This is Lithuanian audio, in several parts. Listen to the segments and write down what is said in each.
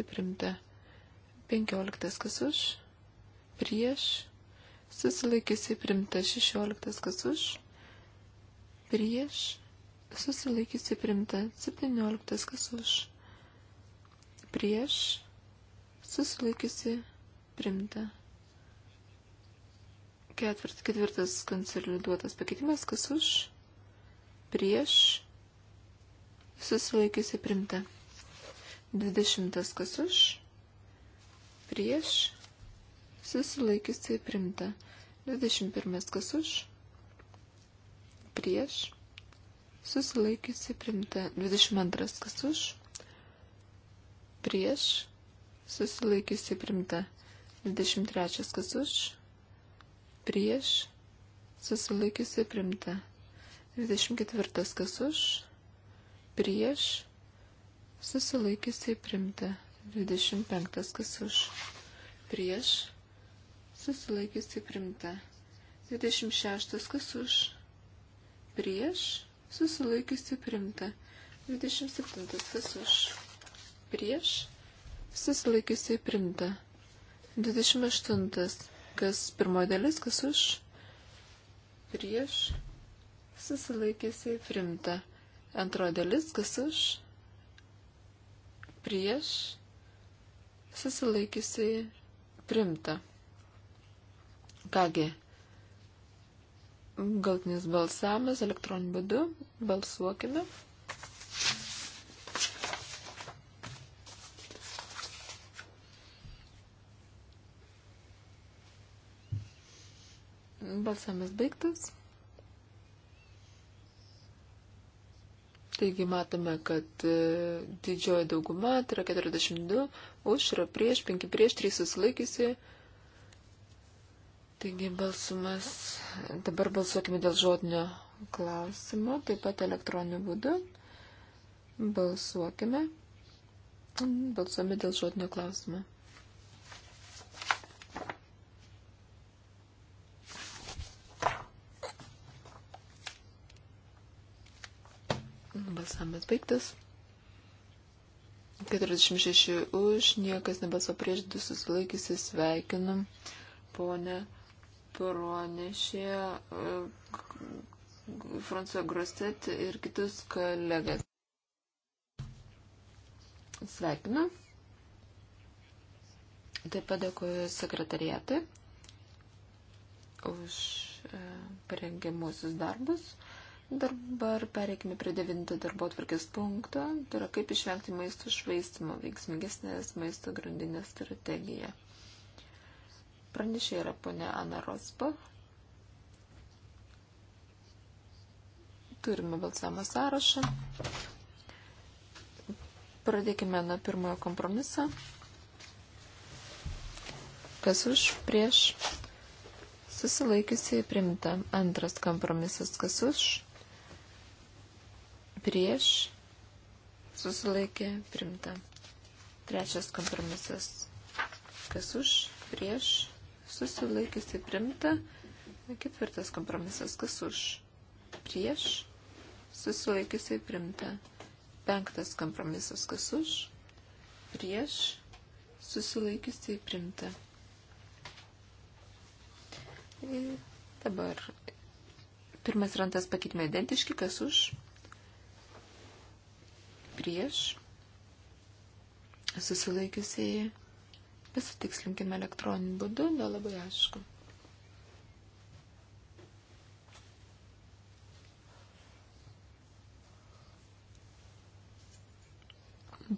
susilaikė primta. 15 kas už, prieš, susilaikiusi primta 16 kas už, prieš, susilaikiusi primta 17 kas už, prieš, susilaikiusi primta. Ketvirt, ketvirtas konsoliduotas pakeitimas kas už, prieš, susilaikiusi primta. Dvidešimtas kas už, prieš, susilaikiusiai primta. Dvidešimt pirmas kas už, prieš, susilaikiusiai primta. Dvidešimt antras kas už, prieš, susilaikiusiai primta. Dvidešimt trečias kas už, prieš, susilaikiusiai primta. Dvidešimt ketvirtas kas už, prieš, susilaikiusiai primta. 25 kas už prieš susilaikiusiai primta. 26 kas už prieš susilaikiusiai primta. 27 kas už prieš susilaikiusiai primta. 28 kas pirmo dalis kas už prieš susilaikiusiai primta. Antro dalis kas už prieš prieš susilaikysiai primta. Kągi, galtinis balsavimas elektroniniu būdu, balsuokime. Balsavimas baigtas. Taigi matome, kad e, didžioji dauguma, tai yra 42, už yra prieš, 5 prieš, 3 susilaikysi. Taigi balsumas, dabar balsuokime dėl žodinio klausimo, taip pat elektroniniu būdu. Balsuokime. Balsuome dėl žodinio klausimo. Balsavimas baigtas. 46 už, niekas nebalsavo prieš, du susilaikysi, sveikinam. Pone Pronešė, e, François Grosset ir kitus kolegas. Sveikinu. Taip pat dėkuoju sekretariatui už e, parengiamusius darbus. Dabar pereikime prie devinto darbo atvarkės punkto, tai yra kaip išvengti maisto švaistimo veiksmingesnės maisto grandinės strategija. Pranešė yra ponia Ana Rospa. Turime balsavimo sąrašą. Pradėkime nuo pirmojo kompromiso. Kas už, prieš, susilaikiusi, primta. Antras kompromisas, kas už, prieš susilaikė primta. Trečias kompromisas. Kas už, prieš susilaikiusi primta. Ketvirtas kompromisas. Kas už, prieš susilaikiusi primta. Penktas kompromisas. Kas už, prieš susilaikiusi primta. Ir dabar pirmas rantas pakitime identiški, kas už, prieš, susilaikiusiai, pasitikslinkime elektroniniu būdu, gal labai aišku.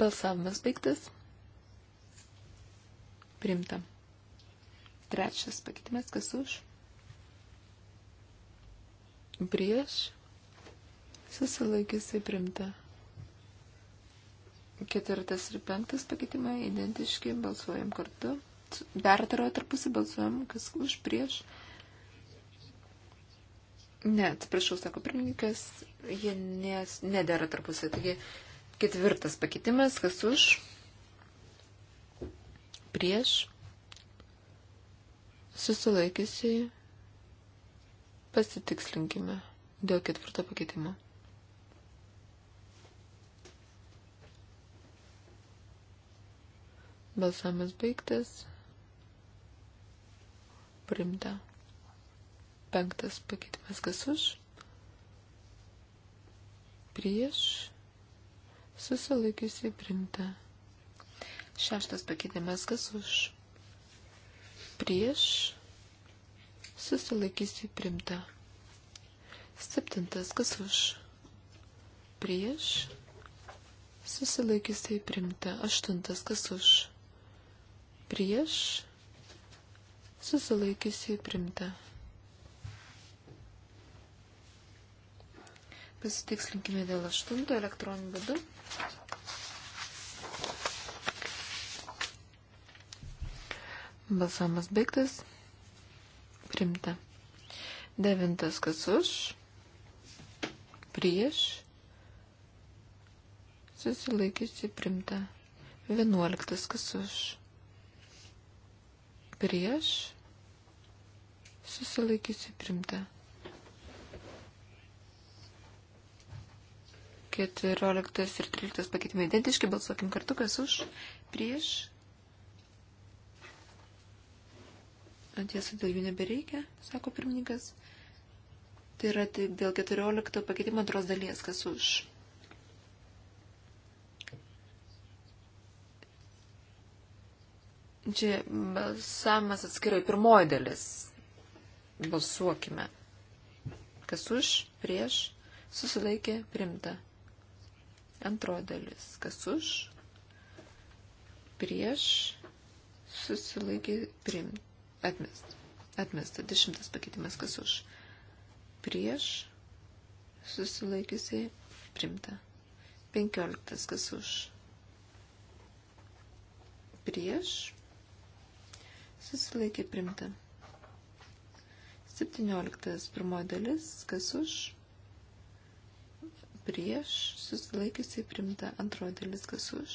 Balsavimas baigtas. Primta. Trečias pakeitimas, kas už? Prieš. Susilaikiusiai primta. Ketvirtas ir penktas pakeitimai identiški, balsuojam kartu. Pertaroje tarpusį balsuojam, kas už prieš. Ne, atsiprašau, sako pirmininkas, jie nes, nedėra tarpusį. Taigi ketvirtas pakeitimas, kas už prieš susilaikysiai pasitikslinkime dėl ketvirto pakeitimo. Balsavimas baigtas. Primta. Penktas pakeitimas kas už. Prieš. Susilaikiusi primta. Šeštas pakeitimas kas už. Prieš. Susilaikiusi primta. Septintas kas už. Prieš. Susilaikiusi primta. Aštuntas kas už prieš susilaikiusiai primta. Pasitikslinkime dėl aštunto elektroninių būdų. Balsamas baigtas. Primta. Devintas kas už. Prieš. Susilaikiusi primta. Vienuoliktas kas už prieš, susilaikysiu primta. 14 ir 13 pakeitimai identiški, balsuokim kartu, kas už, prieš. Tiesa, dėl jų nebereikia, sako pirmininkas. Tai yra tik dėl 14 pakeitimo antros dalies, kas už, Čia balsavimas atskirai. Pirmoji dalis. Balsuokime. Kas už, prieš, susilaikė, primta. Antroji dalis. Kas už, prieš, susilaikė, primta. Atmest. Atmesta. Dešimtas pakeitimas. Kas už, prieš, susilaikiusiai, primta. Penkioliktas. Kas už, prieš, susilaikė primta. 17. Pirmoji dalis, kas už, prieš, susilaikiusiai primta. Antroji dalis, kas už,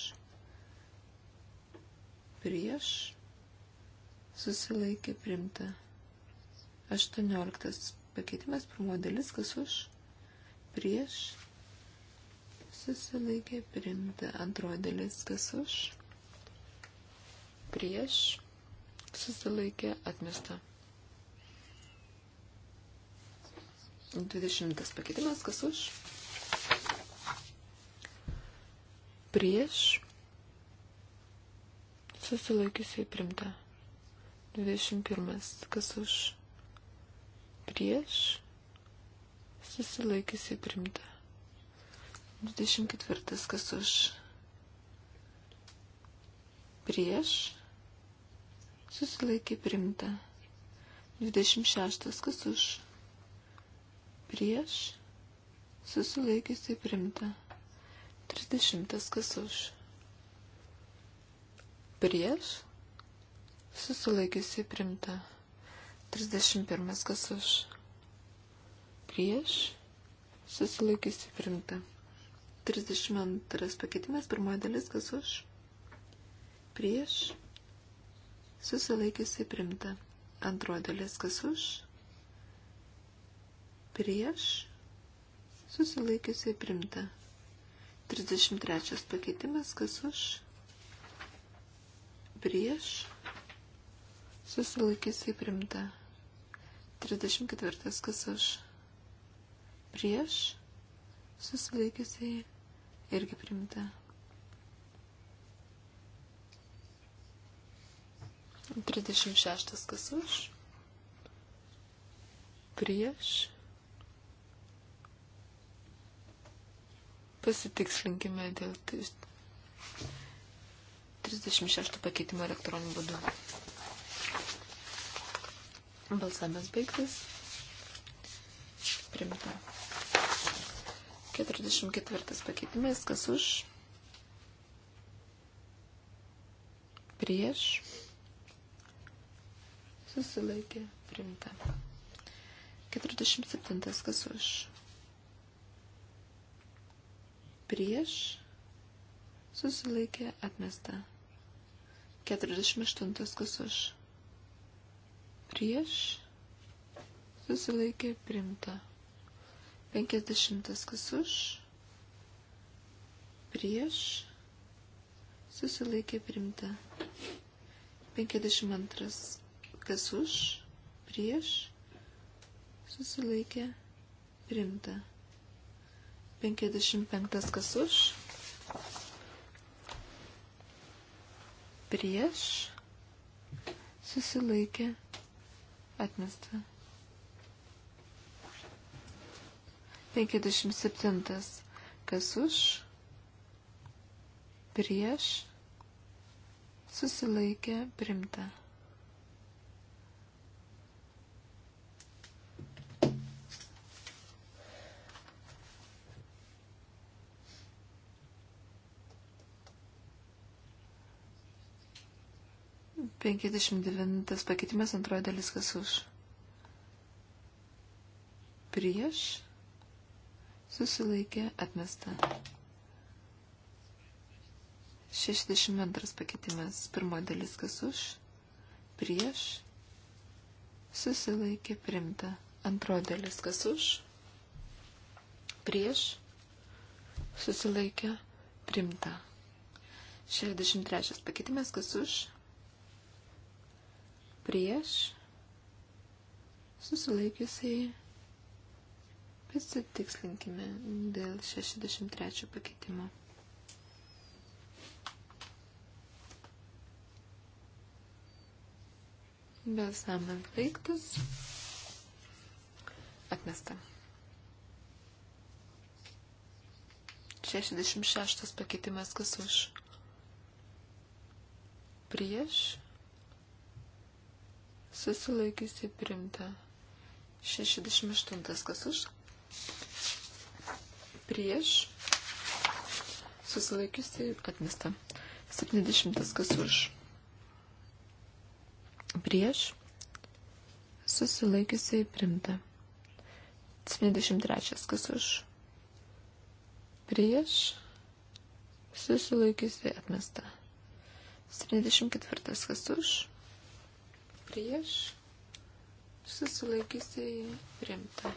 prieš, susilaikė primta. 18. Pakeitimas, pirmoji dalis, kas už, prieš, susilaikė primta. Antroji dalis, kas už, prieš, susilaikė atmesta. 20 pakeitimas, kas už? Prieš susilaikiusiai primta. 21. Kas už? Prieš susilaikiusiai primta. 24. Kas už? Prieš susilaikė primta. 26. Kas už? Prieš susilaikiusiai primta. 30. Kas už? Prieš susilaikiusiai primta. 31. Kas už? Prieš susilaikiusiai primta. 32 pakeitimas, pirmoji dalis, kas už, prieš, susilaikiusi primta. Antroji dalis kas už, prieš, susilaikiusi primta. 33 pakeitimas kas už, prieš, susilaikiusi primta. 34 kas už, prieš, susilaikiusi irgi primta. 36 kas už, prieš. Pasitikslinkime dėl 36 tai. pakeitimo elektroniniu būdu. Balsavimas baigtas. Primta. 44 pakeitimas, kas už, prieš susilaikė primta. 47. Kas už? Prieš susilaikė atmesta. 48. Kas už? Prieš susilaikė primta. 50. Kas už? Prieš susilaikė primta. 52 kas už, prieš, susilaikė, priimta. 55 kas už, prieš, susilaikė, atmesta. 57 kas už, prieš, susilaikė, primta. 59 pakeitimas antroji dalis kas už. Prieš susilaikė atmesta. 62 pakeitimas pirmoji dalis kas už. Prieš susilaikė primta. Antroji dalis kas už. Prieš susilaikė primta. 63 pakeitimas kas už prieš susilaikiusiai pasitikslinkime dėl 63 pakeitimo. Balsavimas baigtas. Atmesta. 66 pakeitimas kas už. Prieš susilaikiusi primta. 68 kas už, prieš, susilaikiusi atmesta. 70 kas už, prieš, susilaikiusi primta. 73 kas už, prieš, susilaikiusi atmesta. 74 kas už, prieš, susilaikysiai priimta.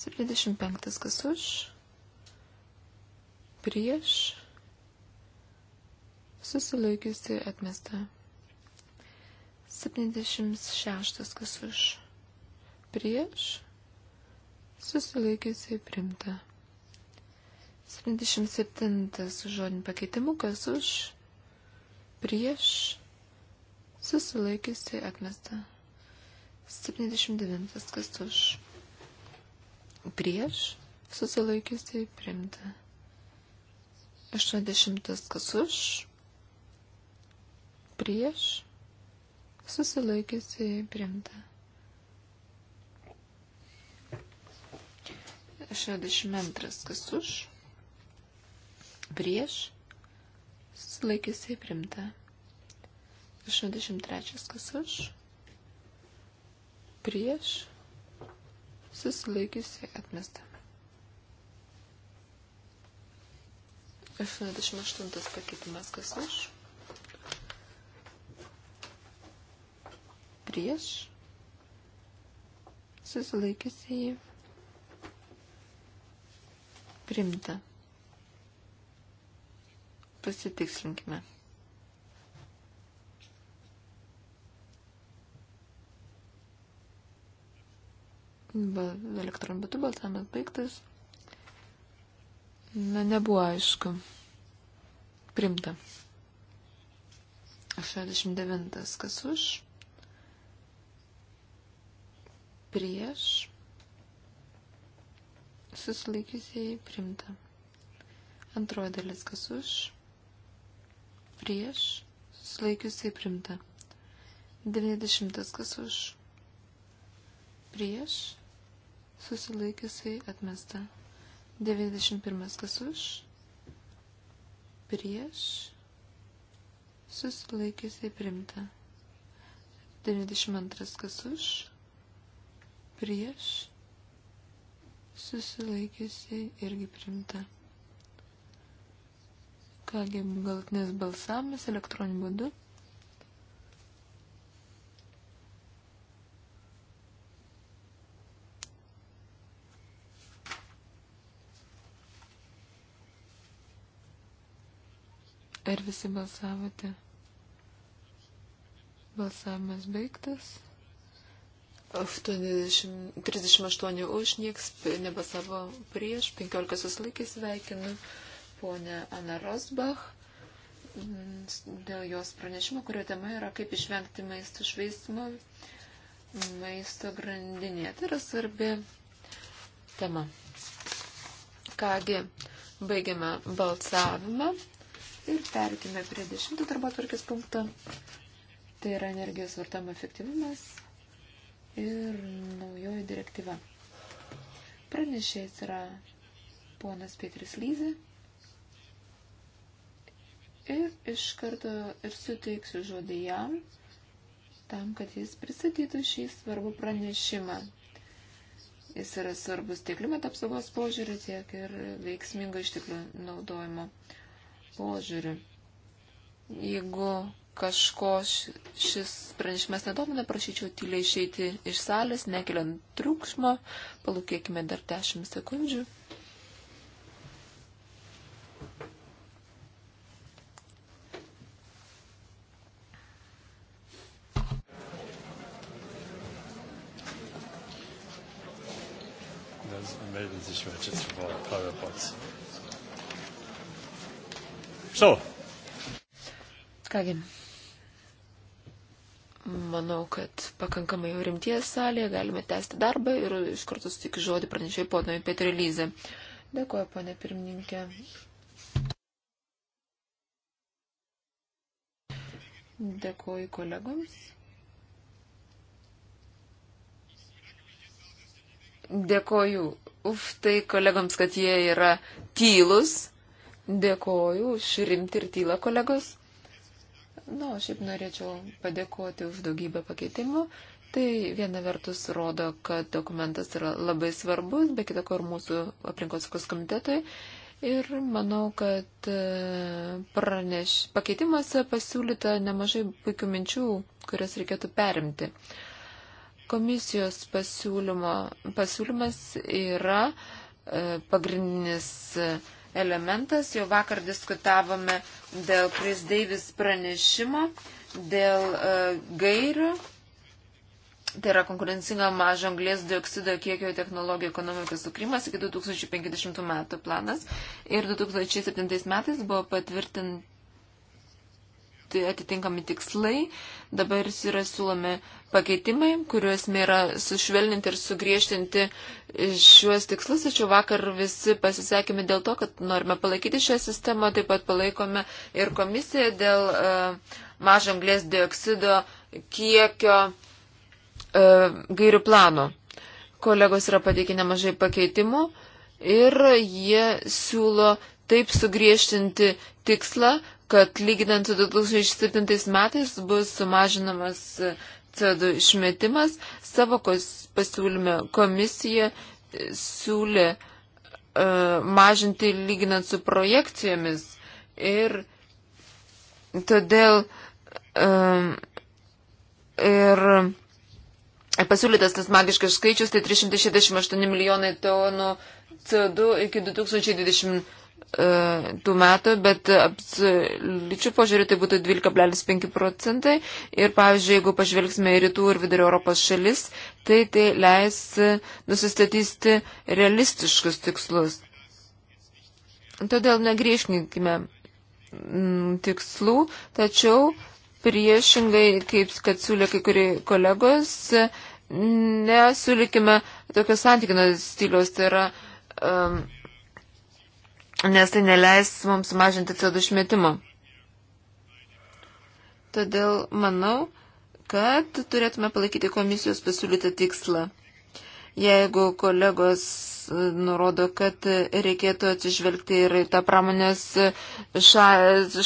75 kas už, prieš, susilaikysiai atmesta. 76 kas už, prieš, susilaikysiai priimta. 77 su žodiniu pakeitimu kas už, prieš, susilaikiusi atmesta. 79. Kas už? Prieš susilaikiusi primta. 80. Kas už? Prieš susilaikiusi primta. 62. Kas už? Prieš susilaikiusi primta. 63 kas už, prieš, susilaikiusi atmesta. 88 pakeitimas kas už, prieš, susilaikiusi jį, primta. Pasitikslinkime. elektroniniu būdu balsavimas baigtas. Na, nebuvo aišku. Primta. 69. Kas už? Prieš. Susilaikiusiai primta. Antroji dalis. Kas už? Prieš. Susilaikiusiai primta. 90. Kas už? Prieš susilaikiusiai atmesta. 91 kas už, prieš, susilaikiusiai primta. 92 kas už, prieš, susilaikiusiai irgi primta. Kągi galtinis balsavimas elektroniniu būdu. Ar visi balsavote? Balsavimas baigtas. 80, 38 už, nieks nebasavo prieš, 15 susilaikė sveikinu ponę Ana Rosbach mm, dėl jos pranešimo, kurio tema yra kaip išvengti maisto švaistimo maisto grandinėje. Tai yra svarbi tema. Kągi, baigiame balsavimą. Ir perkime prie dešimtų darbo tvarkės punkto. Tai yra energijos vartojimo efektyvumas ir naujoji direktyva. Pranešėjas yra ponas Petris Lyzė. Ir iš karto ir suteiksiu žodį jam, tam, kad jis pristatytų šį svarbų pranešimą. Jis yra svarbus tiek klimato apsaugos požiūrį, tiek ir veiksmingo išteklių naudojimo požiūrį požiūriu. Jeigu kažko šis pranešimas nedomina, prašyčiau tyliai išeiti iš salės, nekeliant triukšmo, palūkėkime dar 10 sekundžių. melden sich welche zu Powerpoints. So. Kągi. Manau, kad pakankamai jau rimties salėje galime tęsti darbą ir iš karto sutikiu žodį pranešėjai ponui Petri Lyze. Dėkuoju, ponė pirmininkė. Dėkuoju kolegoms. Dėkuoju už tai kolegoms, kad jie yra tylus. Dėkoju už rimtį ir tylą, kolegos. Na, nu, šiaip norėčiau padėkoti už daugybę pakeitimų. Tai viena vertus rodo, kad dokumentas yra labai svarbus, be kita ko ir mūsų aplinkosaugos komitetui. Ir manau, kad e, praneš, pakeitimuose pasiūlyta nemažai puikių minčių, kurias reikėtų perimti. Komisijos pasiūlymas yra e, pagrindinis e, elementas. Jau vakar diskutavome dėl Chris Davis pranešimo, dėl uh, gairių. Tai yra konkurencinga mažo anglės dioksido kiekio technologijų ekonomikos sukrimas iki 2050 metų planas. Ir 2007 metais buvo patvirtinti nustatyti atitinkami tikslai. Dabar yra siūlomi pakeitimai, kuriuos mėra sušvelninti ir sugriežtinti šiuos tikslus. Tačiau vakar visi pasisekėme dėl to, kad norime palaikyti šią sistemą, taip pat palaikome ir komisiją dėl uh, mažo anglės dioksido kiekio uh, gairių plano. Kolegos yra pateikę nemažai pakeitimų ir jie siūlo taip sugriežtinti tikslą, kad lyginant su 2007 metais bus sumažinamas CO2 išmetimas. Savo pasiūlyme komisija e, siūlė e, mažinti lyginant su projekcijomis ir todėl e, ir pasiūlytas tas magiškas skaičius, tai 368 milijonai tonų CO2 iki 2020 E, tų metų, bet absoliučių požiūrių tai būtų 12,5 procentai. Ir pavyzdžiui, jeigu pažvelgsime į rytų ir vidurio Europos šalis, tai tai leis nusistatysti realistiškus tikslus. Todėl negriežkinkime mm, tikslų, tačiau priešingai, kaip kad siūlė kai kurie kolegos, nesūlykime tokios santykinos stiliaus, tai yra um, nes tai neleis mums mažinti CO2 išmetimo. Todėl manau, kad turėtume palaikyti komisijos pasiūlytą tikslą. Jeigu kolegos e, nurodo, kad reikėtų atsižvelgti ir tą pramonės e, ša,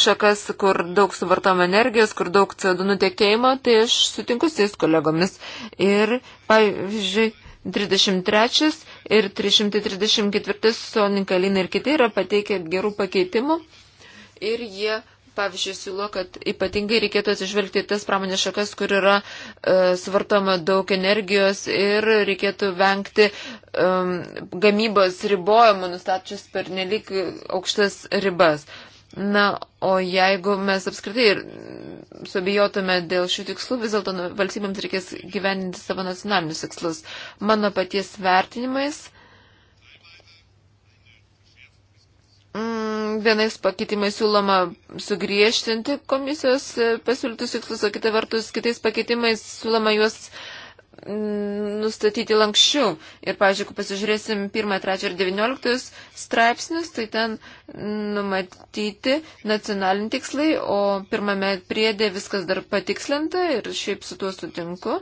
šakas, kur daug suvartoma energijos, kur daug CO2 nutekėjimo, tai aš sutinku su jais kolegomis. Ir, pavyzdžiui, 33 ir 334 Sonikalina ir kiti yra pateikę gerų pakeitimų ir jie pavyzdžiui, siūlo, kad ypatingai reikėtų atsižvelgti tas pramonės šakas, kur yra e, svartoma daug energijos ir reikėtų vengti e, gamybos ribojimų, nustatčius per nelik aukštas ribas. Na, o jeigu mes apskritai subijotume dėl šių tikslų, vis dėlto nu, valstybėms reikės gyveninti savo nacionalinius tikslus. Mano paties vertinimais mm, vienais pakeitimais siūloma sugriežtinti komisijos e, pasiūlytus tikslus, o kita vertus kitais pakeitimais siūloma juos nustatyti lankščių. Ir, pavyzdžiui, kai pasižiūrėsim 1, 3 ir 19 straipsnius, tai ten numatyti nacionaliniai tikslai, o pirmame priedė viskas dar patikslinta ir šiaip su tuo sutinku.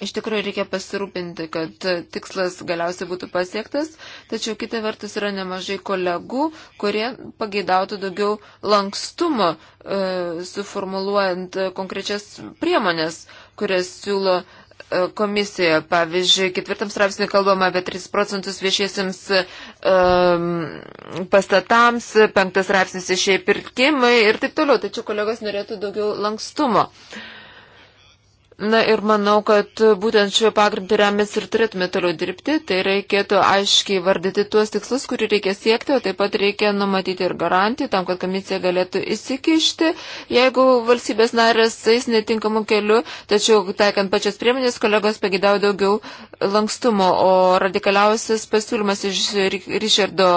Iš tikrųjų reikia pasirūpinti, kad tikslas galiausiai būtų pasiektas, tačiau kita vertus yra nemažai kolegų, kurie pageidautų daugiau lankstumo e, suformuluojant konkrečias priemonės, kurias siūlo e, komisijoje. Pavyzdžiui, ketvirtam straipsnį kalbama apie 3 procentus viešiesiams um, pastatams, penktas straipsnis išėjai pirkimai ir taip toliau. Tačiau kolegos norėtų daugiau lankstumo. Uh, Na ir manau, kad būtent šiuo pagrindu remės ir turėtume toliau dirbti, tai reikėtų aiškiai vardyti tuos tikslus, kurių reikia siekti, o taip pat reikia numatyti ir garantijų tam, kad komisija galėtų įsikišti, jeigu valstybės narės eis netinkamu keliu, tačiau taikant pačias priemonės, kolegos pagidavo daugiau lankstumo, o radikaliausias pasiūlymas iš Richardo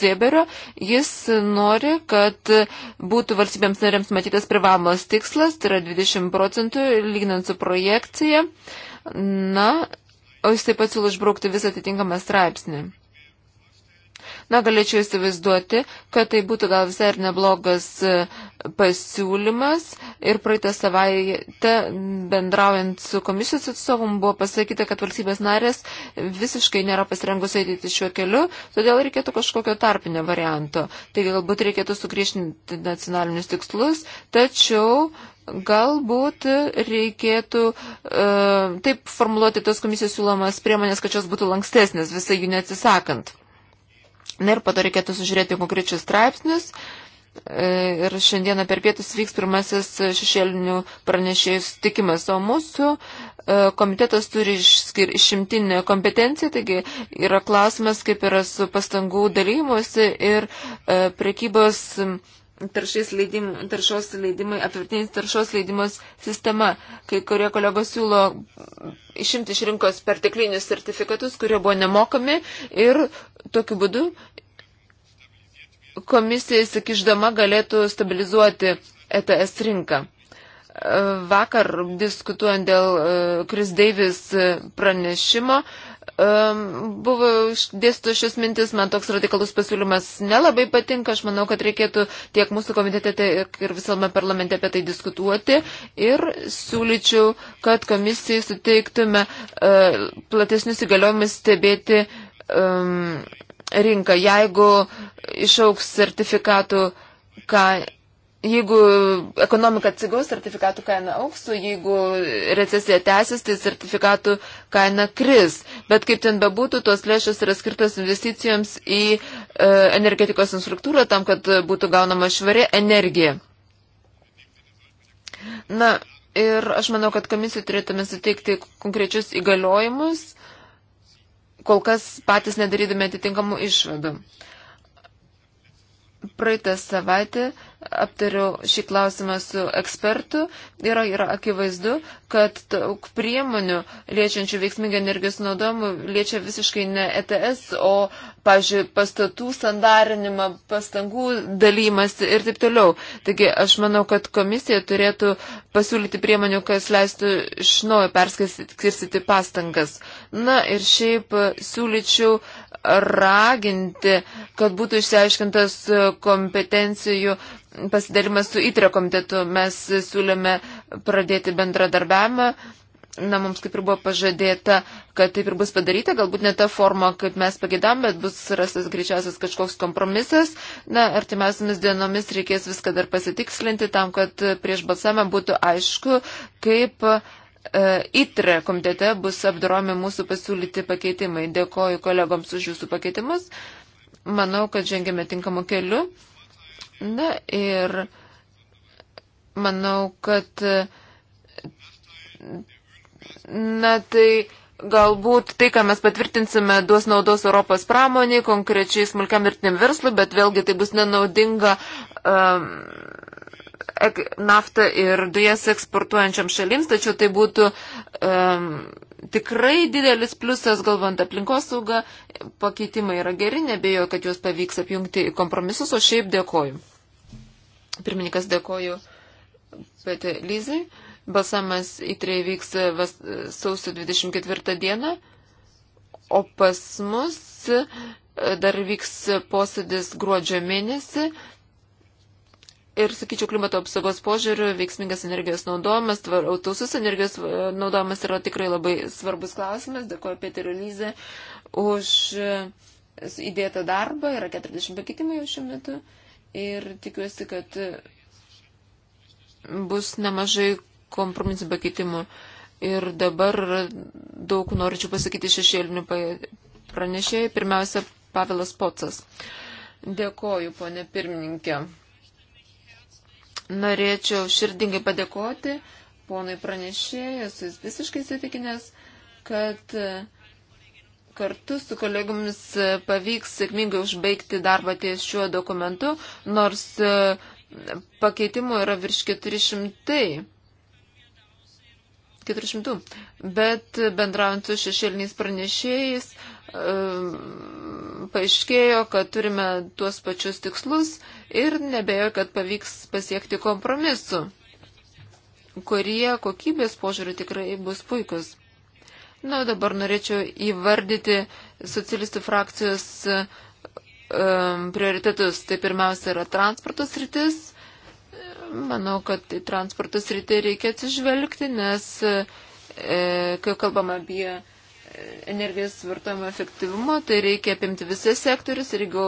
Zeberio, jis nori, kad būtų valstybėms narėms matytas privamos tikslas, tai yra 20 procentų lyginant su projekciją. Na, o jis taip pat siūlo išbraukti visą atitinkamą straipsnį. Na, galėčiau įsivaizduoti, kad tai būtų gal visai ir neblogas e, pasiūlymas. Ir praeitą savaitę, bendraujant su komisijos atstovom, buvo pasakyta, kad valstybės narės visiškai nėra pasirengusi eiti šiuo keliu, todėl reikėtų kažkokio tarpinio varianto. Taigi galbūt reikėtų sugriešinti nacionalinius tikslus, tačiau Galbūt reikėtų e, taip formuluoti tos komisijos siūlomas priemonės, kad jos būtų lankstesnės, visai jų neatsisakant. Na ir pato reikėtų sužiūrėti konkrečius straipsnius. E, ir šiandieną per pietus vyks pirmasis šešėlinių pranešėjų sutikimas, o mūsų e, komitetas turi išskir, išimtinę kompetenciją, taigi yra klausimas, kaip yra su pastangų dalymuose ir e, prekybos. E, leidim, taršos leidimai, apvirtinis taršos leidimos sistema. Kai kurie kolegos siūlo išimti iš rinkos perteklinius sertifikatus, kurie buvo nemokami ir tokiu būdu komisija įsikiždama galėtų stabilizuoti ETS rinką. Vakar diskutuojant dėl Kris e, Deivis e, pranešimo, buvo dėstų šios mintis, man toks radikalus pasiūlymas nelabai patinka, aš manau, kad reikėtų tiek mūsų komitete, tiek ir visame parlamente apie tai diskutuoti ir siūlyčiau, kad komisijai suteiktume uh, platesnius įgaliojimus stebėti um, rinką, jeigu išauks sertifikatų kai, Jeigu ekonomika atsigaus, sertifikatų kaina auks, o jeigu recesija tęsis, tai sertifikatų kaina kris. Bet kaip ten bebūtų, tos lėšos yra skirtos investicijoms į e, energetikos infrastruktūrą tam, kad būtų gaunama švari energija. Na, ir aš manau, kad komisijai turėtume suteikti konkrečius įgaliojimus, kol kas patys nedarydami atitinkamų išvadų. Praeitą savaitę aptariau šį klausimą su ekspertu ir yra akivaizdu, kad daug priemonių liečiančių veiksmingą energijos naudojimą liečia visiškai ne ETS, o, pažiūrėjau, pastatų sandarinimą, pastangų dalymas ir taip toliau. Taigi aš manau, kad komisija turėtų pasiūlyti priemonių, kas leistų iš naujo perskirstyti pastangas. Na ir šiaip siūlyčiau uh, raginti, kad būtų išsiaiškintas kompetencijų pasidalimas su įtrio komitetu. Mes siūlėme pradėti bendradarbiavimą. Na, mums kaip ir buvo pažadėta, kad taip ir bus padaryta, galbūt ne ta forma, kaip mes pagėdam, bet bus rastas greičiausias kažkoks kompromisas. Na, artimiausiamis dienomis reikės viską dar pasitikslinti tam, kad prieš balsavimą būtų aišku, kaip uh, E, ITRE komitete bus apdaromi mūsų pasiūlyti pakeitimai. Dėkoju kolegoms už jūsų pakeitimus. Manau, kad žengėme tinkamu keliu. Na ir manau, kad. Na tai galbūt tai, ką mes patvirtinsime, duos naudos Europos pramoniai, konkrečiai smulkiam ir tiniam verslui, bet vėlgi tai bus nenaudinga. Um, naftą ir dujas eksportuojančiam šalims, tačiau tai būtų um, tikrai didelis pliusas, galvant aplinkosaugą. Pakeitimai yra geri, nebejoju, kad juos pavyks apjungti į kompromisus, o šiaip dėkoju. Pirmininkas dėkoju Pete Lyzai. Balsamas įtrei vyks e, e, sausio 24 dieną, o pas mus e, dar vyks posėdis gruodžio mėnesį. Ir, sakyčiau, klimato apsaugos požiūrių veiksmingas energijos naudojimas, tausus energijos e, naudojimas yra tikrai labai svarbus klausimas. Dėkuoju Peteriu Lyze už e, įdėtą darbą. Yra 40 pakeitimai jau šiuo metu. Ir tikiuosi, kad bus nemažai kompromisų pakeitimų. Ir dabar daug norėčiau pasakyti šešėlinių pranešėjai. Pirmiausia, Pavilas Pocas. Dėkoju, ponė pirmininkė. Norėčiau širdingai padėkoti ponui pranešėjui, esu jis visiškai įsitikinęs, kad e, kartu su kolegomis e, pavyks sėkmingai užbaigti darbą ties šiuo dokumentu, nors e, pakeitimų yra virš 400. 400. Bet bendraujant su šešėliniais pranešėjais, paaiškėjo, kad turime tuos pačius tikslus ir nebejo, kad pavyks pasiekti kompromisu, kurie kokybės požiūriu tikrai bus puikus. Na, dabar norėčiau įvardyti socialistų frakcijos um, prioritetus. Tai pirmiausia yra transportos rytis. Manau, kad į transportos rytį reikia atsižvelgti, nes, e, kai kalbam apie e, energijos vartojimo efektyvumo, tai reikia apimti visus sektorius ir jeigu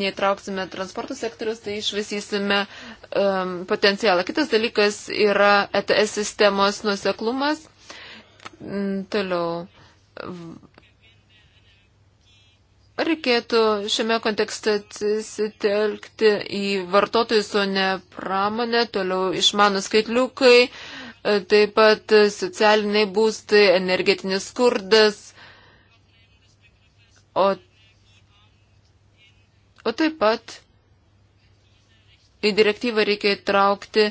neįtrauksime transporto sektorius, tai išvisysime um, potencialą. Kitas dalykas yra ETS sistemos nuseklumas. Mm, toliau. Reikėtų šiame kontekste atsitelkti į vartotojus, o ne pramonę, toliau išmanus skaitliukai. Uh, E, taip pat socialiniai būstai, energetinis skurdas, o, o taip pat į direktyvą reikia įtraukti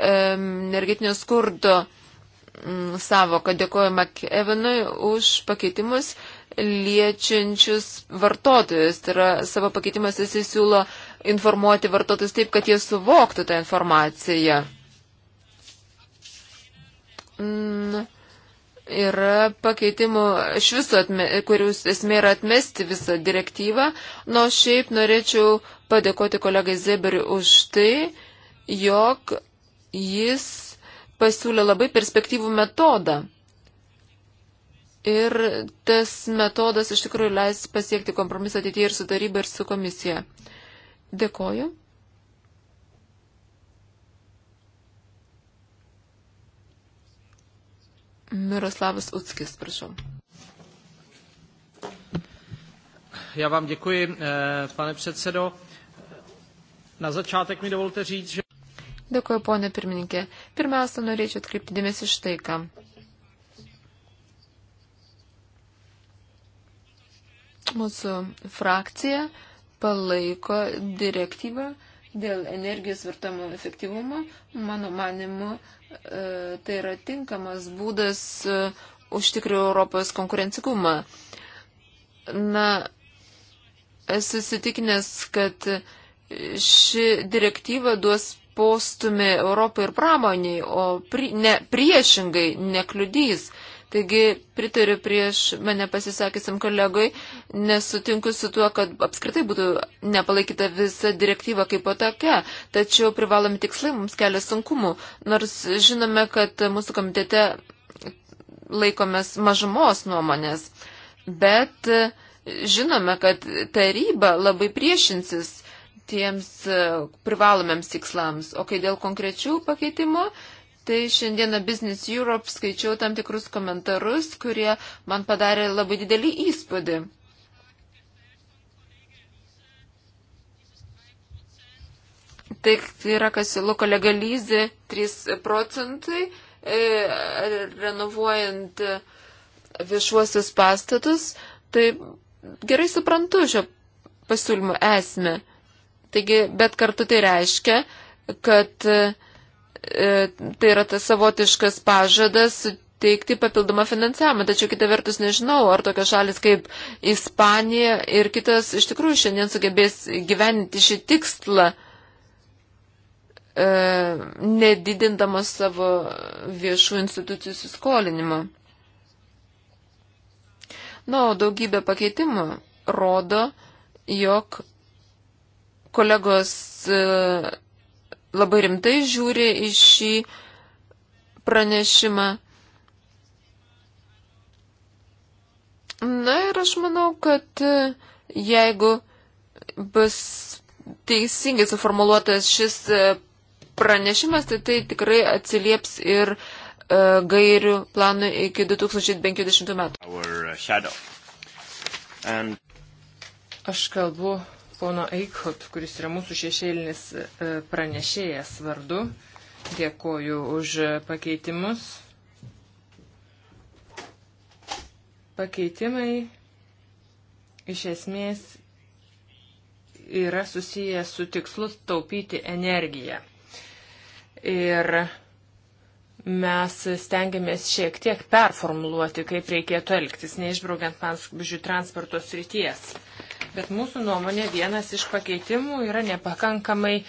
energetinio skurdo mm, savoką. Dėkoju McEvenui už pakeitimus liečiančius vartotojus. Tai yra savo pakeitimas jis įsiūlo informuoti vartotojus taip, kad jie suvoktų tą informaciją. Mm yra pakeitimų iš viso, kurių esmė yra atmesti visą direktyvą, nors nu, šiaip norėčiau padėkoti kolegai Zeberiui už tai, jog jis pasiūlė labai perspektyvų metodą. Ir tas metodas iš tikrųjų leis pasiekti kompromisą ateityje ir su taryba, ir su komisija. Dėkoju. Miroslavas Utskis, prašau. Já vám děkuji, eh, pane předsedo. Na začátek mi dovolte říct, že. Dėkuoju, ponė pirmininkė. Pirmiausia, norėčiau atkreipti dėmesį štai ką. Mūsų frakcija palaiko direktyvą dėl energijos vartojimo efektyvumo. Mano manimu, E, tai yra tinkamas būdas e, užtikri Europos konkurencigumą. Na, esu įsitikinęs, kad ši direktyva duos postumį Europai ir pramoniai, o pri, ne, priešingai nekliudys, Taigi pritariu prieš mane pasisakysim kolegui, nesutinku su tuo, kad apskritai būtų nepalaikyta visa direktyva kaip po tokia, tačiau privalomi tikslai mums kelia sunkumų, nors žinome, kad mūsų komitete laikomės mažumos nuomonės, bet žinome, kad taryba labai priešinsis tiems privalomiams tikslams. O kai dėl konkrečių pakeitimų, Štai šiandieną Business Europe skaičiau tam tikrus komentarus, kurie man padarė labai didelį įspūdį. Tai yra, kas luko legalizė 3 procentai, e, renovuojant viešuosius pastatus. Tai gerai suprantu šio pasiūlymo esmę. Taigi, bet kartu tai reiškia, kad uh, E, tai yra tas savotiškas pažadas teikti papildomą finansavimą. Tačiau kita vertus nežinau, ar tokios šalis kaip Ispanija ir kitas iš tikrųjų šiandien sugebės gyveninti šį tikslą, e, nedidindamas savo viešų institucijų įsiskolinimą. Na, o daugybė pakeitimų rodo, jog kolegos e, labai rimtai žiūri į šį pranešimą. Na ir aš manau, kad e, jeigu bus teisingai suformuoluotas šis e, pranešimas, tai tai tikrai atsilieps ir e, uh, gairių planų iki 2050 metų. And... Aš kalbu pono Eichhot, kuris yra mūsų šešėlinis e, pranešėjas vardu. Dėkoju už pakeitimus. Pakeitimai iš esmės yra susiję su tikslu taupyti energiją. Ir mes stengiamės šiek tiek performuluoti, kaip reikėtų elgtis, neišbraukiant, pavyzdžiui, transporto srities. Uh, bet mūsų nuomonė vienas iš pakeitimų yra nepakankamai e,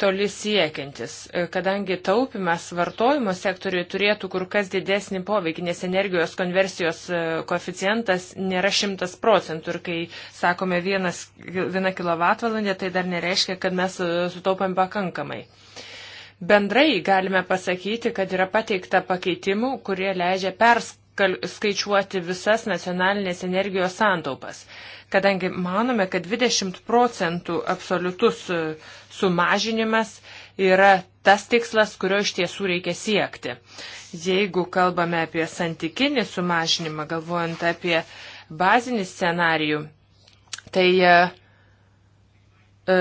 toli siekiantis, e, kadangi taupimas vartojimo sektoriui turėtų kur kas didesnį poveikį, nes energijos konversijos e, koeficientas nėra šimtas procentų ir kai sakome vienas, viena kilovatvalandė, tai dar nereiškia, kad mes sutaupam pakankamai. Bendrai galime pasakyti, kad yra pateikta pakeitimų, kurie leidžia perskaičiuoti visas nacionalinės energijos santaupas kadangi manome, kad 20 procentų absoliutus e, sumažinimas yra tas tikslas, kurio iš tiesų reikia siekti. Jeigu kalbame apie santykinį sumažinimą, galvojant apie bazinį scenarijų, tai e, e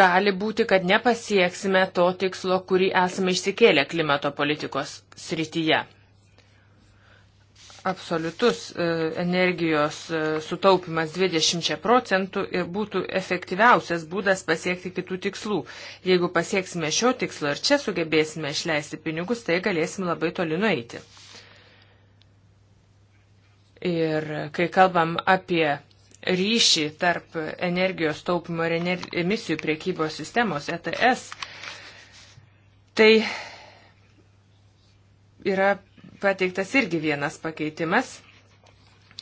gali būti, kad nepasieksime to tikslo, kurį esame išsikėlę klimato politikos srityje absoliutus e, energijos e, sutaupimas 20 procentų ir būtų efektyviausias būdas pasiekti kitų tikslų. Jeigu pasieksime šio tikslo ir čia sugebėsime išleisti pinigus, tai galėsim labai toli nueiti. Ir kai kalbam apie ryšį tarp energijos taupimo ir ener emisijų priekybos sistemos ETS, tai yra pateiktas irgi vienas pakeitimas.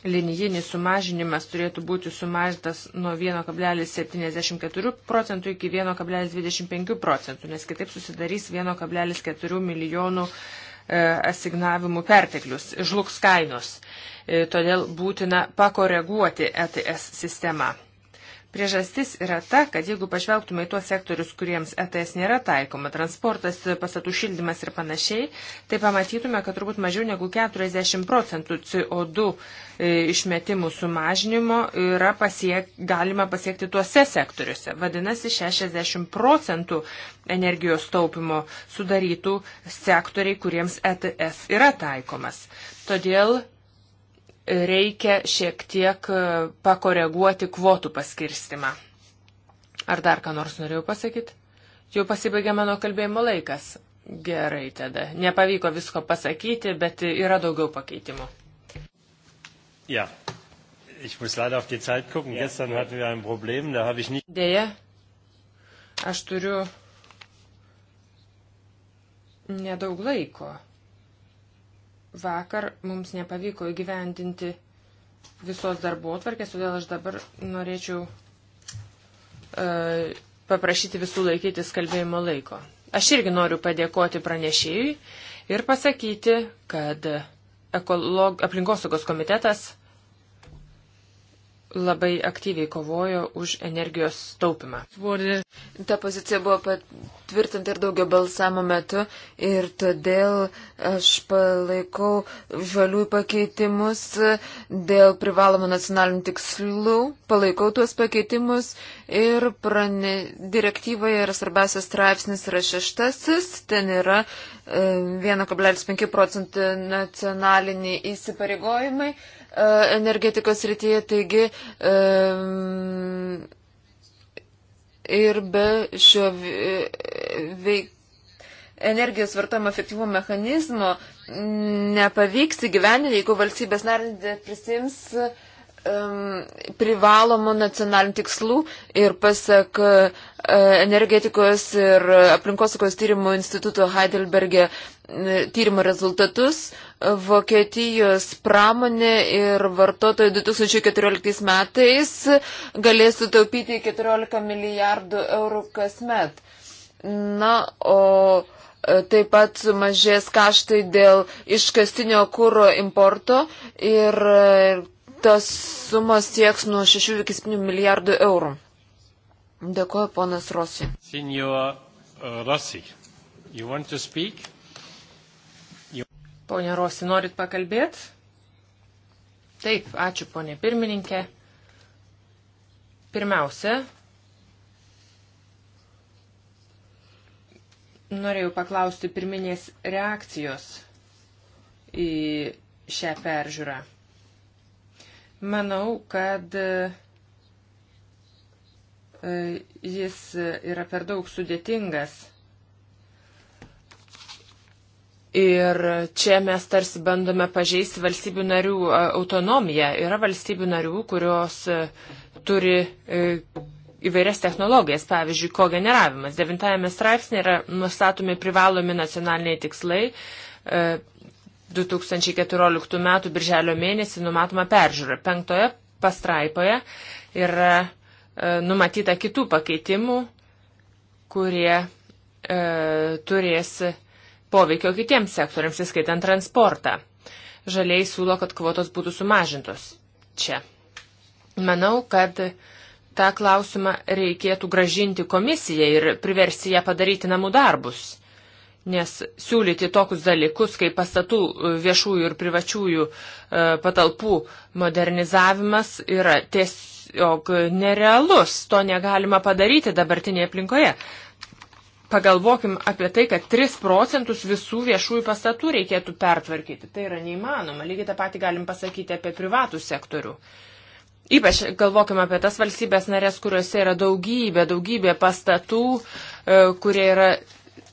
Linijinis sumažinimas turėtų būti sumažintas nuo 1,74 procentų iki 1,25 procentų, nes kitaip susidarys 1,4 milijonų e, asignavimų perteklius, žlugs kainos. E, todėl būtina pakoreguoti ETS sistemą. Priežastis yra ta, kad jeigu pažvelgtume į tuos sektorius, kuriems ETS nėra taikoma, transportas, pastatų šildymas ir panašiai, tai pamatytume, kad turbūt mažiau negu 40 procentų CO2 e, išmetimų sumažinimo yra pasiek, galima pasiekti tuose sektoriuose. Vadinasi, 60 procentų energijos taupimo sudarytų sektoriai, kuriems ETS yra taikomas. Todėl reikia šiek tiek e, pakoreguoti kvotų paskirstimą. Ar dar ką nors norėjau pasakyti? Jau pasibaigė mano kalbėjimo laikas. Gerai tada. Nepavyko visko pasakyti, bet yra daugiau pakeitimų. Ja. Ich muss leider auf die Zeit gucken. Ja. Gestern hatten wir ein Problem, da habe ich nicht. Deja, aš turiu nedaug laiko vakar mums nepavyko įgyvendinti visos darbo atvarkės, todėl aš dabar norėčiau e, paprašyti visų laikytis kalbėjimo laiko. Aš irgi noriu padėkoti pranešėjui ir pasakyti, kad ekolog, aplinkosaugos komitetas labai aktyviai kovojo už energijos taupimą. Ta pozicija buvo patvirtinta ir daugio balsamo metu ir todėl aš palaikau žaliųjų pakeitimus dėl privalomų nacionalinių tikslų, palaikau tuos pakeitimus ir prane, direktyvoje yra svarbiausias straipsnis yra šeštasis, ten yra 1,5 e, procentų nacionaliniai įsipareigojimai E, energetikos rytyje, taigi um, ir be šio e, veik, energijos vartojimo efektyvumo mechanizmo nepavyks įgyveninti, jeigu valstybės narė prisims uh, um, privalomų nacionalinių tikslų ir pasak uh, energetikos ir aplinkosaugos tyrimų instituto Heidelberge e, tyrimo rezultatus, Vokietijos pramonė ir vartotojai 2014 metais galės sutaupyti 14 milijardų eurų kasmet. Na, o e, taip pat sumažės kaštai dėl iškastinio kūro importo ir tas sumas sieks nuo 6 iki 7 milijardų eurų. Dėkuoju, ponas Rossi. Signor uh, Rossi, you want to speak? You... Pone Rossi, norit pakalbėti? Taip, ačiū, ponė pirmininkė. Pirmiausia, norėjau paklausti pirminės reakcijos į šią peržiūrą. Manau, kad e, e, jis yra per daug sudėtingas. Ir čia mes tarsi bandome pažeisti valstybių narių e, autonomiją. Yra valstybių narių, kurios turi įvairias technologijas, pavyzdžiui, kogeneravimas. Devintajame straipsnė yra nustatomi privalomi nacionaliniai tikslai, 2014 m. birželio mėnesį numatoma peržiūra. Penktoje pastraipoje yra e, numatyta kitų pakeitimų, kurie e, turės poveikio kitiems sektoriams, įskaitant transportą. Žaliai siūlo, kad kvotos būtų sumažintos čia. Manau, kad tą klausimą reikėtų gražinti komisijai ir priversti ją padaryti namų darbus. Nes siūlyti tokius dalykus, kaip pastatų e, viešųjų ir privačiųjų e, patalpų modernizavimas yra tiesiog nerealus. To negalima padaryti dabartinėje aplinkoje. Pagalvokim apie tai, kad 3 procentus visų viešųjų pastatų reikėtų pertvarkyti. Tai yra neįmanoma. Lygiai tą patį galim pasakyti apie privatų sektorių. Ypač galvokime apie tas valstybės narės, kuriuose yra daugybė, daugybė pastatų, e, kurie yra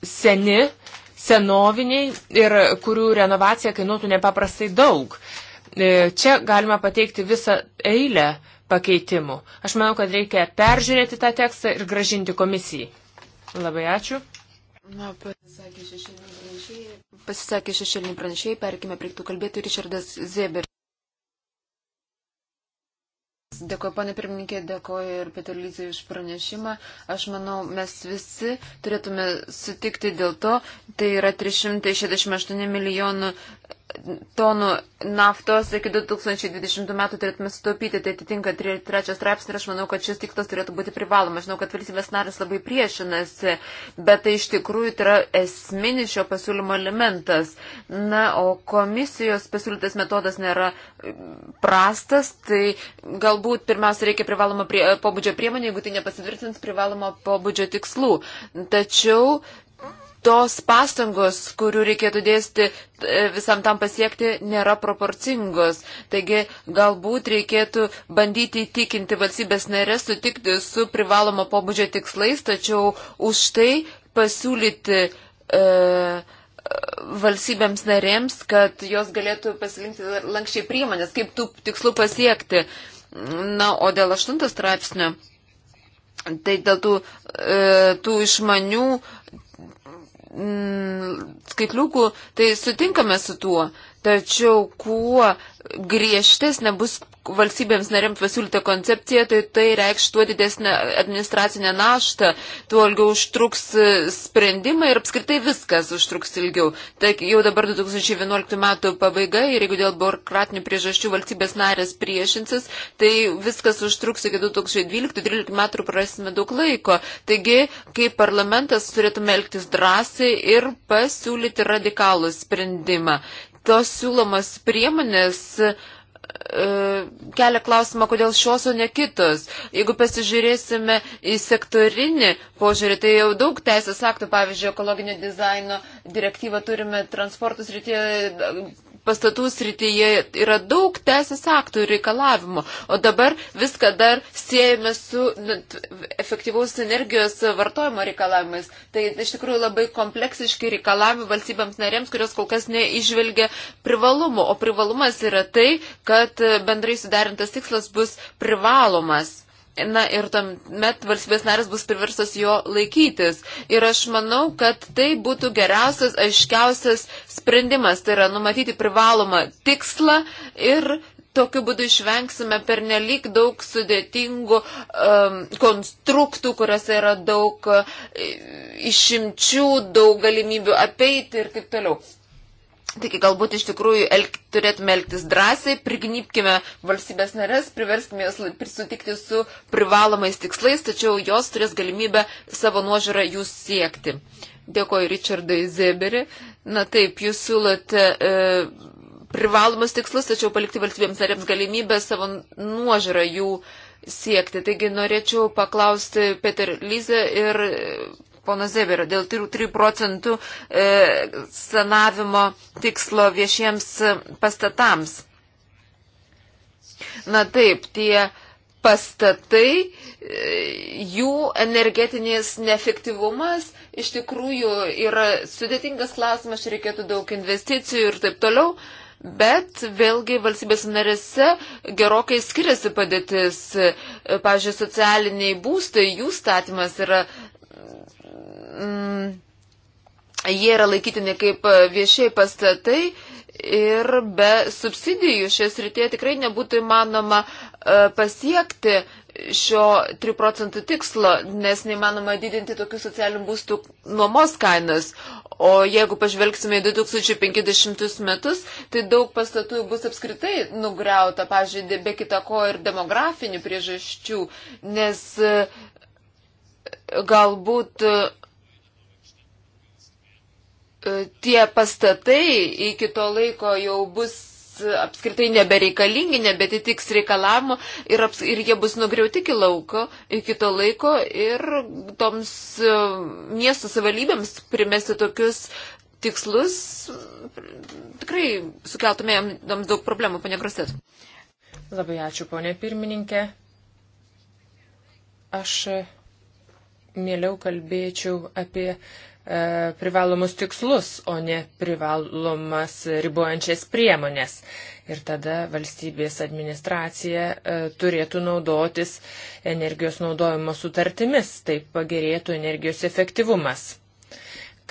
seni, senoviniai ir kurių renovacija kainuotų nepaprastai daug. E, čia galima pateikti visą eilę pakeitimų. Aš manau, kad reikia peržiūrėti tą tekstą ir gražinti komisijai. Labai ačiū. Na, pasisakė šešėliniai pranešėjai, perkime prie tų kalbėtų Richardas Zeber. Dėkuoju, pane pirmininkė, dėkuoju ir Peterlyzai už pranešimą. Aš manau, mes visi turėtume sutikti dėl to, tai yra 368 milijonų tonų naftos iki 2020 metų turėtume sutaupyti, tai atitinka 3 straipsnį ir aš manau, kad šis tikslas turėtų būti privalomas. Žinau, kad valstybės narės labai priešinasi, bet tai iš tikrųjų tai yra esminis šio pasiūlymo elementas. Na, o komisijos pasiūlytas metodas nėra prastas, tai galbūt pirmiausia reikia privalomo prie, pobūdžio priemonė, jeigu tai nepasitvirtins privalomo pobūdžio tikslų. Tačiau tos pastangos, kurių reikėtų dėsti e, visam tam pasiekti, nėra proporcingos. Taigi galbūt reikėtų bandyti įtikinti valstybės narės sutikti su privalomo pobūdžio tikslais, tačiau už tai pasiūlyti e, valstybėms narėms, kad jos galėtų pasirinkti lankščiai priemonės, kaip tų tikslų pasiekti. Na, o dėl aštuntos straipsnio. Tai dėl tų, e, tų išmanių Mm, skaitliukų, tai sutinkame su tuo. Tačiau kuo griežtesnė bus valstybėms narėms pasiūlyta koncepcija, tai tai reikš tuo didesnę administracinę naštą, tuo ilgiau užtruks e, sprendimai ir apskritai viskas užtruks ilgiau. Tai jau dabar 2011 metų pabaiga ir jeigu dėl biurokratinių priežasčių valstybės narės priešinsis, tai viskas užtruks iki 2012-2013 metų prarasime daug laiko. Taigi, kaip parlamentas turėtume elgtis drąsiai ir pasiūlyti radikalų sprendimą tos siūlomas priemonės e, kelia klausimą, kodėl šios, o ne kitos. Jeigu pasižiūrėsime į sektorinį požiūrį, tai jau daug teisės aktų, pavyzdžiui, ekologinio dizaino direktyvą turime transportus rytyje, pastatų srityje yra daug teisės aktų ir reikalavimų, o dabar viską dar siejame su nu, efektyvaus energijos vartojimo reikalavimais. Tai iš tikrųjų labai kompleksiški reikalavimai valstybėms narėms, kurios kol kas neižvelgia privalumų, o privalumas yra tai, kad bendrai sudarintas tikslas bus privalomas. Na ir tuomet valstybės narės bus priverstas jo laikytis. Ir aš manau, kad tai būtų geriausias, aiškiausias sprendimas. Tai yra numatyti privalomą tikslą ir tokiu būdu išvengsime per nelik daug sudėtingų um, konstruktų, kuriuose yra daug uh, išimčių, daug galimybių apeiti ir taip toliau. Taigi galbūt iš tikrųjų elg, turėtume elgtis drąsiai, prignypkime valstybės narės, priverskime jos prisutikti su privalomais tikslais, tačiau jos turės galimybę savo nuožiūrą jūs siekti. Dėkoju Richardai Zeberi. Na taip, jūs siūlote e, privalomus tikslus, tačiau palikti valstybėms narėms galimybę savo nuožiūrą jų siekti. Taigi norėčiau paklausti Peter Lyze ir pono Zeberio, dėl 3 procentų e, sanavimo tikslo viešiems e, pastatams. Na taip, tie pastatai, e, jų energetinės neefektyvumas iš tikrųjų yra sudėtingas klausimas, čia reikėtų daug investicijų ir taip toliau. Bet vėlgi valstybės narėse gerokai skiriasi padėtis. Pavyzdžiui, socialiniai būstai, jų statymas yra mm, jie yra laikytini kaip viešiai pastatai ir be subsidijų šios rytėje tikrai nebūtų įmanoma e, pasiekti šio 3 procentų tikslo, nes neįmanoma didinti tokių socialinių būstų nuomos kainas. O jeigu pažvelgsime į 2050 metus, tai daug pastatų bus apskritai nugriauta, pažiūrėjau, be kita ko ir demografinių priežasčių, nes uh, galbūt e, tie pastatai iki to laiko jau bus apskritai nebereikalingi, nebetitiks reikalavimo ir, aps, ir jie bus nugriauti iki lauko, iki to laiko ir toms e, miesto savalybėms primesti tokius tikslus tikrai sukeltumėm daug problemų, ponė Grostet. Labai ačiū, ponė pirmininkė. Aš mieliau kalbėčiau apie e, privalomus tikslus, o ne privalomas ribojančias priemonės. Ir tada valstybės administracija e, turėtų naudotis energijos naudojimo sutartimis, taip pagerėtų energijos efektyvumas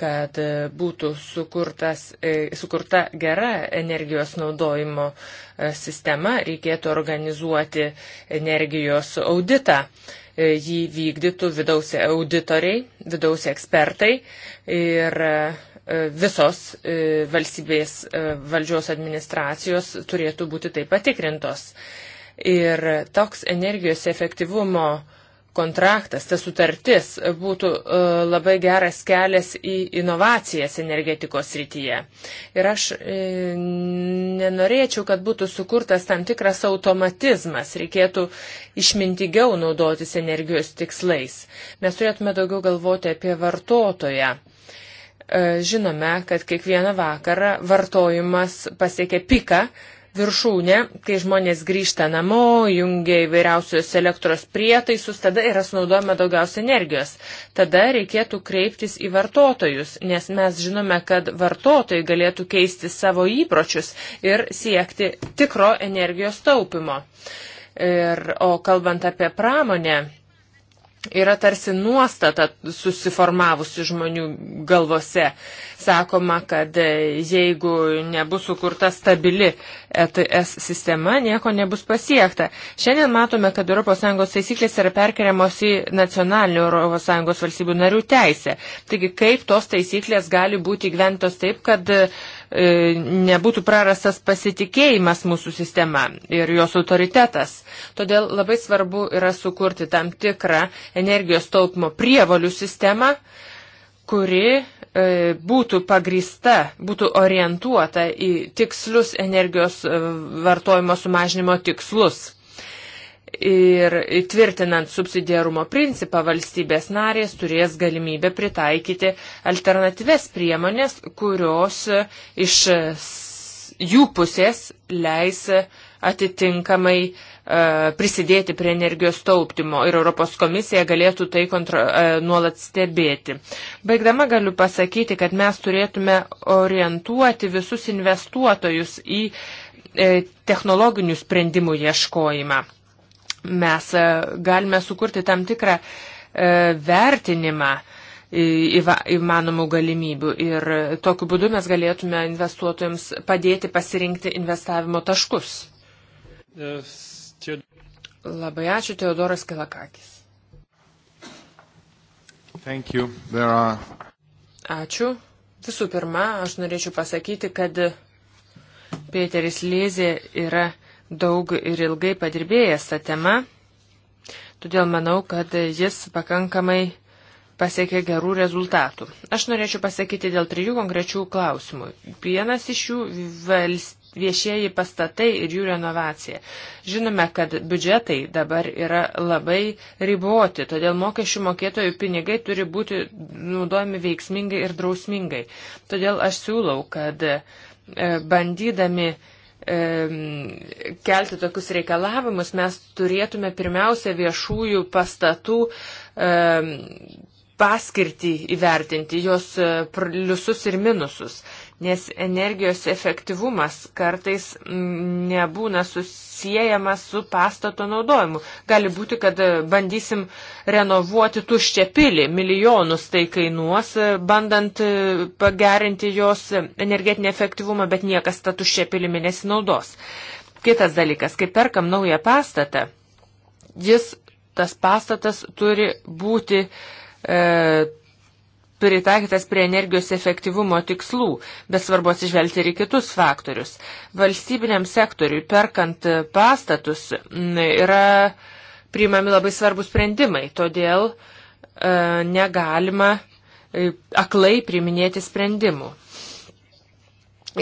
kad e, būtų sukurtas, e, sukurta gera energijos naudojimo e, sistema, reikėtų organizuoti energijos auditą, E, jį vykdytų vidaus auditoriai, vidaus ekspertai ir e, visos e, valstybės valdžios administracijos turėtų būti taip patikrintos. Ir toks energijos efektyvumo kontraktas, ta sutartis būtų e, labai geras kelias į inovacijas energetikos rytyje. Ir aš e, nenorėčiau, kad būtų sukurtas tam tikras automatizmas, reikėtų išmintigiau naudotis energijos tikslais. Mes turėtume daugiau galvoti apie vartotoją. E, žinome, kad kiekvieną vakarą vartojimas pasiekia piką, viršūnė, kai žmonės grįžta namo, jungia įvairiausius elektros prietaisus, tada yra sunaudojama daugiausia energijos. Tada reikėtų kreiptis į vartotojus, nes mes žinome, kad vartotojai galėtų keisti savo įpročius ir siekti tikro energijos taupimo. Ir, o kalbant apie pramonę, yra tarsi nuostata susiformavusi žmonių galvose. Sakoma, kad jeigu nebus sukurta stabili ETS sistema, nieko nebus pasiekta. Šiandien matome, kad ES taisyklės yra perkeliamos į nacionalinių ES valstybių narių teisę. Taigi, kaip tos taisyklės gali būti gyventos taip, kad E, nebūtų prarastas pasitikėjimas mūsų sistema ir jos autoritetas. Todėl labai svarbu yra sukurti tam tikrą energijos taupimo prievalių sistemą, kuri e, būtų pagrįsta, būtų orientuota į tikslius energijos e, vartojimo sumažinimo tikslus ir tvirtinant subsidiarumo principą valstybės narės turės galimybę pritaikyti alternatyves priemonės, kurios iš jų pusės leis atitinkamai e, prisidėti prie energijos tauptimo ir Europos komisija galėtų tai kontro, e, nuolat stebėti. Baigdama galiu pasakyti, kad mes turėtume orientuoti visus investuotojus į e, technologinių sprendimų ieškojimą mes e, galime sukurti tam tikrą e, vertinimą įmanomų galimybių ir tokiu būdu mes galėtume investuotojams padėti pasirinkti investavimo taškus. Labai ačiū, Teodoras Kilakakis. Are... Ačiū. Visų pirma, aš norėčiau pasakyti, kad Peteris Lėzė yra daug ir ilgai padirbėjęs tą temą, todėl manau, kad jis pakankamai pasiekė gerų rezultatų. Aš norėčiau pasakyti dėl trijų konkrečių klausimų. Vienas iš jų valstybės viešieji pastatai ir jų renovacija. Žinome, kad biudžetai dabar yra labai riboti, todėl mokesčių mokėtojų pinigai turi būti naudojami veiksmingai ir drausmingai. Todėl aš siūlau, kad e, bandydami kelti tokius reikalavimus, mes turėtume pirmiausia viešųjų pastatų paskirtį įvertinti, jos e, pliusus ir minususus nes energijos efektyvumas kartais nebūna susijęjamas su pastato naudojimu. Gali būti, kad bandysim renovuoti tuščią pilį, milijonus tai kainuos, bandant pagerinti jos energetinį efektyvumą, bet niekas tą tuščią pilimi nesinaudos. Kitas dalykas, kai perkam naują pastatą, jis, tas pastatas turi būti e, pritaikytas prie energijos efektyvumo tikslų, bet svarbu atsižvelgti ir į kitus faktorius. Valstybiniam sektoriui perkant pastatus yra priimami labai svarbus sprendimai, todėl e, negalima e, aklai priminėti sprendimų.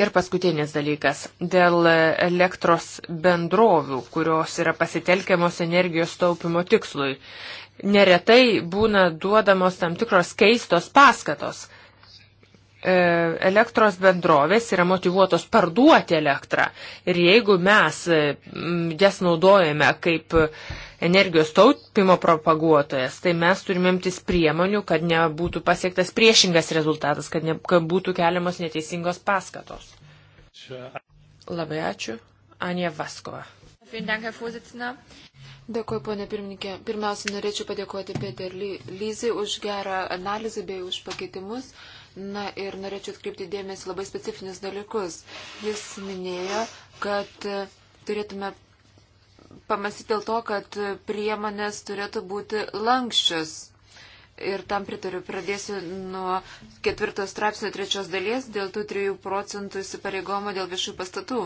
Ir paskutinis dalykas - dėl elektros bendrovių, kurios yra pasitelkiamos energijos taupimo tikslui neretai būna duodamos tam tikros keistos paskatos. E, elektros bendrovės yra motivuotos parduoti elektrą ir jeigu mes e, jas naudojame kaip energijos taupimo propaguotojas, tai mes turime imtis priemonių, kad nebūtų pasiektas priešingas rezultatas, kad, ne, kad būtų keliamos neteisingos paskatos. Labai ačiū. Anja Vaskova. Vielen Dank, Herr Vorsitzender. Dėkuoju, ponė pirmininkė. Pirmiausia, norėčiau padėkoti Peter Lyzai už gerą analizę bei už pakeitimus. Na ir norėčiau atkreipti dėmesį labai specifinius dalykus. Jis minėjo, kad turėtume pamastyti dėl to, kad priemonės turėtų būti lankščios. Ir tam pritariu. Pradėsiu nuo ketvirtos straipsnio trečios dalies dėl tų 3 procentų įsipareigomo dėl viešų pastatų.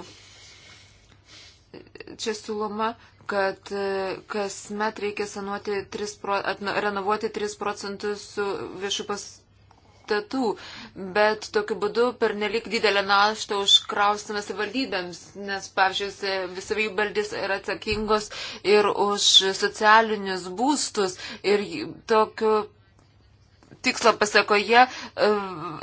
Čia siūloma, kad e, kasmet reikia sanuoti 3 pro, atna, nu, renovuoti 3 procentus viešų pastatų, bet tokiu būdu per nelik didelę naštą užkraustame savivaldybėms, nes, pavyzdžiui, savivaldys yra atsakingos ir už socialinius būstus ir tokiu tikslo pasakoje e,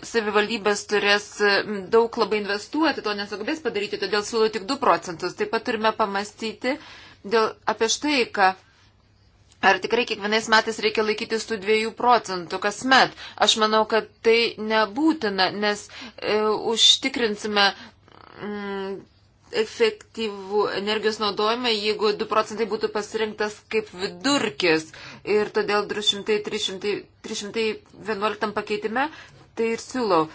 savivaldybės turės e, daug labai investuoti, to nesugebės padaryti, todėl siūlau tik 2 procentus. Taip pat turime pamastyti, uh, dėl, apie štai, ką. Ar tikrai kiekvienais metais reikia laikytis tų dviejų procentų kasmet? Aš manau, kad tai nebūtina, nes e, užtikrinsime mm, efektyvų energijos naudojimą, jeigu 2 procentai būtų pasirinktas kaip vidurkis. Ir todėl 200, 300, 311 pakeitime tai ir siūlau.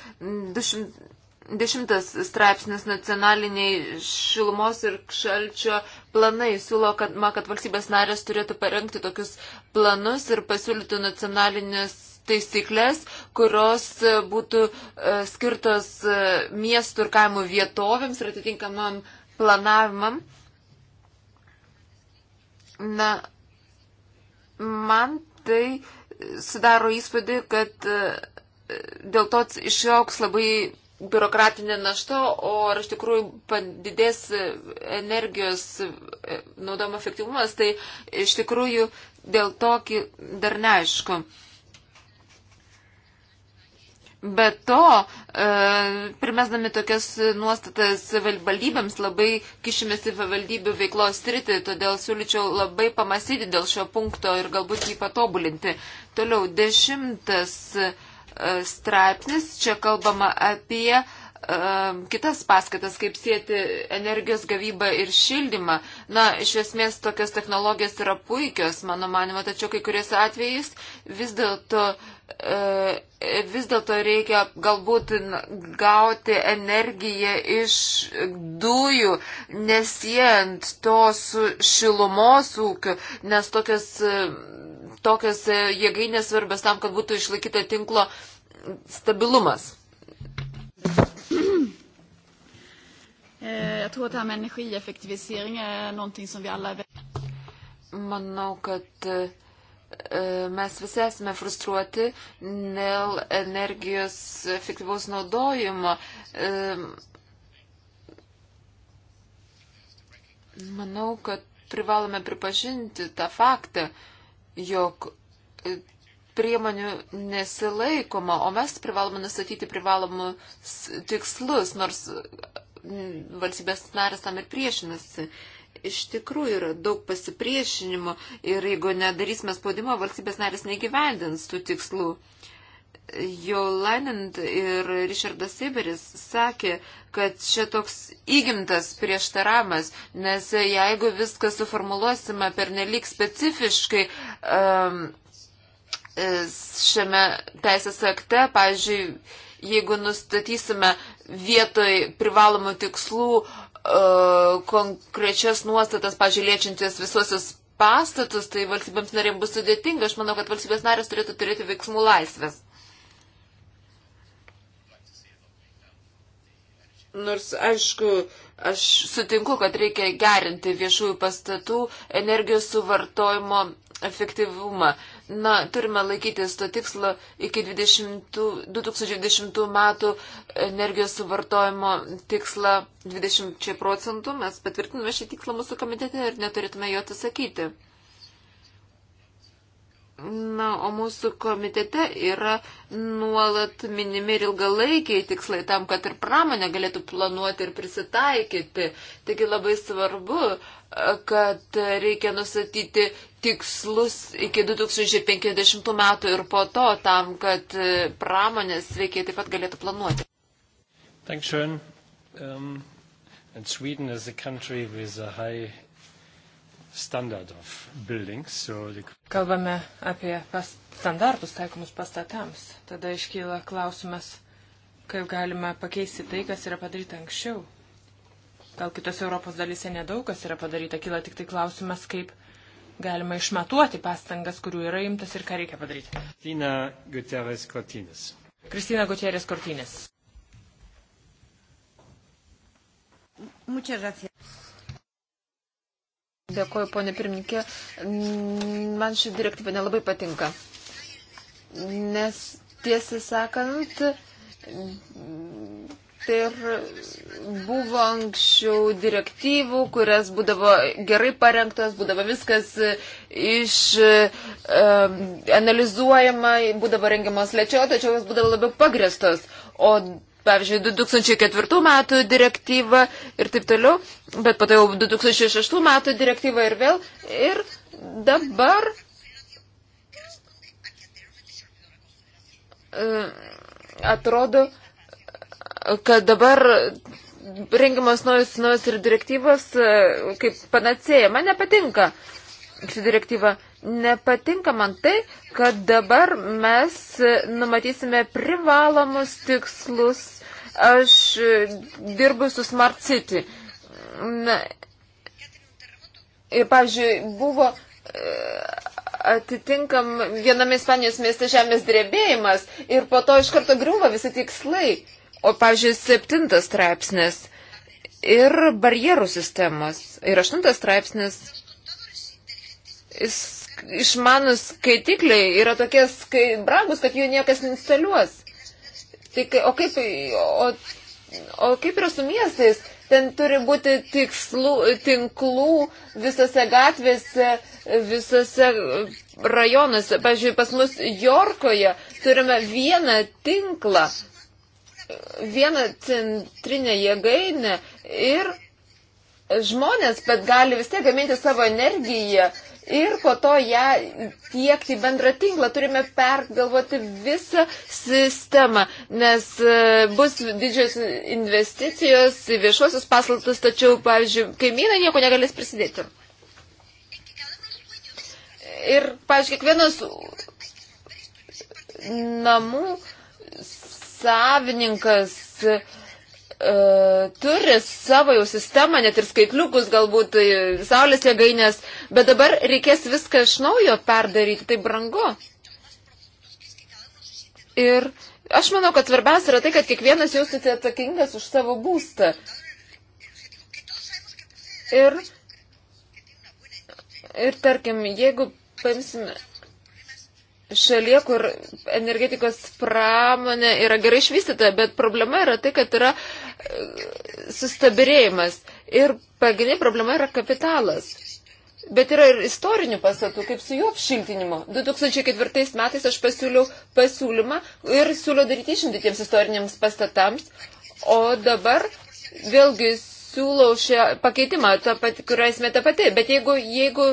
200, mm, Dešimtas straipsnis nacionaliniai šilumos ir šalčio planai siūlo, kad, ma, kad valstybės narės turėtų parengti tokius planus ir pasiūlyti nacionalinės taisyklės, kurios e, būtų e, skirtos e, miestų ir kaimų vietovėms ir atitinkamam planavimam. Na, man tai sudaro įspūdį, kad dėl to išauks labai biurokratinė našta, o ar iš tikrųjų padidės energijos naudojimo efektyvumas, tai iš tikrųjų dėl tokį dar neaišku. Be to, e, primesdami tokias nuostatas valdybėms, labai kišimės į valdybių veiklos sritį, todėl siūlyčiau labai pamasyti dėl šio punkto ir galbūt jį patobulinti. Toliau, dešimtas. Uh, straipsnis. Čia kalbama apie kitas paskatas, kaip sėti energijos gavybą ir šildymą. Na, iš esmės tokios technologijos yra puikios, mano manimo, tačiau kai kuriais atvejais vis dėlto e, vis dėlto reikia galbūt gauti energiją iš dujų, nesijant to su šilumos ūkiu, nes tokios tokios e, jėgainės svarbios tam, kad būtų išlaikyta tinklo stabilumas. Eh, jag tror att det här med energieffektivisering är någonting som vi alla är Manau, kad e, e, mes visi esame frustruoti dėl energijos efektyvaus naudojimo. Manau, kad privalome pripažinti tą faktą, jog e, priemonių nesilaikoma, o mes privalome nustatyti privalomus tikslus, nors e, valstybės narės tam ir priešinasi. Iš tikrųjų yra daug pasipriešinimo ir jeigu nedarysime spaudimo, valstybės narės negyvendins tų tikslų. Jolainant ir Richardas Siberis sakė, kad čia toks įgimtas prieštaravimas, nes jeigu viską suformuluosime per nelik specifiškai um, šiame teisės akte, pavyzdžiui, jeigu nustatysime vietoj privalomų tikslų uh, konkrečias nuostatas, pažiūrėčiantis visuosius pastatus, tai valstybėms narėms bus sudėtinga. Aš manau, kad valstybės narės turėtų turėti veiksmų laisvės. Nors, aišku, aš sutinku, kad reikia gerinti viešųjų pastatų energijos suvartojimo efektyvumą. Na, turime laikytis to tikslo iki 20, 2020 metų energijos suvartojimo tikslą 20 procentų. Mes patvirtiname šį tikslą mūsų komitete ir neturėtume jo atsisakyti. Na, o mūsų komitete yra nuolat minimi ir ilgalaikiai tikslai tam, kad ir pramonė galėtų planuoti ir prisitaikyti. Taigi labai svarbu, kad reikia nusatyti tikslus iki 2050 metų ir po to tam, kad pramonės veikiai taip pat galėtų planuoti. Thanks, um, And Sweden is a country with a high Kalbame apie pas, standartus taikomus pastatams. Tada iškyla klausimas, kaip galima pakeisti tai, kas yra padaryta anksčiau. Gal kitose Europos dalyse nedaug kas yra padaryta, kyla tik tai klausimas, kaip galima išmatuoti pastangas, kurių yra imtas ir ką reikia padaryti. Kristina Gutierrez Cortines. Kristina Gutierrez Cortines. Dėkuoju, ponė pirmininkė. Man ši direktyva nelabai patinka. Nes tiesą sakant, Tai ir buvo anksčiau direktyvų, kurias būdavo gerai parengtos, būdavo viskas išanalizuojama, e, būdavo rengiamos lėčiau, tačiau jos būdavo labiau pagrestos. O pavyzdžiui, 2004 metų direktyva ir taip toliau, bet patai jau 2006 metų direktyva ir vėl. Ir dabar. E, atrodo, kad dabar rengiamas naujas, naujas ir direktyvos e, kaip panacėja. Man nepatinka ši direktyva. Nepatinka man tai, kad dabar mes numatysime privalomus tikslus. Aš dirbu su Smart City. Na, ir, pavyzdžiui, buvo e, atitinkam viename Ispanijos mieste žemės drebėjimas ir po to iš karto griūva visi tikslai. O, pavyzdžiui, septintas straipsnis ir barjerų sistemos. Ir aštuntas straipsnis. Jis išmanus skaitikliai yra tokie skai, brangus, kad jų niekas neinstaliuos. Tai, o, kaip, o, o kaip yra su miestais? Ten turi būti tikslų, tinklų visose gatvėse, visose rajonuose. Pavyzdžiui, pas mus Jorkoje turime vieną tinklą, vieną centrinę jėgainę ir žmonės, bet gali vis tiek gaminti savo energiją ir po to ją tiekti bendrą tinklą. Turime pergalvoti visą sistemą, nes e, bus didžios investicijos į viešuosius paslaugas, tačiau, pavyzdžiui, kaimynai nieko negalės prisidėti. Ir, pavyzdžiui, kiekvienas namų savininkas E, turi savo jau sistemą, net ir skaitliukus, galbūt tai saulės jėgainės, bet dabar reikės viską iš naujo perdaryti, tai brangu. Ir aš manau, kad svarbiausia yra tai, kad kiekvienas jausite atsakingas už savo būstą. Ir, ir tarkim, jeigu paimsime šalyje, kur energetikos pramonė yra gerai išvystyta, bet problema yra tai, kad yra e, sustabirėjimas. Ir pagrindinė problema yra kapitalas. Bet yra ir istorinių pastatų, kaip su juo apšiltinimo. 2004 metais aš pasiūliau pasiūlymą ir siūliau daryti išimti tiems istoriniams pastatams, o dabar vėlgi siūlau šią pakeitimą, pat, kurią esmė ta pati, bet jeigu, jeigu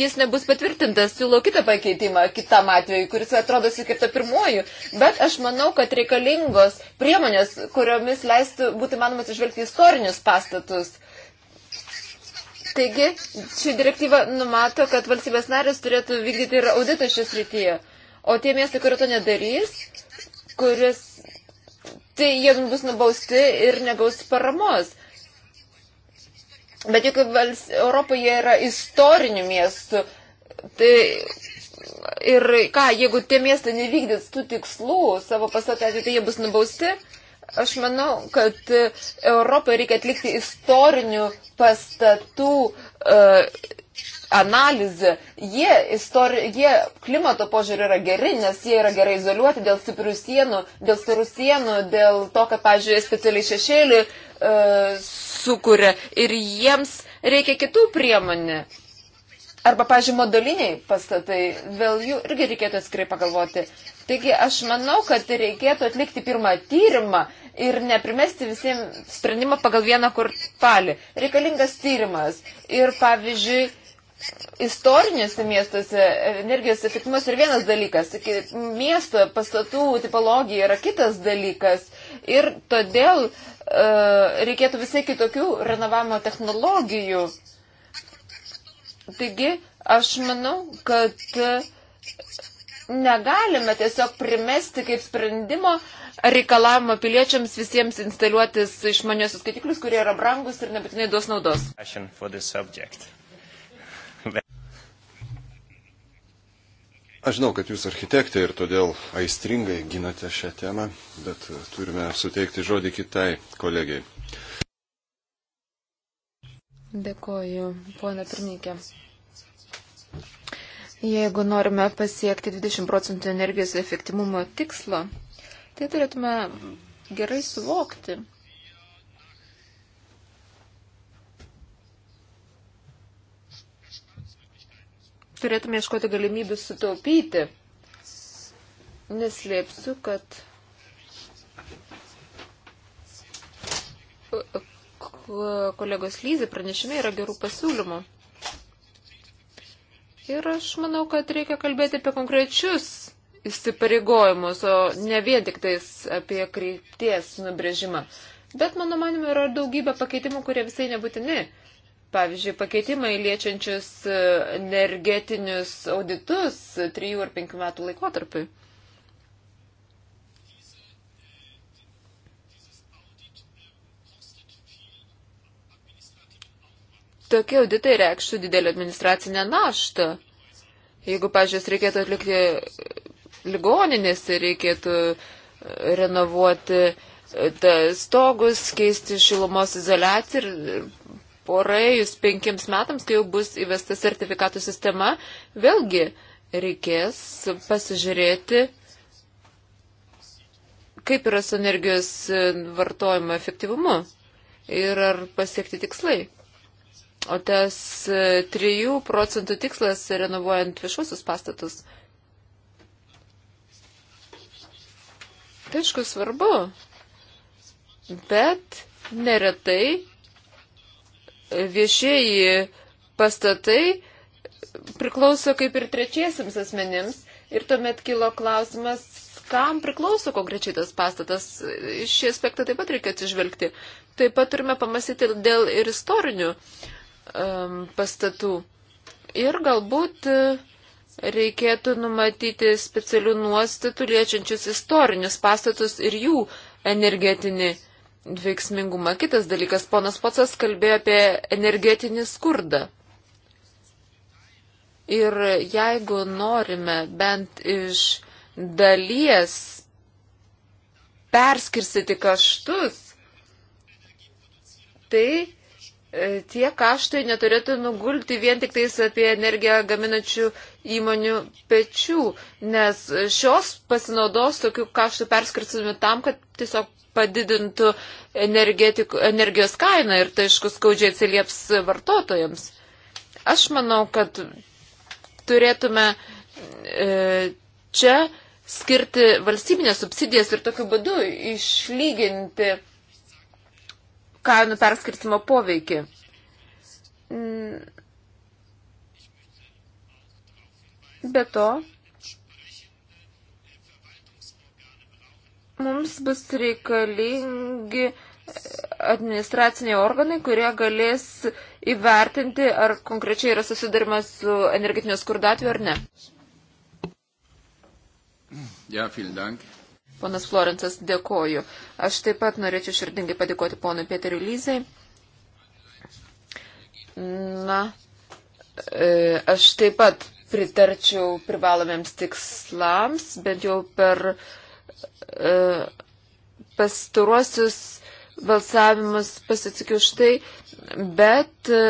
jis nebus patvirtintas, siūlau kitą pakeitimą, kitam atveju, kuris atrodo skirta pirmuoju, bet aš manau, kad reikalingos priemonės, kuriomis leistų būti manoma atsižvelgti istorinius pastatus. Taigi, ši direktyva numato, kad valstybės narės turėtų vykdyti ir auditą šios rytyje, o tie miestai, kurie to nedarys, kuris, tai jie bus nubausti ir negaus paramos. Bet juk Europoje yra istorinių miestų. Tai ir ką, jeigu tie miestai nevykdys tų tikslų savo pastatę atveju, tai jie bus nubausti. Aš manau, kad Europoje reikia atlikti istorinių pastatų uh, analizę, jie, istori, jie klimato požiūrį yra geri, nes jie yra gerai izoliuoti dėl stiprių sienų, dėl storų sienų, dėl to, kad, pažiūrėjau, specialiai šešėlį e, sukuria ir jiems reikia kitų priemonių. Arba, pažiūrėjau, moduliniai pastatai, vėl jų irgi reikėtų atskirai pagalvoti. Taigi aš manau, kad reikėtų atlikti pirmą tyrimą ir neprimesti visiems sprendimą pagal vieną korpalį. Reikalingas tyrimas. Ir, pavyzdžiui, istoriniuose miestuose energijos efektyvumas yra vienas dalykas, miesto pastatų tipologija yra kitas dalykas ir todėl e, reikėtų visai kitokių renovavimo technologijų. Taigi, aš manau, kad negalime tiesiog primesti kaip sprendimo reikalavimo piliečiams visiems instaliuotis išmaniosius skaitiklius, kurie yra brangus ir nebūtinai duos naudos. Aš žinau, kad jūs architektė ir todėl aistringai ginate šią temą, bet turime suteikti žodį kitai kolegiai. Dėkoju, pona pirmininkė. Jeigu norime pasiekti 20 procentų energijos efektyvumo tikslo, tai turėtume gerai suvokti, turėtume ieškoti galimybių sutaupyti. Neslėpsiu, kad kolegos Lyzi pranešime yra gerų pasiūlymų. Ir aš manau, kad reikia kalbėti apie konkrečius įsipareigojimus, o ne vien tik tais apie krypties nubrėžimą. Bet mano manimu yra daugybė pakeitimų, kurie visai nebūtini. Ne. Pavyzdžiui, pakeitimai liečiančius e, energetinius auditus 3 ar 5 metų laikotarpiui. tokie auditai reikštų didelį administracinę naštą. Jeigu, pažiūrės, reikėtų atlikti ligoninės, reikėtų e, renovuoti e, stogus, keisti šilumos izolaciją ir poraėjus penkiems metams, kai jau bus įvesta sertifikatų sistema, vėlgi reikės pasižiūrėti, kaip yra su energijos vartojimo efektyvumu ir ar pasiekti tikslai. O tas 3 procentų tikslas renovuojant viešuosius pastatus. Tai aišku svarbu, bet neretai viešieji pastatai priklauso kaip ir trečiesiams asmenims ir tuomet kilo klausimas, kam priklauso konkrečiai tas pastatas. Šį aspektą taip pat reikia atsižvelgti. Taip pat turime pamastyti dėl ir istorinių um, pastatų. Ir galbūt uh, reikėtų numatyti specialių nuostatų liečiančius istorinius pastatus ir jų energetinį uh, veiksmingumą. Kitas dalykas, ponas Pocas kalbėjo apie energetinį skurdą. Ir jeigu norime bent iš dalies perskirsyti kaštus, tai e, tie kaštai neturėtų nugulti vien tik tais apie energiją gaminačių įmonių pečių, nes šios pasinaudos tokių kaštų perskirstami tam, kad tiesiog padidintų energijos kainą ir tai, aišku, skaudžiai atsilieps vartotojams. Aš manau, kad turėtume e, čia skirti valstybinės subsidijas ir tokiu būdu išlyginti kainų perskirtimo poveikį. Be to, Mums bus reikalingi administraciniai organai, kurie galės įvertinti, ar konkrečiai yra susidarimas su energetinio skurdatviu ar ne. Ja, Ponas Florencas, dėkoju. Aš taip pat norėčiau širdingai padėkoti ponui Pieteriu Lyzai. Na, e, aš taip pat pritarčiau privalomiems tikslams, bent jau per uh, E, pastaruosius balsavimus pasitikiu už tai, bet e,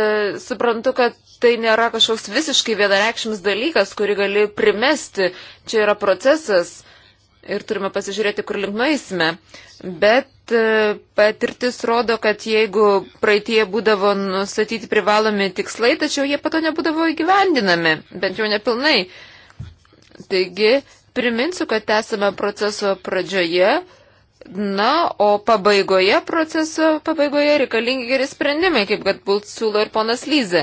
suprantu, kad tai nėra kažkoks visiškai vienareikšmis dalykas, kurį gali primesti. Čia yra procesas ir turime pasižiūrėti, kur link nueisime. Bet e, patirtis rodo, kad jeigu praeitie būdavo nustatyti privalomi tikslai, tačiau jie pato nebūdavo įgyvendinami, bent jau nepilnai. Taigi Priminsiu, kad esame proceso pradžioje, na, o pabaigoje proceso pabaigoje reikalingi geri sprendimai, kaip kad būt siūlo ir ponas Lyze.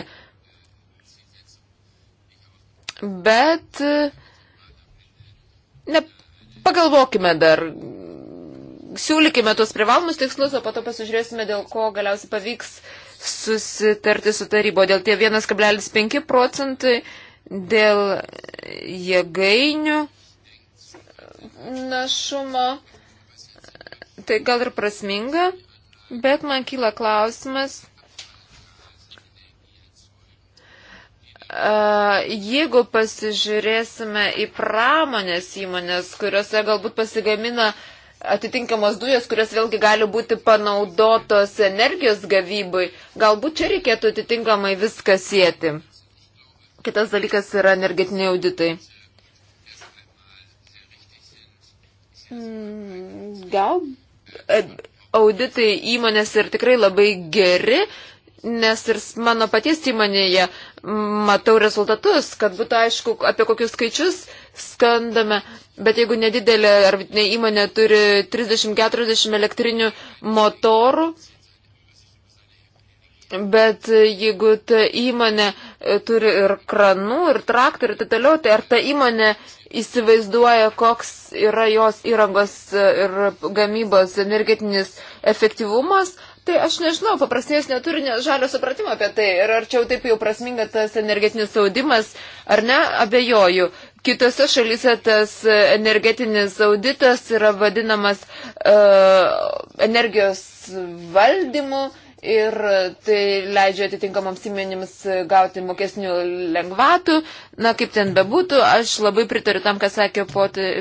Bet e, ne, pagalvokime dar, siūlykime tuos privalomus tikslus, o po to pasižiūrėsime, dėl ko galiausiai pavyks susitarti su tarybo. Dėl tie 1,5 procentai, dėl jėgainių našumo, tai gal ir prasminga, bet man kyla klausimas, jeigu pasižiūrėsime į pramonės įmonės, kuriuose galbūt pasigamina atitinkamos dujos, kurios vėlgi gali būti panaudotos energijos gavybai, galbūt čia reikėtų atitinkamai viską sėti. Kitas dalykas yra energetiniai auditai. Mm, gal e, auditai įmonės ir tikrai labai geri, nes ir mano paties įmonėje matau rezultatus, kad būtų aišku, apie kokius skaičius skandame, bet jeigu nedidelė ar ne įmonė turi 30-40 elektrinių motorų, bet jeigu ta įmonė uh, E, turi ir kranų, ir traktorių ir taip toliau, tai ar ta įmonė įsivaizduoja, koks yra jos įrangos e, ir gamybos energetinis efektyvumas, tai aš nežinau, paprastai jos neturi žalio supratimo apie tai. Ir ar čia jau taip jau prasminga tas energetinis saudimas, ar ne, abejoju. Kitose šalyse tas energetinis auditas yra vadinamas uh, energijos valdymu ir tai leidžia atitinkamoms įmenėms gauti mokesnių lengvatų. Na, kaip ten bebūtų, aš labai pritariu tam, ką sakė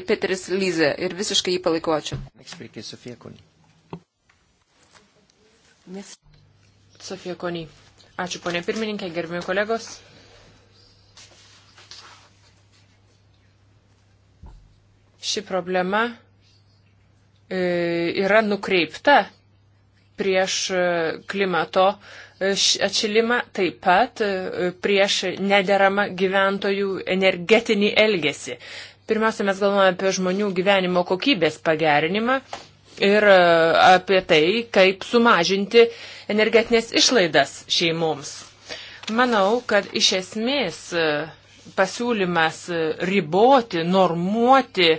Peteris Lyze ir visiškai jį palaikočiau. Sofija Kony. Ačiū, ponė pirmininkė, gerbimi kolegos. Ši problema e, yra nukreipta prieš e, klimato e, atšilimą, taip pat e, prieš nederamą gyventojų energetinį elgesį. Pirmiausia, mes galvojame apie žmonių gyvenimo kokybės pagerinimą ir apie tai, kaip sumažinti energetinės išlaidas šeimoms. Manau, kad iš esmės pasiūlymas riboti, normuoti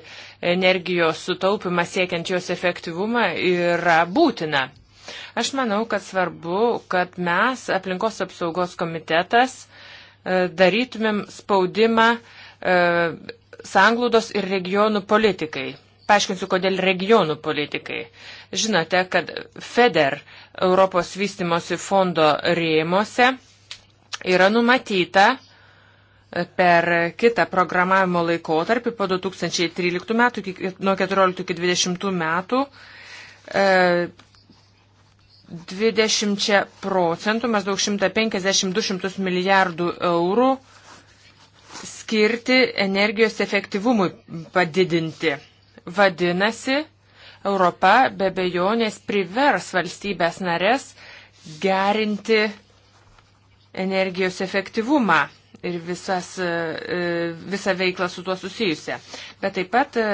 energijos sutaupimą siekiant jos efektyvumą yra būtina. Aš manau, kad svarbu, kad mes, aplinkos apsaugos komitetas, e, darytumėm spaudimą e, sanglūdos ir regionų politikai. Paaiškinsiu, kodėl regionų politikai. Žinote, kad FEDER Europos vystimosi fondo rėmose yra numatyta e, per kitą programavimo laikotarpį po 2013 metų, nuo 14 iki 20 metų, 20 procentų, maždaug 150-200 milijardų eurų skirti energijos efektyvumui padidinti. Vadinasi, Europa be bejonės privers valstybės narės gerinti energijos efektyvumą ir visas, e, visą veiklą su tuo susijusią. Bet taip pat e,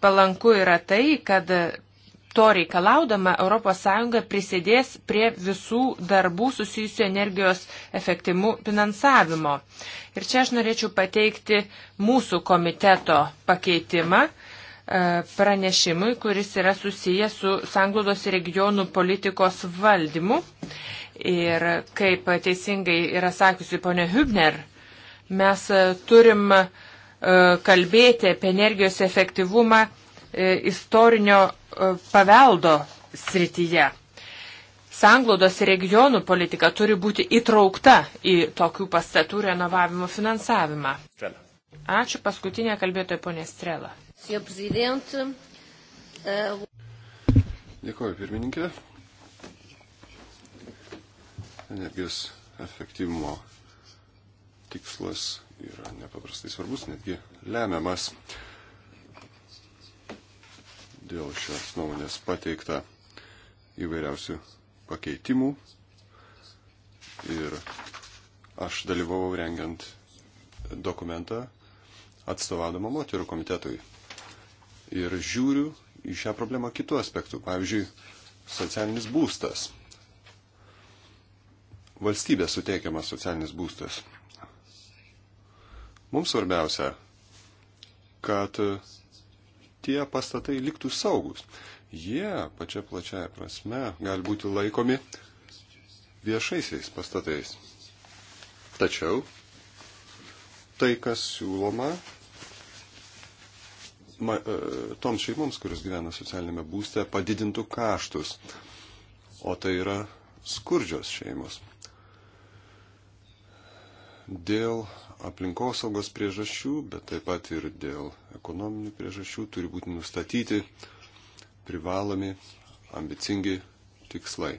palanku yra tai, kad to reikalaudama ES prisidės prie visų darbų susijusių energijos efektyvų finansavimo. Ir čia aš norėčiau pateikti mūsų komiteto pakeitimą e, pranešimui, kuris yra susijęs su sanglaudos regionų politikos valdymu. Ir kaip teisingai yra sakiusi ponė Hübner, mes turim e, kalbėti apie energijos efektyvumą E, istorinio e, paveldo srityje. Sanglaudos ir regionų politika turi būti įtraukta į tokių pastatų renovavimo finansavimą. Ačiū paskutinė kalbėtoja ponė Strela. Eh, Dėkuoju pirmininkė. Energijos efektyvumo tikslas yra nepaprastai svarbus, netgi lemiamas. Uh, dėl šios nuomonės pateikta įvairiausių pakeitimų ir aš dalyvavau rengiant dokumentą atstovaudama moterų komitetui. Ir žiūriu į šią problemą kitų aspektų. Pavyzdžiui, socialinis būstas. Valstybės suteikiamas socialinis būstas. Mums svarbiausia, kad tie pastatai liktų saugus. Jie pačia plačiaja prasme gali būti laikomi viešaisiais pastatais. Tačiau tai, kas siūloma ma, e, toms šeimoms, kurios gyvena socialinėme būste, padidintų kaštus. O tai yra skurdžios šeimos. Dėl aplinkosaugos priežasčių, bet taip pat ir dėl ekonominių priežasčių turi būti nustatyti privalomi ambicingi tikslai.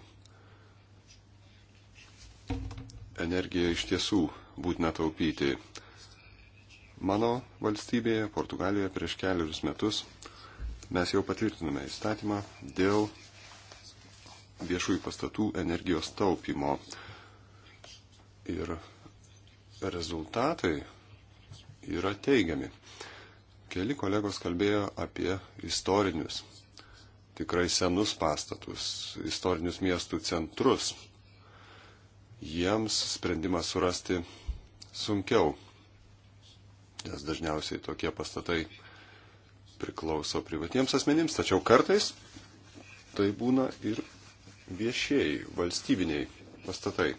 Energiją iš tiesų būtina taupyti. Mano valstybėje, Portugalijoje, prieš keliarius metus mes jau patvirtiname įstatymą dėl viešųjų pastatų energijos taupimo. Ir rezultatai yra teigiami. Keli kolegos kalbėjo apie istorinius, tikrai senus pastatus, istorinius miestų centrus. Jiems sprendimą surasti sunkiau, nes dažniausiai tokie pastatai priklauso privatiems asmenims, tačiau kartais tai būna ir viešieji, valstybiniai pastatai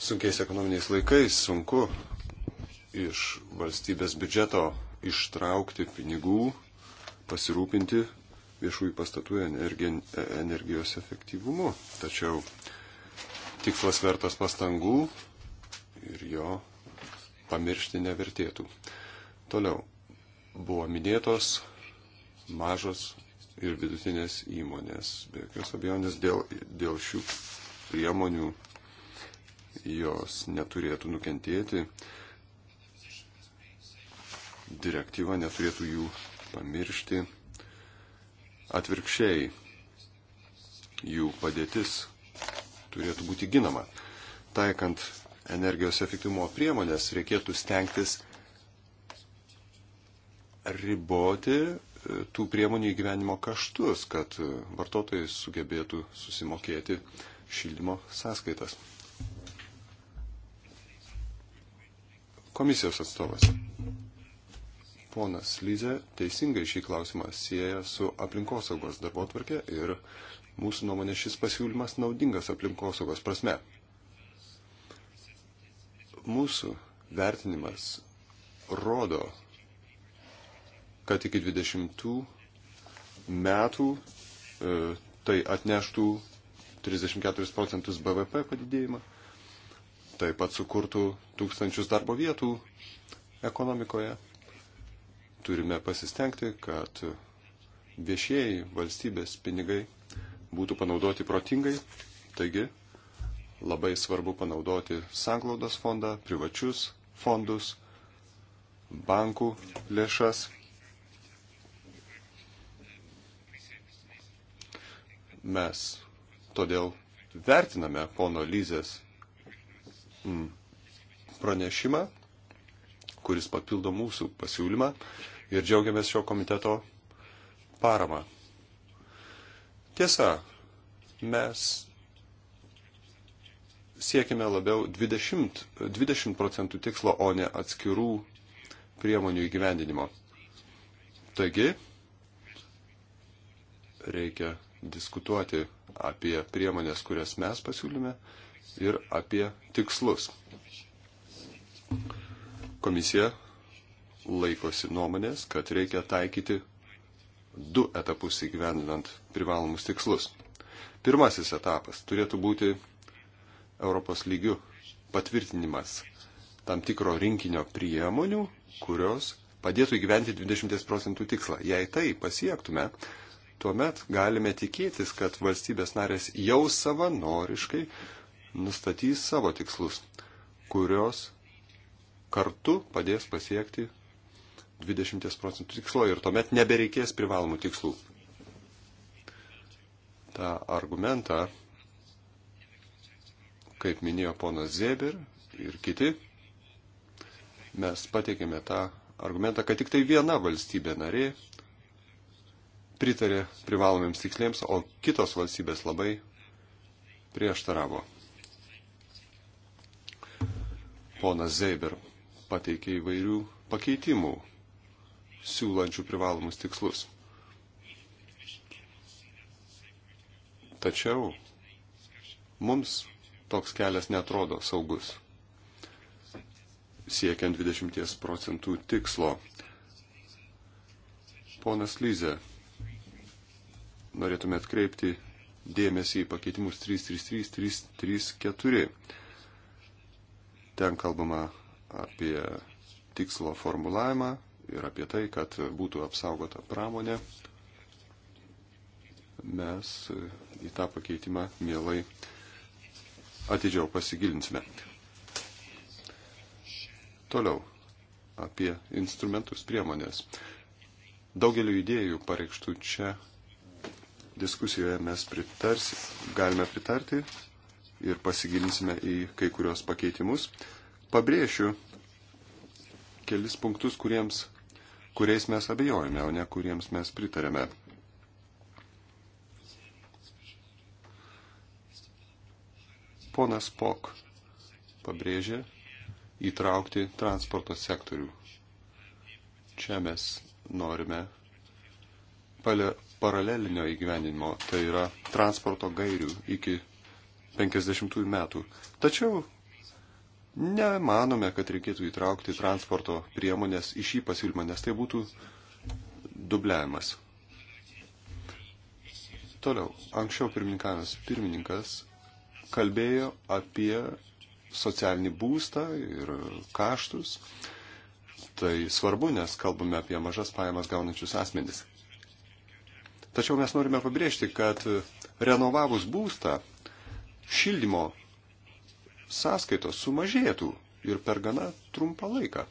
sunkiais ekonominiais laikais sunku iš valstybės biudžeto ištraukti pinigų, pasirūpinti viešųjų pastatų energijos efektyvumu. Tačiau tikslas vertas pastangų ir jo pamiršti nevertėtų. Toliau buvo minėtos mažos ir vidutinės įmonės. Be jokios abejonės dėl, dėl šių priemonių jos neturėtų nukentėti, direktyva neturėtų jų pamiršti. Atvirkščiai, jų padėtis turėtų būti ginama. Taikant energijos efektyvumo priemonės, reikėtų stengtis riboti e, tų priemonių įgyvenimo kaštus, kad e, vartotojai sugebėtų susimokėti šildymo sąskaitas. komisijos atstovas. Ponas Lyze teisingai šį klausimą sieja su aplinkosaugos darbotvarkė ir mūsų nuomonė šis pasiūlymas naudingas aplinkosaugos prasme. Mūsų vertinimas rodo, kad iki 20 metų e, tai atneštų 34 procentus BVP padidėjimą taip pat sukurtų tūkstančius darbo vietų ekonomikoje. Turime pasistengti, kad viešieji valstybės pinigai būtų panaudoti protingai, taigi labai svarbu panaudoti sanglaudos fondą, privačius fondus, bankų lėšas. Mes todėl vertiname pono Lyzės pranešimą, kuris papildo mūsų pasiūlymą ir džiaugiamės šio komiteto parama. Tiesa, mes siekime labiau 20, 20 procentų tikslo, o ne atskirų priemonių įgyvendinimo. Taigi, reikia diskutuoti apie priemonės, kurias mes pasiūlyme ir apie tikslus. Komisija laikosi nuomonės, kad reikia taikyti du etapus įgyvendinant privalomus tikslus. Pirmasis etapas turėtų būti Europos lygių patvirtinimas tam tikro rinkinio priemonių, kurios padėtų įgyventi 20 procentų tikslą. Jei tai pasiektume, tuomet galime tikėtis, kad valstybės narės jau savanoriškai nustatys savo tikslus, kurios kartu padės pasiekti 20 procentų tikslo ir tuomet nebereikės privalomų tikslų. Ta argumentą, kaip minėjo ponas Zebir ir kiti, mes pateikėme tą argumentą, kad tik tai viena valstybė narė pritarė privalomiems tikslėms, o kitos valstybės labai prieštaravo ponas Zeber pateikė įvairių pakeitimų, siūlančių privalomus tikslus. Tačiau mums toks kelias netrodo saugus. Siekiant 20 procentų tikslo, ponas Lyze, norėtume atkreipti dėmesį į pakeitimus 333, 334. Ten kalbama apie tikslo formulavimą ir apie tai, kad būtų apsaugota pramonė. Mes į tą pakeitimą mielai atidžiau pasigilinsime. Toliau apie instrumentus, priemonės. Daugeliu idėjų pareikštų čia diskusijoje mes pritarsi, galime pritarti, ir pasigilinsime į kai kurios pakeitimus. Pabrėšiu kelis punktus, kuriems, kuriais mes abejojame, o ne kuriems mes pritarėme. Ponas Pok pabrėžė įtraukti transporto sektorių. Čia mes norime pale, paralelinio įgyvendinimo, tai yra transporto gairių iki 50 metų. Tačiau nemanome, kad reikėtų įtraukti transporto priemonės į šį pasiūlymą, nes tai būtų dubliavimas. Toliau, anksčiau pirmininkas, pirmininkas kalbėjo apie socialinį būstą ir kaštus. Tai svarbu, nes kalbame apie mažas pajamas gaunančius asmenis. Tačiau mes norime pabrėžti, kad renovavus būstą šildymo sąskaitos sumažėtų ir per gana trumpą laiką.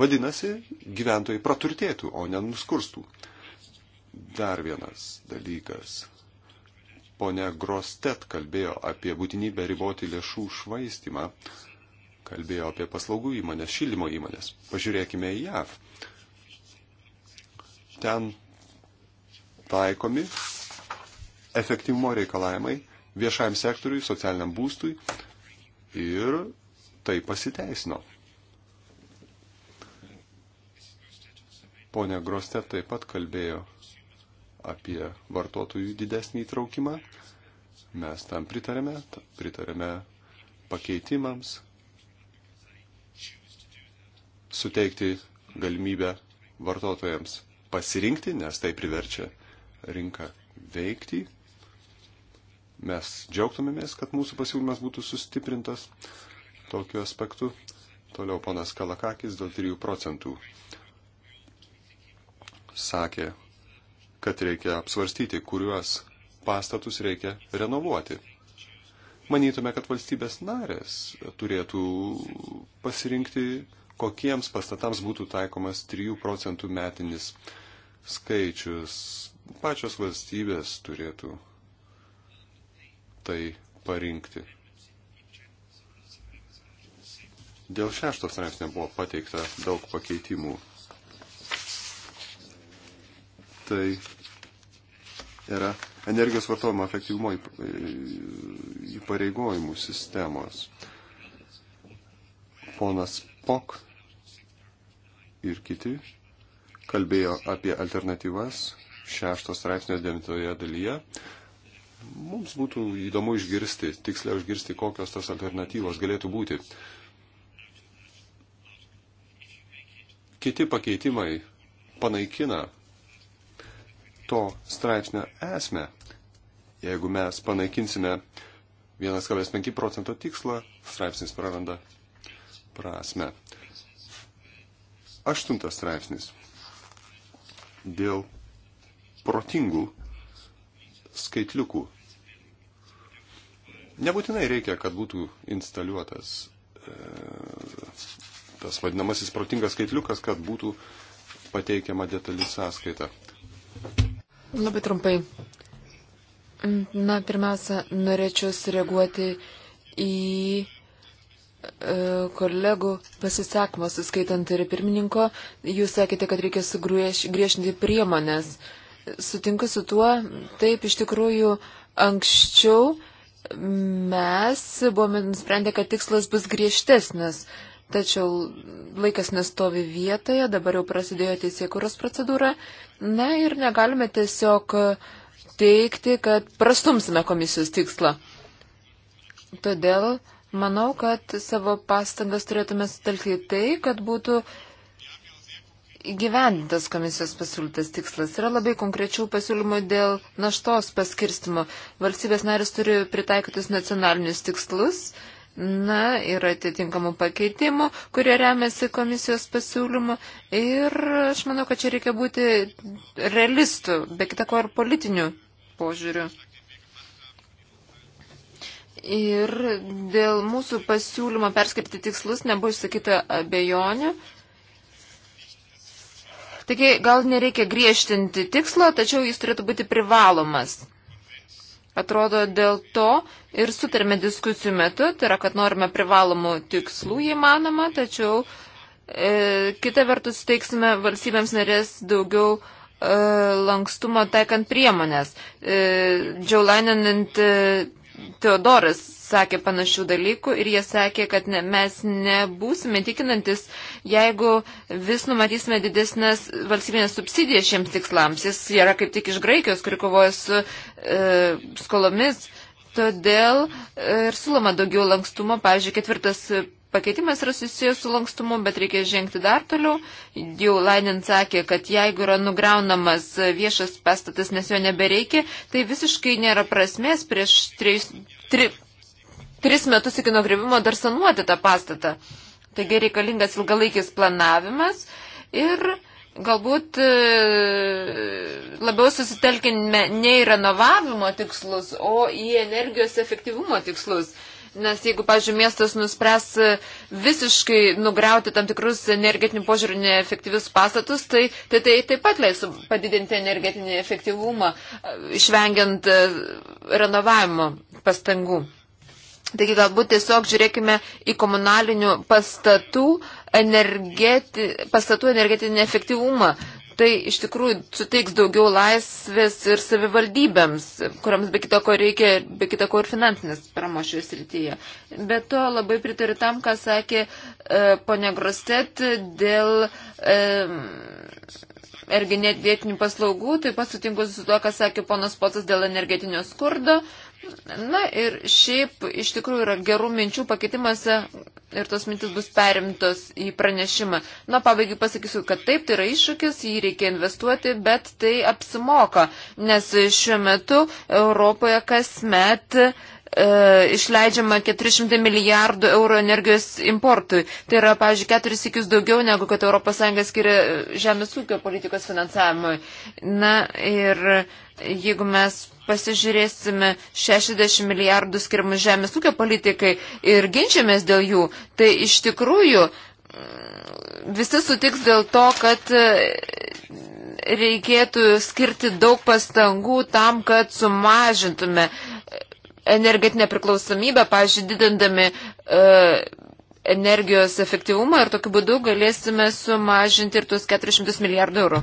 Vadinasi, gyventojai praturtėtų, o nenuskurstų. Dar vienas dalykas. Pone Grostet kalbėjo apie būtinybę riboti lėšų švaistimą, kalbėjo apie paslaugų įmonės, šildymo įmonės. Pažiūrėkime į JAV. Ten taikomi efektyvumo reikalavimai viešajam sektoriui, socialiniam būstui ir tai pasiteisino. Pone Groste taip pat kalbėjo apie vartotojų didesnį įtraukimą. Mes tam pritarėme, pritarėme pakeitimams, suteikti galimybę vartotojams pasirinkti, nes tai priverčia rinką veikti Mes džiaugtumėmės, kad mūsų pasiūlymas būtų sustiprintas tokiu aspektu. Toliau ponas Kalakakis dėl 3 procentų sakė, kad reikia apsvarstyti, kuriuos pastatus reikia renovuoti. Manytume, kad valstybės narės turėtų pasirinkti, kokiems pastatams būtų taikomas 3 procentų metinis skaičius. Pačios valstybės turėtų tai parinkti. Dėl šešto straipsnio buvo pateikta daug pakeitimų. Tai yra energijos vartojimo efektyvumo įpareigojimų sistemos. Ponas Pok ir kiti kalbėjo apie alternatyvas šešto straipsnio devintoje dalyje. Mums būtų įdomu išgirsti, tiksliau išgirsti, kokios tos alternatyvos galėtų būti. Kiti pakeitimai panaikina to straipsnio esmę. Jeigu mes panaikinsime 1,5 procento tikslą, straipsnis praranda prasme. Aštuntas straipsnis. Dėl protingų skaitliukų. Nebūtinai reikia, kad būtų instaliuotas e, tas vadinamasis protingas skaitliukas, kad būtų pateikiama detali sąskaita. Labai trumpai. Na, pirmiausia, norėčiau sureaguoti į e, kolegų pasisakymas, skaitant ir pirmininko, jūs sakėte, kad reikia sugriešinti priemonės. Uh, sutinku su tuo, taip iš tikrųjų anksčiau mes buvome nusprendę, kad tikslas bus griežtesnis. Tačiau laikas nestovi vietoje, dabar jau prasidėjo teisėkuros procedūra. Na ir negalime tiesiog teikti, kad prastumsime komisijos tikslą. Todėl manau, kad savo pastangas turėtume sutelkti tai, kad būtų uh, gyventas komisijos pasiūlytas tikslas. Yra labai konkrečių pasiūlymų dėl naštos paskirstimo. Valstybės narės turi pritaikytus nacionalinius tikslus. Na, yra atitinkamų pakeitimų, kurie remiasi komisijos pasiūlymu ir aš manau, kad čia reikia būti realistų, be kitako ir politinių požiūrių. Ir dėl mūsų pasiūlymo perskirti tikslus nebuvo išsakyta abejonių. Uh, Taigi gal nereikia griežtinti tikslo, tačiau jis turėtų būti privalomas. Atrodo, dėl to ir sutarėme diskusijų metu, tai yra, kad norime privalomų tikslų įmanoma, tačiau e, kitą vertus teiksime valstybėms narės daugiau e, lankstumo taikant priemonės. E, Džiaulainen Teodoras sakė panašių dalykų ir jie sakė, kad ne, mes nebūsime tikinantis, jeigu vis numatysime didesnės valstybinės subsidijas šiems tikslams. Jis yra kaip tik iš Graikijos, kuri kovoja su e, skolomis. Todėl ir sulama daugiau lankstumo. Pavyzdžiui, ketvirtas pakeitimas yra susijęs su lankstumu, bet reikia žengti dar toliau. Jau Lainin sakė, kad jeigu yra nugraunamas viešas pastatas, nes jo nebereikia, tai visiškai nėra prasmės prieš trejus, tri, tris metus iki nugriuvimo dar sanuoti tą pastatą. Taigi reikalingas ilgalaikis planavimas ir galbūt e, labiau susitelkime ne į renovavimo tikslus, o į energijos efektyvumo tikslus. Nes jeigu, pažiūrėjau, miestas nuspręs e, visiškai nugriauti tam tikrus energetinių požiūrį neefektyvius pastatus, tai tai, tai taip pat leis padidinti energetinį efektyvumą, e, išvengiant renovavimo pastangų. Taigi galbūt tiesiog žiūrėkime į komunalinių pastatų, energeti, pastatų energetinį efektyvumą. Tai iš tikrųjų suteiks daugiau laisvės ir savivaldybėms, kuriams be kita ko reikia, be kita ko ir finansinės paramos šioje srityje. Be to labai pritariu tam, ką sakė e, ponia Grostet dėl. E, energetinių paslaugų, taip pat sutinku su tuo, ką sakė ponas Potas dėl energetinio skurdo. E, Na ir šiaip iš tikrųjų yra gerų minčių pakeitimuose ir tos mintis bus perimtos į pranešimą. Na, pabaigai pasakysiu, kad taip, tai yra iššūkis, jį reikia investuoti, bet tai apsimoka, nes šiuo metu Europoje kasmet e, išleidžiama 400 milijardų eurų energijos importui. Tai yra, pavyzdžiui, keturis sikius daugiau negu kad ES skiria žemės ūkio politikos finansavimui. Na ir jeigu mes pasižiūrėsime 60 milijardų skirimus žemės ūkio politikai ir ginčiamės dėl jų, tai iš tikrųjų mm, visi sutiks dėl to, kad e, reikėtų skirti daug pastangų tam, kad sumažintume energetinę priklausomybę, pažiūrėjau, didindami uh, energijos efektyvumą ir tokiu būdu galėsime sumažinti ir tuos 400 milijardų eurų.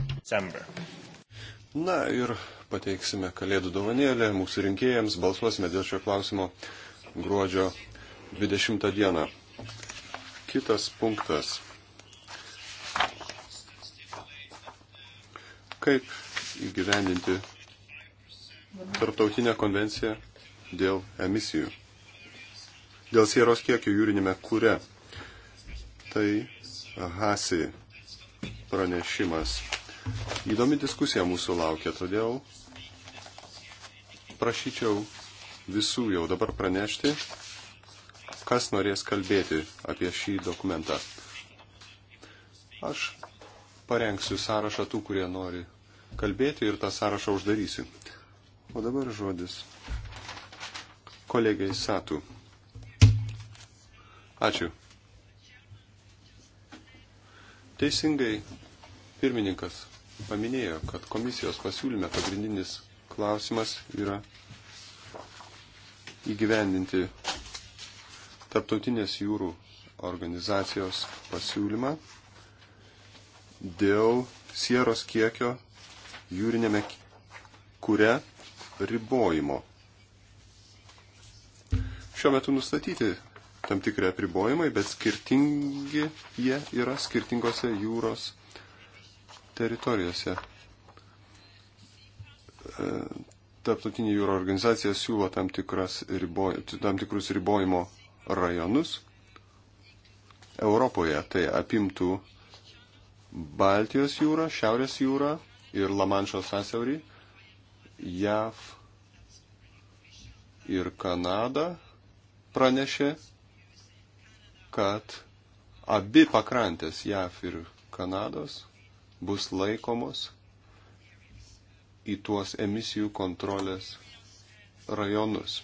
Na ir pateiksime kalėdų dovanėlę mūsų rinkėjams, balsuosime dėl šio klausimo gruodžio 20 dieną. Kitas punktas. Kaip įgyvendinti tarptautinę konvenciją dėl emisijų, dėl sieros kiekio jūrinėme kūre. Tai Hasi pranešimas. Įdomi diskusija mūsų laukia, todėl prašyčiau visų jau dabar pranešti, kas norės kalbėti apie šį dokumentą. Aš parengsiu sąrašą tų, kurie nori kalbėti ir tą sąrašą uždarysiu. O dabar žodis kolegiai Satų. Ačiū. Teisingai pirmininkas paminėjo, kad komisijos pasiūlyme pagrindinis klausimas yra įgyvendinti Tarptautinės jūrų organizacijos pasiūlymą dėl sieros kiekio jūrinėme kūre ribojimo. Šiuo metu nustatyti tam tikri apribojimai, bet skirtingi jie yra skirtingose jūros teritorijose. E, Tarptautinė jūro organizacija siūlo tam, ribo, tam tikrus ribojimo rajonus. Europoje tai apimtų Baltijos jūrą, Šiaurės jūrą ir Lamanšo sąsiaurį, JAV ir Kanada pranešė, kad abi pakrantės JAV ir Kanados bus laikomos į tuos emisijų kontrolės rajonus.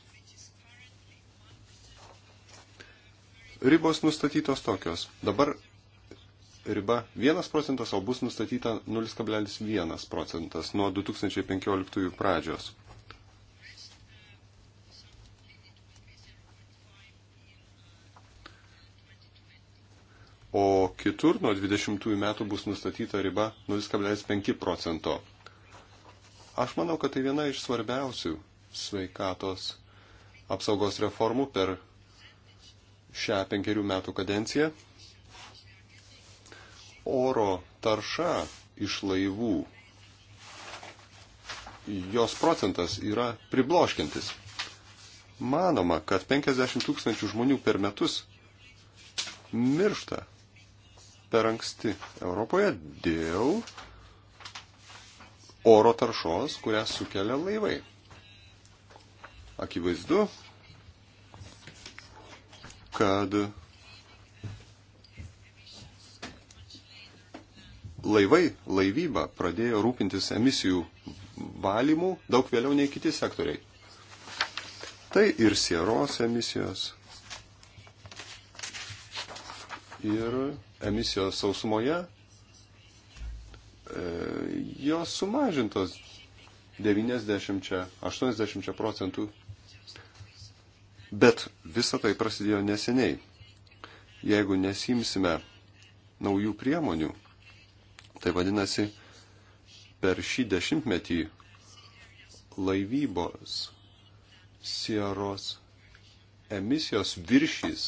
Ribos nustatytos tokios. Dabar riba 1 procentas, o bus nustatyta 0,1 procentas nuo 2015 pradžios. o kitur nuo 20 metų bus nustatyta riba 0,5 procento. Aš manau, kad tai viena iš svarbiausių sveikatos apsaugos reformų per šią penkerių metų kadenciją. Oro tarša iš laivų, jos procentas yra pribloškintis. Manoma, kad 50 tūkstančių žmonių per metus miršta per anksti Europoje dėl oro taršos, kurią sukelia laivai. Akivaizdu, kad laivai, laivyba pradėjo rūpintis emisijų valymų daug vėliau nei kiti sektoriai. Tai ir sieros emisijos, ir emisijos sausumoje e, jos sumažintos 90-80 procentų. Bet visa tai prasidėjo neseniai. Jeigu nesimsime naujų priemonių, tai vadinasi, per šį dešimtmetį laivybos sieros emisijos viršys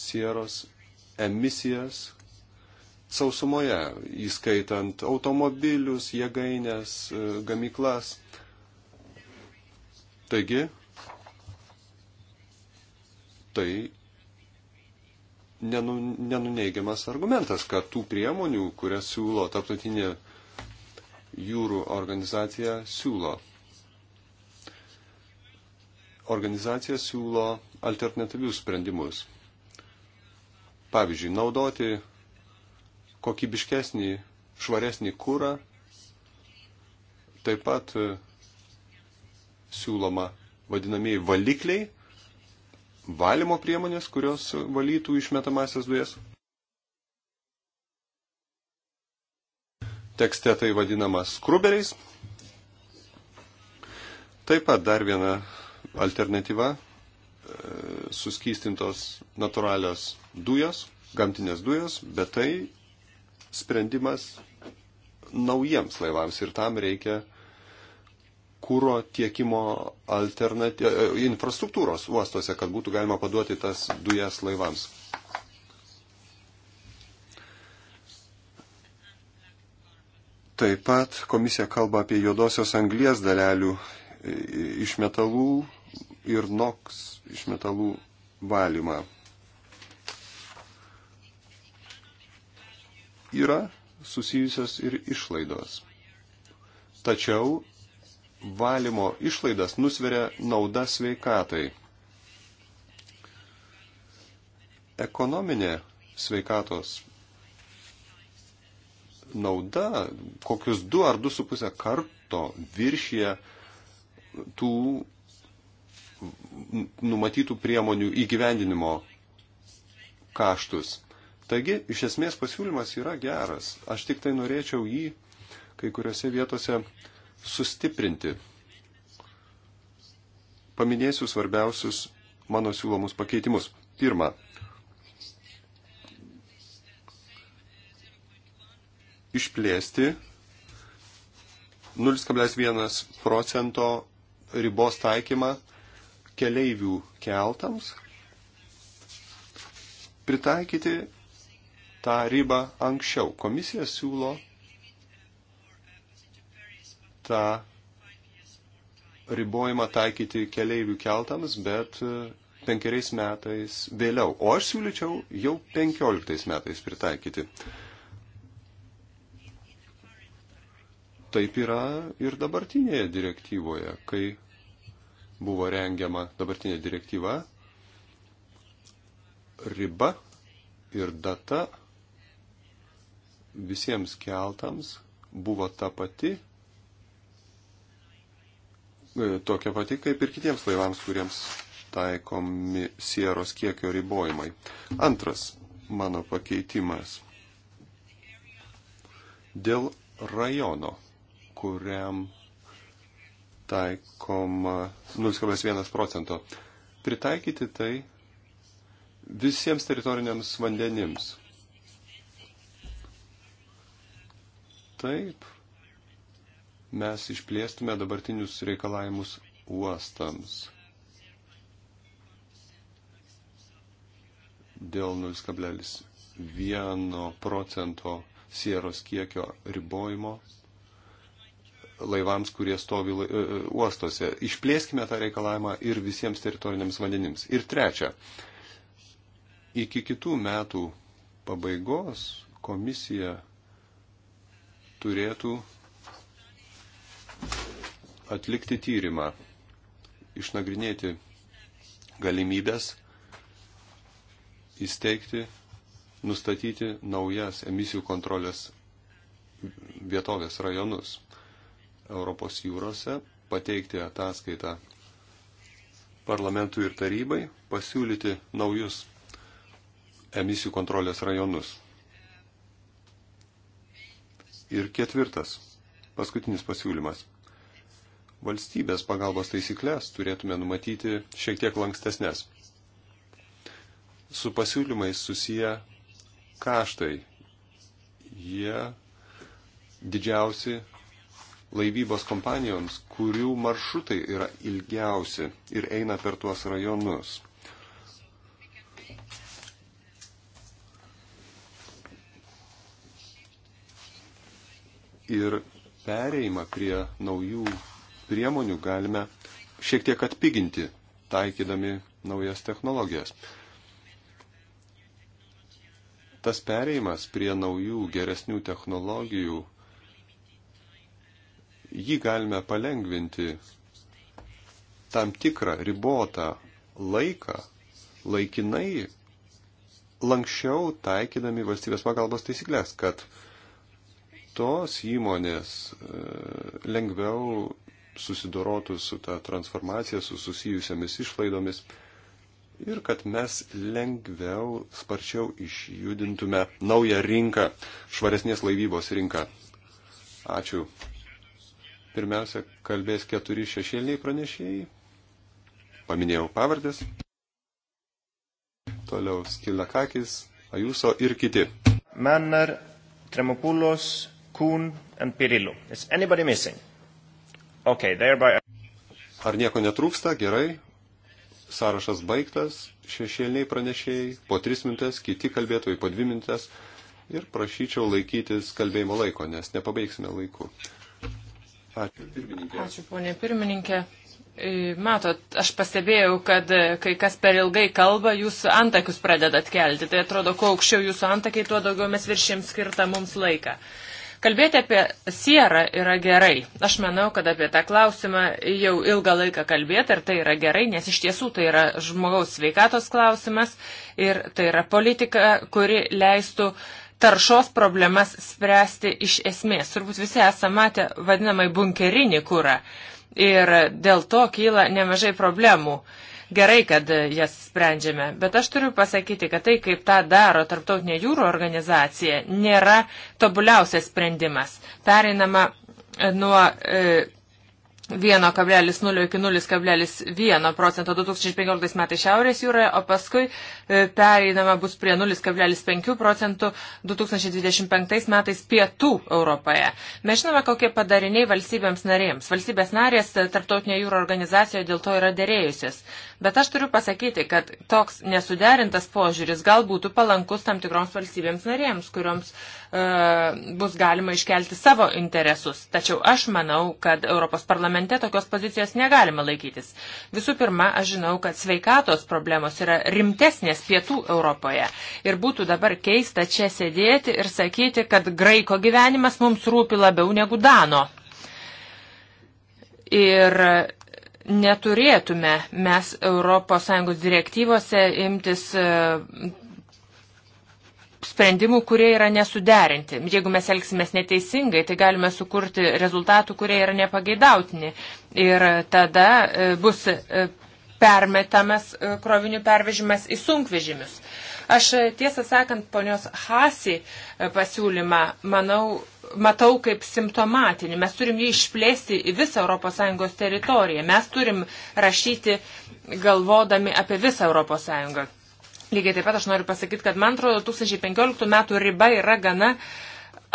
sieros emisijas sausumoje, įskaitant automobilius, jėgainės, e, gamyklas. Taigi, tai nenu, nenuneigiamas argumentas, kad tų priemonių, kurias siūlo tarptautinė jūrų organizacija, siūlo. Organizacija siūlo alternatyvius sprendimus. Pavyzdžiui, naudoti kokybiškesnį, švaresnį kūrą. Taip pat e, siūloma vadinamieji valikliai, valymo priemonės, kurios valytų išmetamasias dujas. Tekste tai vadinama skruberiais. Taip pat dar viena alternatyva suskystintos natūralios dujos, gamtinės dujos, bet tai sprendimas naujiems laivams ir tam reikia kūro tiekimo alternaty... E, infrastruktūros uostuose, kad būtų galima paduoti tas dujas laivams. Taip pat komisija kalba apie juodosios anglies dalelių iš metalų ir NOX iš metalų valymą. Yra susijusios ir išlaidos. Tačiau valymo išlaidas nusveria nauda sveikatai. Ekonominė sveikatos nauda kokius 2 ar 2,5 karto viršyje tų numatytų priemonių įgyvendinimo kaštus. Taigi, iš esmės pasiūlymas yra geras. Aš tik tai norėčiau jį kai kuriuose vietose sustiprinti. Paminėsiu svarbiausius mano siūlomus pakeitimus. Pirma, išplėsti 0,1 procento ribos taikymą keleivių keltams pritaikyti tą ribą anksčiau. Komisija siūlo tą ribojimą taikyti keleivių keltams, bet e, penkeriais metais vėliau. O aš siūlyčiau jau penkioliktais metais pritaikyti. Taip yra ir dabartinėje direktyvoje, kai buvo rengiama dabartinė direktyva, riba ir data visiems keltams buvo ta pati, e, tokia pati kaip ir kitiems laivams, kuriems taikomi sieros kiekio ribojimai. Antras mano pakeitimas dėl rajono, kuriam taikoma 0,1 procento. Pritaikyti tai visiems teritoriniams vandenims. Taip, mes išplėstume dabartinius reikalavimus uostams. Dėl 0,1 procento sieros kiekio ribojimo laivams, kurie stovi e, e, uostose. Išplėskime tą reikalavimą ir visiems teritoriniams vandenims. Ir trečia, iki kitų metų pabaigos komisija turėtų atlikti tyrimą, išnagrinėti galimybės įsteigti, nustatyti naujas emisijų kontrolės vietovės rajonus. Europos jūrose, pateikti ataskaitą parlamentui ir tarybai, pasiūlyti naujus emisijų kontrolės rajonus. Ir ketvirtas, paskutinis pasiūlymas. Valstybės pagalbos taisyklės turėtume numatyti šiek tiek lankstesnės. Su pasiūlymais susiję kaštai. Jie didžiausi laivybos kompanijoms, kurių maršrutai yra ilgiausi ir eina per tuos rajonus. Ir pereimą prie naujų priemonių galime šiek tiek atpiginti, taikydami naujas technologijas. Tas pereimas prie naujų geresnių technologijų jį galime palengvinti tam tikrą ribotą laiką, laikinai, lankščiau taikydami valstybės pagalbos taisyklės, kad tos įmonės e, lengviau susidorotų su ta transformacija, su susijusiamis išlaidomis ir kad mes lengviau, sparčiau išjudintume naują rinką, švaresnės laivybos rinką. Ačiū. Pirmiausia, kalbės keturi šešėliniai pranešėjai. Paminėjau pavardės. Toliau Skilakakis, Ajuso ir kiti. Manner, Tremopulos, Kuhn and Pirillo. Is anybody missing? Okay, thereby... Ar nieko netrūksta? Gerai. Sąrašas baigtas. Šešėliniai pranešėjai. Po tris minutės, kiti kalbėtojai po dvi minutės. Ir prašyčiau laikytis kalbėjimo laiko, nes nepabaigsime laiku. Ačiū, pirmininkė. Ačiū, ponė pirmininkė. E, matot, aš pastebėjau, kad e, kai kas per ilgai kalba, jūs antakius pradedat kelti. Tai atrodo, kuo aukščiau jūsų antakiai, tuo daugiau mes viršėm skirtą mums laiką. Kalbėti apie sierą yra gerai. Aš manau, kad apie tą klausimą jau ilgą laiką kalbėti ir tai yra gerai, nes iš tiesų tai yra žmogaus sveikatos klausimas ir tai yra politika, kuri leistų uh, taršos problemas spręsti iš esmės. Turbūt visi esame matę vadinamai bunkerinį kūrą ir dėl to kyla nemažai problemų. Gerai, kad jas sprendžiame, bet aš turiu pasakyti, kad tai, kaip tą daro Tarptautinė jūro organizacija, nėra tobuliausias sprendimas. Pereinama nuo e, 1,0 iki 0,1 procento 2015 metais Šiaurės jūroje, o paskui E, pereinama bus prie 0,5 procentų 2025 metais pietų Europoje. Mes žinome, kokie padariniai valstybėms narėms. Valstybės narės tarptautinė jūro organizacijoje dėl to yra dėrėjusios. Bet aš turiu pasakyti, kad toks nesuderintas požiūris gal būtų palankus tam tikroms valstybėms narėms, kurioms e, bus galima iškelti savo interesus. Tačiau aš manau, kad Europos parlamente tokios pozicijos negalima laikytis. Visų pirma, aš žinau, kad sveikatos problemos yra rimtesnės valstybės pietų Europoje. Ir būtų dabar keista čia sėdėti ir sakyti, kad graiko gyvenimas mums rūpi labiau negu Dano. Ir neturėtume mes ES direktyvose imtis e, sprendimų, kurie yra nesuderinti. Jeigu mes elgsimės neteisingai, tai galime sukurti rezultatų, kurie yra nepageidautini. Ir tada e, bus e, permetamas e, krovinių pervežimas į sunkvežimius. Aš e, tiesą sakant, ponios Hasi e, pasiūlymą, manau, matau kaip simptomatinį. Mes turim jį išplėsti į visą ES teritoriją. Mes turim rašyti galvodami apie visą ES. Lygiai taip pat aš noriu pasakyti, kad man atrodo 2015 metų riba yra gana uh,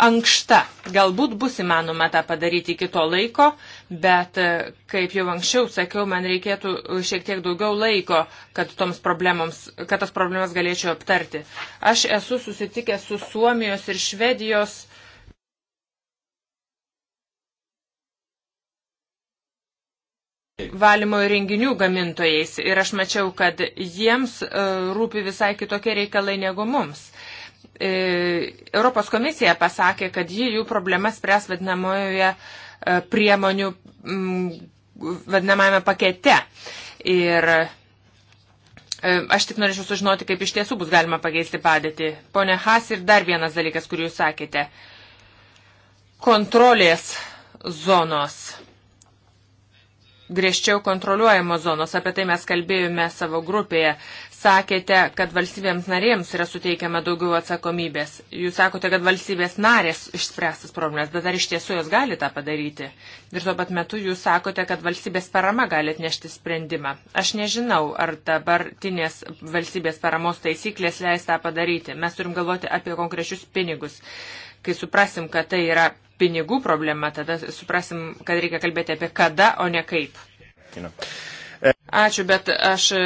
ankšta. Galbūt bus įmanoma tą padaryti iki to laiko, bet, e, kaip jau anksčiau sakiau, man reikėtų e, šiek tiek daugiau laiko, kad, kad tas problemas galėčiau aptarti. Aš esu susitikęs su Suomijos ir Švedijos. valymo įrenginių gamintojais ir aš mačiau, kad jiems e, rūpi visai kitokie reikalai negu mums. E, Europos komisija pasakė, kad ji jų problemas spręs vadinamojoje e, priemonių mm, vadinamame pakete. Ir e, aš tik norėčiau sužinoti, kaip iš tiesų bus galima pakeisti padėtį. Pone Has ir dar vienas dalykas, kurį jūs sakėte. Kontrolės zonos. Griežčiau kontroliuojamos zonos, apie tai mes kalbėjome savo grupėje sakėte, kad valstybėms narėms yra suteikiama daugiau atsakomybės. Jūs sakote, kad valstybės narės išspręstas problemas, bet ar iš tiesų jos gali tą padaryti? Ir tuo pat metu jūs sakote, kad valstybės parama gali atnešti sprendimą. Aš nežinau, ar dabartinės valstybės paramos taisyklės leis tą padaryti. Mes turim galvoti apie konkrečius pinigus. Kai suprasim, kad tai yra pinigų problema, tada suprasim, kad reikia kalbėti apie kada, o ne kaip. Žinau. Ačiū, bet aš e,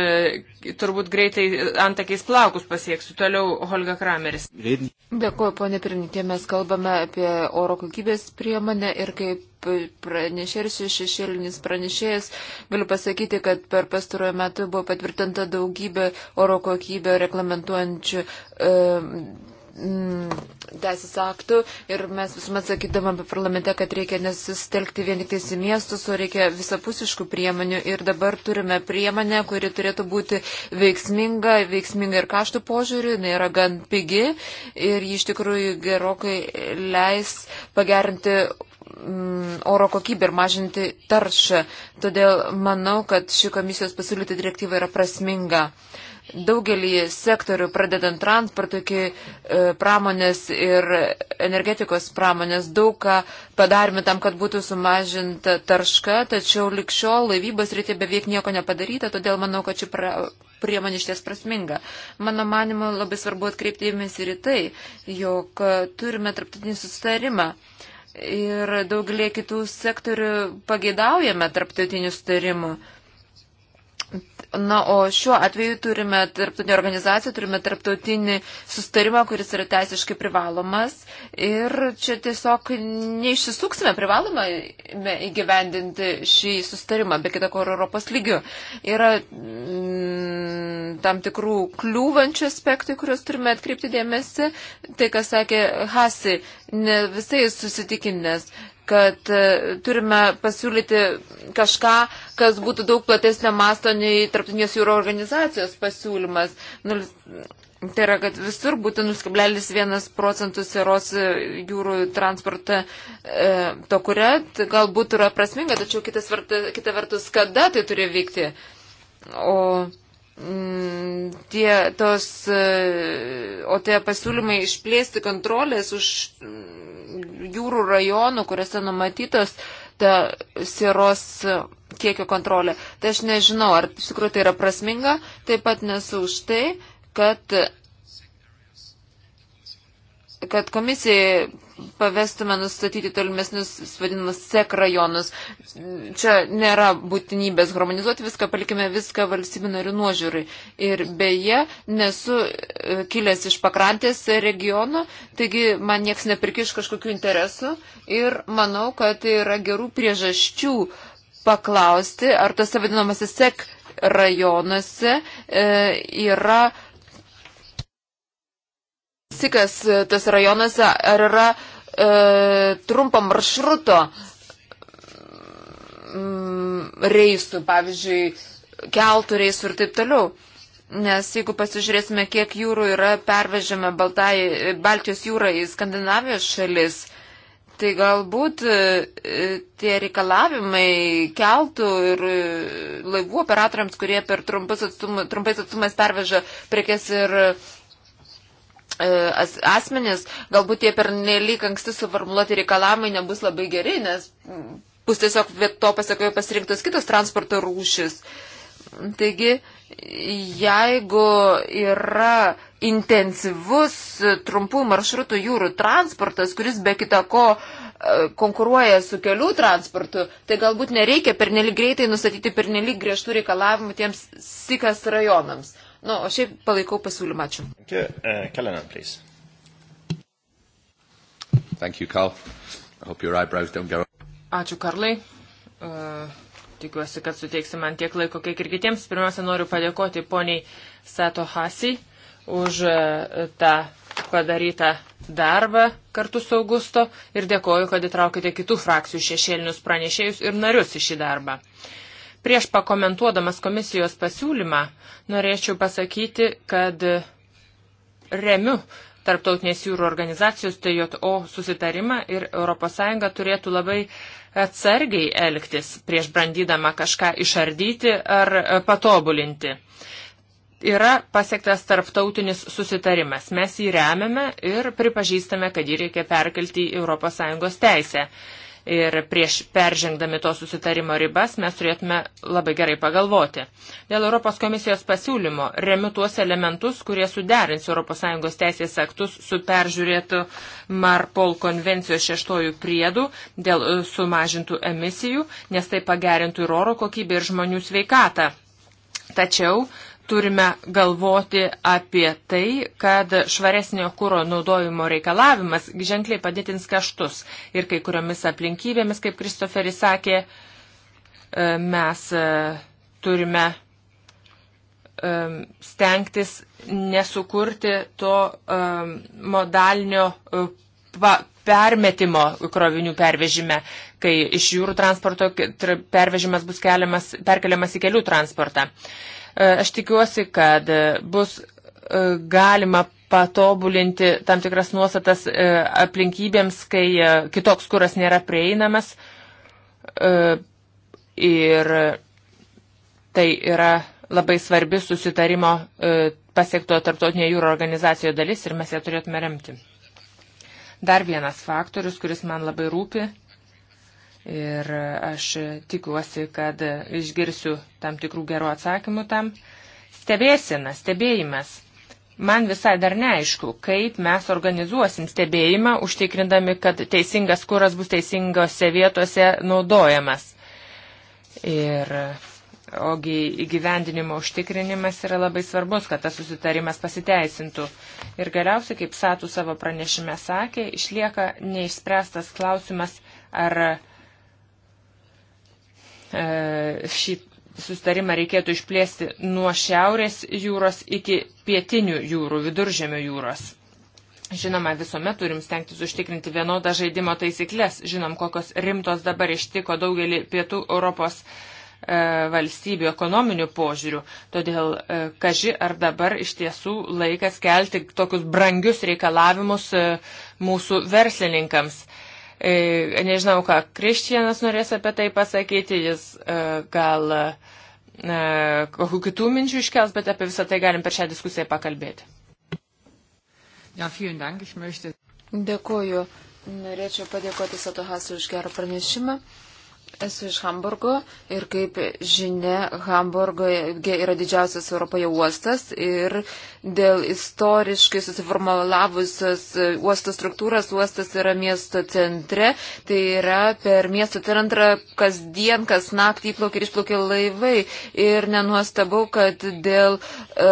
turbūt greitai antakiais plaukus pasieksiu. Toliau Holga Krameris. Dėkuoju, ponė pirmininkė, mes kalbame apie oro kokybės priemonę ir kaip pranešėjas ir šešėlinis pranešėjas galiu pasakyti, kad per pastaruoju metu buvo patvirtinta daugybė oro kokybę reglamentuojančių e, Mm, teisės aktų ir mes visuomet sakydama apie parlamente, kad reikia nesustelkti vien tik į miestus, o reikia visapusiškų priemonių ir dabar turime priemonę, kuri turėtų būti veiksminga, veiksminga ir kaštų požiūriu, jinai yra gan pigi ir ji iš tikrųjų gerokai leis pagerinti mm, oro kokybę ir mažinti taršą. Todėl manau, kad ši komisijos pasiūlyta direktyva yra prasminga. Uh, daugelį sektorių, pradedant transportų iki e, pramonės ir energetikos pramonės, daug ką padarėme tam, kad būtų sumažinta tarška, tačiau likščiol laivybos rytė beveik nieko nepadaryta, todėl manau, kad ši pra, priemonė išties prasminga. Mano manimo labai svarbu atkreipti dėmesį ir į tai, jog turime tarptautinį sustarimą. Ir daugelį kitų sektorių pageidaujame tarptautinių sutarimų. Na, o šiuo atveju turime tarptautinį organizaciją, turime tarptautinį sustarimą, kuris yra teisiškai privalomas ir čia tiesiog neišsisuksime, privalome įgyvendinti šį sustarimą, be kita ko, Europos lygių. Yra mm, tam tikrų kliūvančių aspektų, kuriuos turime atkreipti dėmesį, tai, kas sakė Hasi, ne visai susitikinęs kad e, turime pasiūlyti kažką, kas būtų daug platesnio masto nei Tarptautinės jūro organizacijos pasiūlymas. Nu, tai yra, kad visur būtų 0,1 procentų sieros e, jūrų transportą e, to kuria, tai galbūt yra prasminga, tačiau vert, kita vertus, kada tai turi vykti. O mm, tie, tos, e, o tie pasiūlymai išplėsti kontrolės už jūrų rajonų, kuriuose numatytos ta sieros kiekio kontrolė. Tai aš nežinau, ar iš tikrųjų tai yra prasminga, taip pat nesu už tai, kad, kad komisija pavestume nustatyti tolimesnius, vadinamus, sek rajonus. Čia nėra būtinybės harmonizuoti viską, palikime viską valstybių narių nuožiūrai. Ir beje, nesu e, kilęs iš pakrantės regiono, taigi man nieks neprikiš kažkokių interesų ir manau, kad yra gerų priežasčių paklausti, ar tose vadinamasi sek rajonuose e, yra Sikas tose rajonuose, ar yra e, trumpo maršruto mm, reisų, pavyzdžiui, keltų reisų ir taip toliau. Nes jeigu pasižiūrėsime, kiek jūrų yra pervežama Baltai, Baltijos jūra į Skandinavijos šalis, tai galbūt e, tie reikalavimai keltų ir e, laivų operatoriams, kurie per atstum, trumpais atstumais perveža prekes ir E, asmenis, galbūt tie per nelik anksti suformuluoti reikalavimai nebus labai geri, nes bus tiesiog to pasakojo pasirinktos kitos transporto rūšis. Taigi, jeigu yra intensyvus trumpų maršrutų jūrų transportas, kuris be kita ko e, konkuruoja su kelių transportu, tai galbūt nereikia pernelyg greitai nustatyti pernelyg griežtų reikalavimų tiems sikas rajonams. Nu, o šiaip palaikau pasiūlymą. Ačiū. Uh, Kelenan, please. Thank you, Carl. I hope your eyebrows don't go. Ačiū, Karlai. Uh, tikiuosi, kad suteiksi man tiek laiko, kiek ir kitiems. Pirmiausia, noriu padėkoti poniai Sato Hasi už uh, tą padarytą darbą kartu su Augusto ir dėkoju, kad įtraukite kitų frakcijų šešėlinius pranešėjus ir narius į šį darbą. Uh, Prieš pakomentuodamas komisijos pasiūlymą, norėčiau pasakyti, kad remiu Tarptautinės jūrų organizacijos TJO susitarimą ir ES turėtų labai atsargiai elgtis prieš brandydama kažką išardyti ar patobulinti. Yra pasiektas tarptautinis susitarimas. Mes jį remiame ir pripažįstame, kad jį reikia perkelti į ES teisę ir prieš peržengdami to susitarimo ribas mes turėtume labai gerai pagalvoti. Dėl Europos komisijos pasiūlymo remiu tuos elementus, kurie suderins ES teisės aktus su peržiūrėtų Marpol konvencijos šeštojų priedų dėl e, sumažintų emisijų, nes tai pagerintų ir oro kokybę ir žmonių sveikatą. Tačiau turime galvoti apie tai, kad švaresnio kūro naudojimo reikalavimas ženkliai padėtins kaštus. Ir kai kuriomis aplinkybėmis, kaip Kristoferis sakė, e, mes e, turime e, stengtis nesukurti to modalinio permetimo krovinių pervežime, kai iš jūrų transporto pervežimas bus keliamas, perkeliamas į kelių transportą. Uh, E, aš tikiuosi, kad e, bus e, galima patobulinti tam tikras nuostatas aplinkybėms, kai kitoks kuras nėra prieinamas. Ir tai yra labai svarbi susitarimo pasiekto tarptautinio jūro organizacijoje dalis ir mes ją turėtume remti. Dar vienas faktorius, kuris man labai rūpi, Ir aš tikiuosi, kad išgirsiu tam tikrų gerų atsakymų tam. Stebėsina, stebėjimas. Man visai dar neaišku, kaip mes organizuosim stebėjimą, užtikrindami, kad teisingas kuras bus teisingose vietose naudojamas. Ir ogi įgyvendinimo užtikrinimas yra labai svarbus, kad tas susitarimas pasiteisintų. Ir galiausiai, kaip Satų savo pranešime sakė, išlieka neišspręstas klausimas, ar E, šį sustarimą reikėtų išplėsti nuo šiaurės jūros iki pietinių jūrų, viduržėmio jūros. Žinoma, visuomet turim stengtis užtikrinti vienodą žaidimo taisyklės. Žinom, kokios rimtos dabar ištiko daugelį pietų Europos e, valstybių ekonominių požiūrių. Todėl, e, kaži, ar dabar iš tiesų laikas kelti tokius brangius reikalavimus e, mūsų verslininkams. E, E, nežinau, ką Kristianas norės apie tai pasakyti, jis e, gal e, kokių kitų minčių iškels, bet apie visą tai galim per šią diskusiją pakalbėti. Ja, dank, möchte... Dėkuoju. Norėčiau padėkoti Satohasu už gerą pranešimą. Esu iš Hamburgo ir kaip žinia, Hamburgoje yra didžiausias Europoje uostas ir dėl istoriškai susiformalavusios uosto struktūros uostas yra miesto centre. Tai yra per miesto centrą kasdien, kas naktį įplaukia ir išplaukia laivai. Ir nenuostabu, kad dėl e,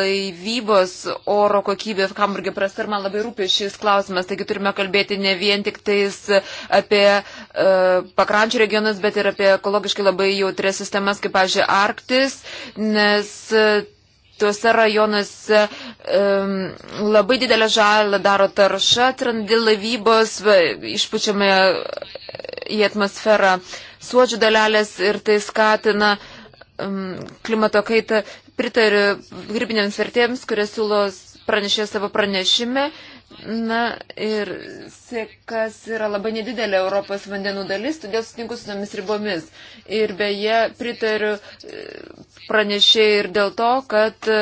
laivybos oro kokybės Hamburgė prasta ir man labai rūpi šis klausimas. Taigi turime kalbėti ne vien tik tais apie e, pakratį pakrančių regionus, bet ir apie ekologiškai labai jautrias sistemas, kaip, pažiūrėjau, Arktis, nes e, tuose rajonuose um, labai didelę žalą daro tarša, dėl lavybos išpučiame į atmosferą suodžių dalelės ir tai skatina um, klimato kaitą. Pritariu grybinėms vertėms, kurias siūlos pranešė savo pranešime. Uh, Na ir sekas yra labai nedidelė Europos vandenų dalis, todėl sutinku su tomis ribomis. Ir beje, pritariu e, pranešėjai ir dėl to, kad e,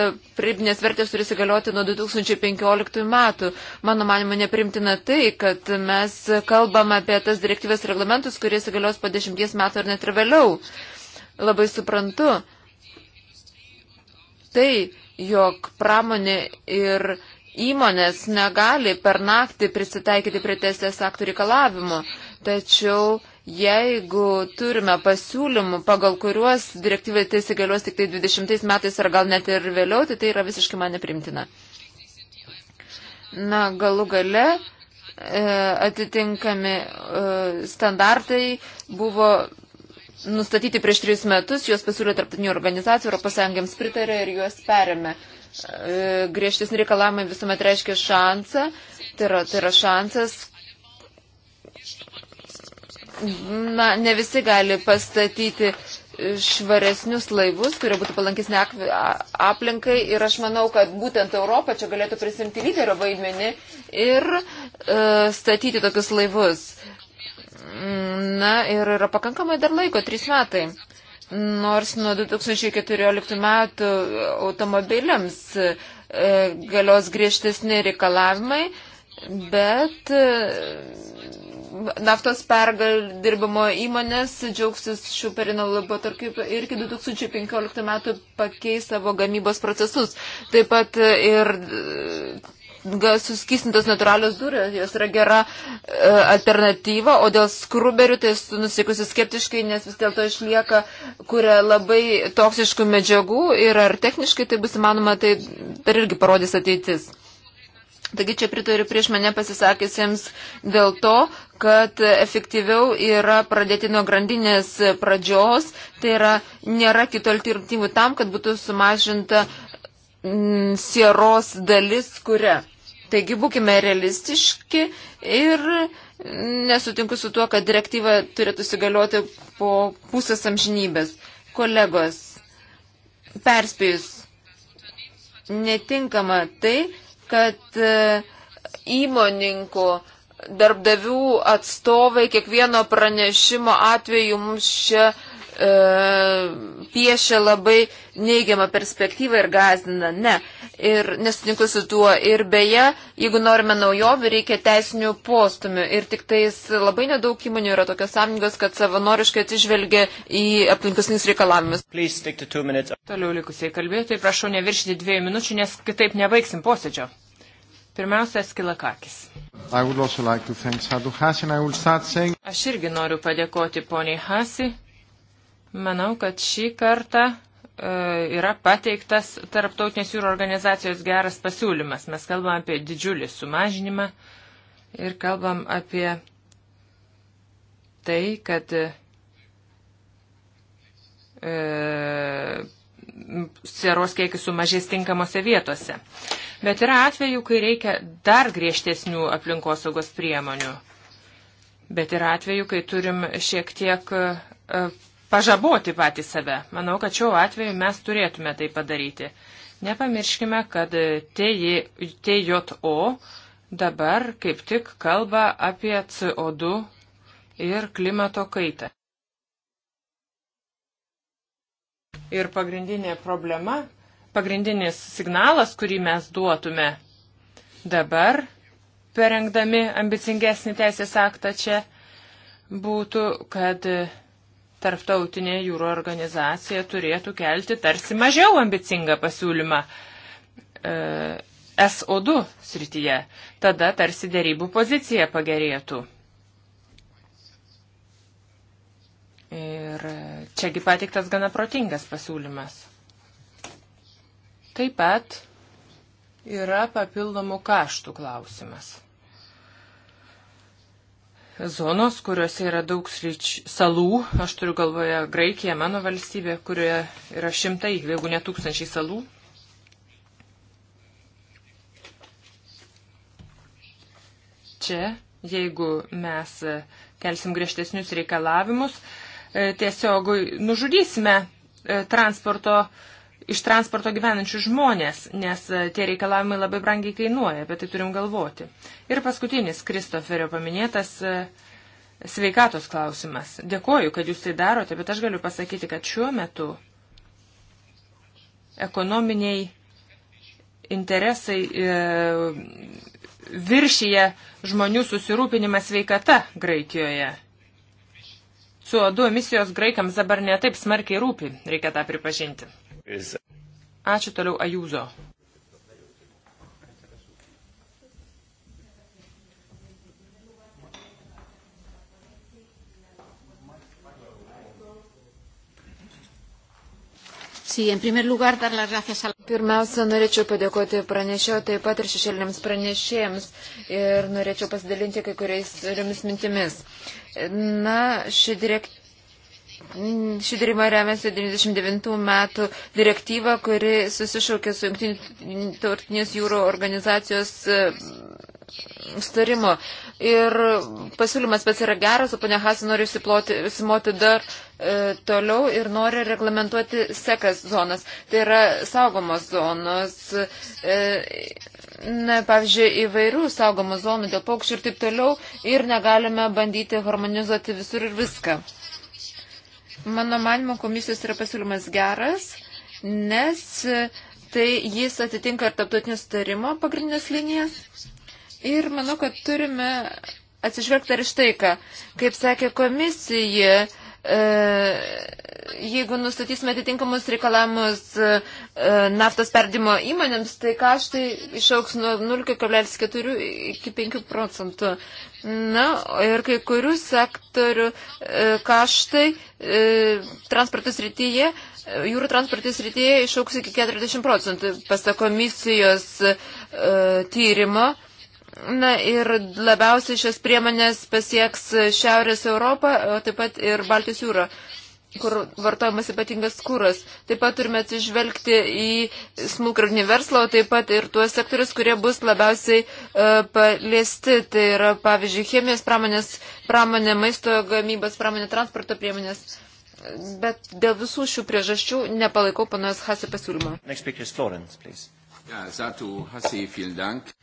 ribinės vertės turi įsigalioti nuo 2015 metų. Mano manimo neprimtina tai, kad mes kalbam apie tas direktyvės reglamentus, kurie įsigalios po dešimties metų ar net ir vėliau. Labai suprantu. Tai, jog pramonė ir. Ir Įmonės negali per naktį prisitaikyti prie teisės aktų reikalavimų, tačiau jeigu turime pasiūlymų, pagal kuriuos direktyvai tai įsigalios tik tai 20 metais ar gal net ir vėliau, tai tai yra visiškai man neprimtina. Na, galų gale e, atitinkami e, standartai buvo nustatyti prieš tris metus, juos pasiūlė tarptautinių organizacijų, ES pritarė ir juos perėmė. E, griežtesni reikalavimai visuomet reiškia šansą, tai yra, tai yra šansas. Na, ne visi gali pastatyti švaresnius laivus, kurie būtų palankesnė aplinkai ir aš manau, kad būtent Europa čia galėtų prisimti lyderio vaidmenį ir e, statyti tokius laivus. Na ir yra pakankamai dar laiko, trys metai. Nors nuo 2014 metų automobiliams e, galios griežtesni reikalavimai, bet e, naftos pergaldirbimo įmonės džiaugsis šių perinau labotarkių ir iki 2015 metų pakeis savo gamybos procesus. Taip pat ir suskistintos natūralios durės, jos yra gera e, alternatyva, o dėl skruberių tai esu nusikusi skeptiškai, nes vis dėlto išlieka, kuria labai toksiškų medžiagų ir ar techniškai tai bus įmanoma, tai dar irgi parodys ateitis. Taigi čia pritariu prieš mane pasisakysiems dėl to, kad efektyviau yra pradėti nuo grandinės pradžios, tai yra nėra kito alternatyvų tam, kad būtų sumažinta mm, sieros dalis, kuria Taigi būkime realistiški ir nesutinku su tuo, kad direktyva turėtų įsigalioti po pusės amžinybės. Kolegos, perspėjus, netinkama tai, kad e, įmoninkų darbdavių atstovai kiekvieno pranešimo atveju mums čia uh, E, piešia labai neigiamą perspektyvą ir gazdina. Ne. Ir nesutinku su tuo. Ir beje, jeigu norime naujovių, reikia teisinių postumių. Ir tik tais labai nedaug įmonių yra tokios sąjungos, kad savanoriškai atsižvelgia į aplinkosnius reikalavimus. Toliau likusiai kalbėtojai, prašau neviršyti dviejų minučių, nes kitaip nebaigsim posėdžio. Pirmiausia, Skilakakis. Like saying... Aš irgi noriu padėkoti poniai Hasi Manau, kad šį kartą e, yra pateiktas Tarptautinės jūro organizacijos geras pasiūlymas. Mes kalbam apie didžiulį sumažinimą ir kalbam apie tai, kad e, sieros kiekis sumažės tinkamose vietose. Bet yra atvejų, kai reikia dar griežtesnių aplinkosaugos priemonių. Bet yra atvejų, kai turim šiek tiek e, pažaboti patį save. Manau, kad šiuo atveju mes turėtume tai padaryti. Nepamirškime, kad TJO dabar kaip tik kalba apie CO2 ir klimato kaitą. Ir pagrindinė problema, pagrindinis signalas, kurį mes duotume dabar, perengdami ambicingesnį teisės aktą čia, būtų, kad tarptautinė jūro organizacija turėtų kelti tarsi mažiau ambicingą pasiūlymą e, SO2 srityje. Tada tarsi dėrybų pozicija pagerėtų. Ir čiagi patiktas gana protingas pasiūlymas. Taip pat yra papildomų kaštų klausimas zonos, kuriuose yra daug srič, salų, aš turiu galvoje Graikiją, mano valstybė, kurioje yra šimtai, jeigu ne tūkstančiai salų. Čia, jeigu mes e, kelsim griežtesnius reikalavimus, e, tiesiog nužudysime e, transporto uh, iš transporto gyvenančių žmonės, nes e, tie reikalavimai labai brangiai kainuoja, apie tai turim galvoti. Ir paskutinis Kristoferio paminėtas e, sveikatos klausimas. Dėkoju, kad jūs tai darote, bet aš galiu pasakyti, kad šiuo metu ekonominiai interesai e, viršyje žmonių susirūpinimą sveikata Graikijoje. CO2 emisijos graikams dabar netaip smarkiai rūpi, reikia tą pripažinti. Ačiū toliau Ajūzo. Pirmiausia, norėčiau padėkoti pranešėjo, taip pat ir šešėlėms pranešėjams ir norėčiau pasidalinti kai kuriais rimis mintimis. Na, ši direktyva Šį tyrimą remiasi 99 metų direktyva, kuri susišaukė su Junktinių tautinės jūro organizacijos e, starimo. Ir pasiūlymas pats yra geras, o ponia Hasi nori įsimoti dar e, toliau ir nori reglamentuoti sekas zonas. Tai yra saugomos zonos, e, na, pavyzdžiui, įvairių saugomų zonų dėl paukščių ir taip toliau. Ir negalime bandyti harmonizuoti visur ir viską. Mano manimo, komisijos yra pasiūlymas geras, nes tai jis atitinka ir taptautinio sutarimo pagrindinės linijas. Ir manau, kad turime atsižvelgti ir štai ką. Kaip sakė komisija, E, jeigu nustatysime atitinkamus reikalavimus e, e, naftos perdimo įmonėms, tai kaštai išauks nuo 0,4 iki 5 procentų. Na, ir kai kurių sektorių kaštai transportas rytyje, jūrų transportas rytyje išauks iki 40 procentų, pasak komisijos tyrimo. Na ir labiausiai šios priemonės pasieks Šiaurės Europą, o taip pat ir Baltijos jūrą kur vartojamas ypatingas kūras. Taip pat turime atsižvelgti į smulkrovinį verslą, o taip pat ir tuos sektorius, kurie bus labiausiai uh, paliesti. Tai yra, pavyzdžiui, chemijos pramonės, pramonė, maisto gamybos pramonė, transporto priemonės. Bet dėl visų šių priežasčių nepalaikau panos Hasi pasiūlymą. Next speaker is Florence, please. Ja, Satu Hasi, vielen Dank.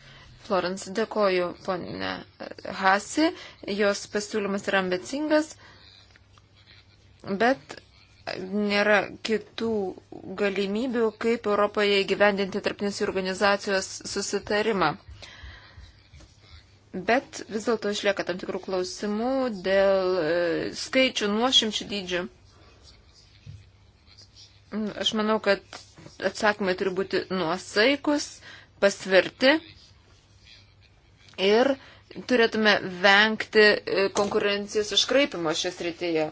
Florence, dėkoju ponė Hasi, jos pasiūlymas yra ambicingas, bet nėra kitų galimybių, kaip Europoje įgyvendinti tarpinės organizacijos susitarimą. Bet vis dėlto išlieka tam tikrų klausimų dėl e, skaičių nuošimčių dydžių. Aš manau, kad atsakymai turi būti nuosaikus, pasverti ir turėtume vengti e, konkurencijos iškraipimo šios rytyje.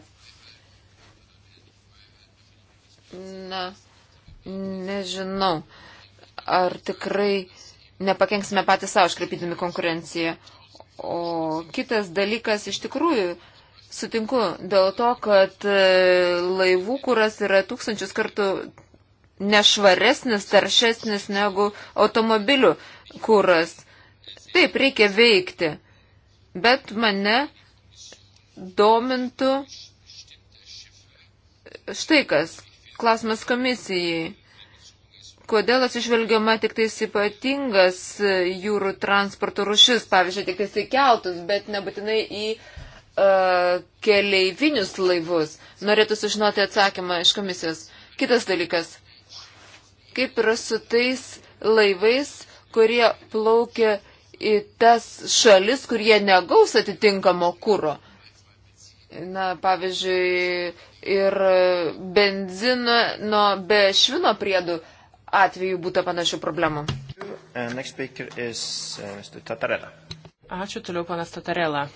Na, nežinau, ar tikrai nepakenksime patys savo iškraipydami konkurenciją. O kitas dalykas iš tikrųjų Sutinku, dėl to, kad e, laivų kuras yra tūkstančius kartų nešvaresnis, taršesnis negu automobilių kuras. Taip, reikia veikti, bet mane domintų štai kas. Klausimas komisijai. Kodėl atsižvelgiama tik tais ypatingas jūrų transporto rušis, pavyzdžiui, tik tais į keltus, bet nebūtinai į uh, keleivinius laivus? Norėtų sužinoti atsakymą iš komisijos. Kitas dalykas. Kaip yra su tais laivais, kurie plaukia į tas šalis, kur jie negaus atitinkamo kūro. Na, pavyzdžiui, ir benzino no, be švino priedų atveju būtų panašių problemų. Uh, uh, Ačiū toliau, panas Tatarela.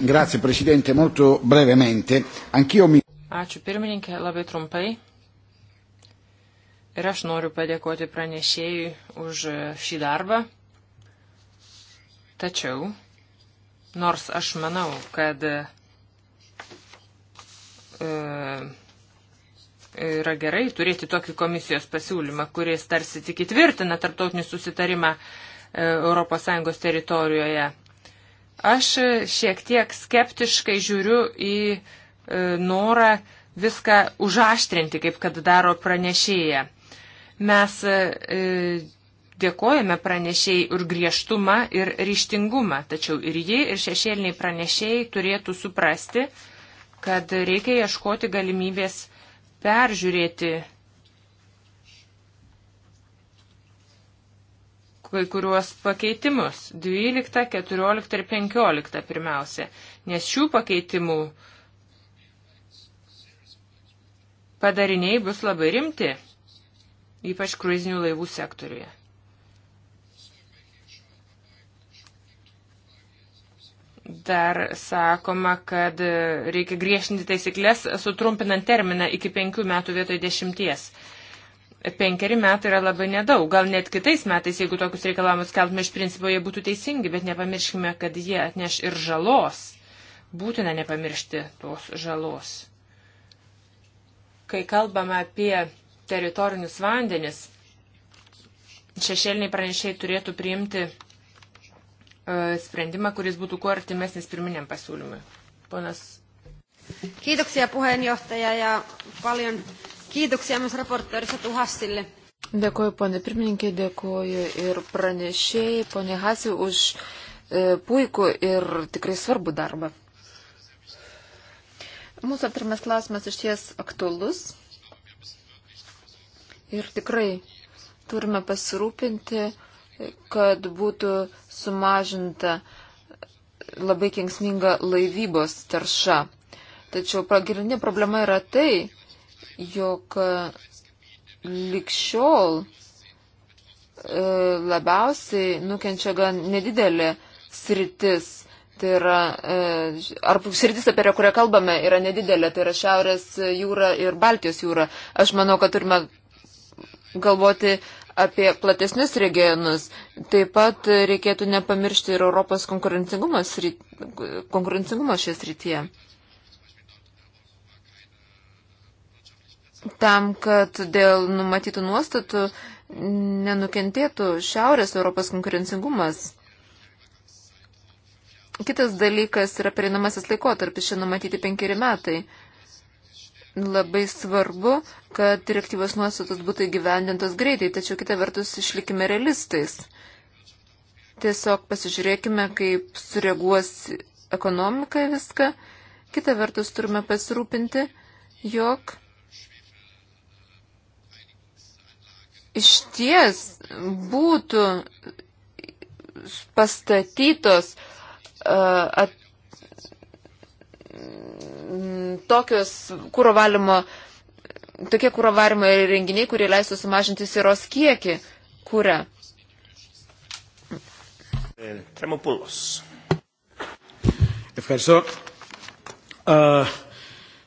Grazie, Presidente, molto brevemente. Anch'io mi. Ačiū pirmininkė, labai trumpai. Ir aš noriu padėkoti pranešėjui už šį darbą. Tačiau, nors aš manau, kad e, e yra gerai turėti tokį komisijos pasiūlymą, kuris tarsi tik įtvirtina tarptautinį susitarimą ES teritorijoje. Aš šiek tiek skeptiškai žiūriu į e, norą viską užaštrinti, kaip kad daro pranešėja. Mes e, e, dėkojame pranešėjai ir griežtumą, ir ryštingumą, tačiau ir ji, ir šešėliniai pranešėjai turėtų suprasti, kad reikia ieškoti galimybės peržiūrėti kai kuriuos pakeitimus - 12, 14 ir 15 pirmiausia, nes šių pakeitimų padariniai bus labai rimti ypač kruizinių laivų sektoriuje. Dar sakoma, kad reikia griežtinti taisyklės, sutrumpinant terminą iki penkių metų vietoj dešimties. Penkeri metai yra labai nedaug. Gal net kitais metais, jeigu tokius reikalavimus keltume iš principo, jie būtų teisingi, bet nepamirškime, kad jie atneš ir žalos. Būtina nepamiršti tos žalos. Kai kalbame apie teritorinius vandenis, šešėliniai pranešiai turėtų priimti e, sprendimą, kuris būtų kuo artimesnis pirminiam pasiūlymui. Ponas. Kiitoksia puheenjohtaja ja paljon kiitoksia myös raportööri Satu Hassille. Dėkuoju, ponė pirmininkė, dėkuoju ir pranešėjai, ponė Hasi, už e, puikų ir tikrai svarbų darbą. Mūsų aptarimas klausimas iš ties aktualus. Ir tikrai turime pasirūpinti, kad būtų sumažinta labai kengsminga laivybos tarša. Tačiau pagrindinė problema yra tai, jog likščiol e, labiausiai nukenčia gan nedidelė sritis. Tai yra, e, ar sritis, apie kurią kalbame, yra nedidelė, tai yra Šiaurės jūra ir Baltijos jūra. Aš manau, kad turime galvoti apie platesnius regionus. Taip pat reikėtų nepamiršti ir Europos konkurencingumo šioje srityje. Tam, kad dėl numatytų nuostatų nenukentėtų Šiaurės Europos konkurencingumas. Kitas dalykas yra perinamasis laikotarpis, šiandien matyti penkeri metai labai svarbu, kad direktyvos nuostatos būtų įgyvendintos greitai, tačiau kita vertus išlikime realistais. Tiesiog pasižiūrėkime, kaip sureaguos ekonomika viską. Kita vertus turime pasirūpinti, jog iš ties būtų pastatytos uh, at, Mm, tokios kūro valymo, tokie kūro valymo renginiai, kurie leistų sumažinti siros kiekį kūrę. Eh, Tremopulos. Ευχαριστώ.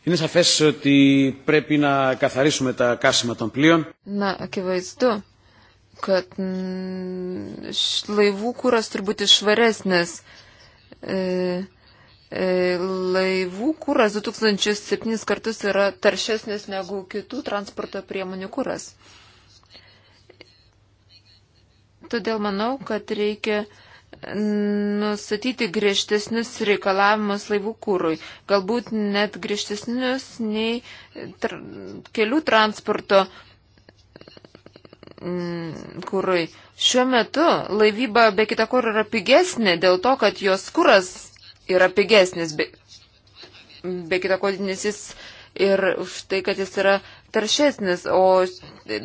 Είναι σαφές ότι πρέπει να καθαρίσουμε τα κάσιμα των πλοίων. Να, akivaizdu, kad mm, laivų kūras turbūt išvaresnis. E, E, laivų kūras 2007 kartus yra taršesnis negu kitų transporto priemonių kūras. Todėl manau, kad reikia nustatyti griežtesnius reikalavimus laivų kūrui, galbūt net griežtesnius nei tra kelių transporto mm, kūrui. Šiuo metu laivyba be kita kur yra pigesnė dėl to, kad jos kuras yra pigesnis, be, be kita kodinis jis ir už tai, kad jis yra taršesnis, o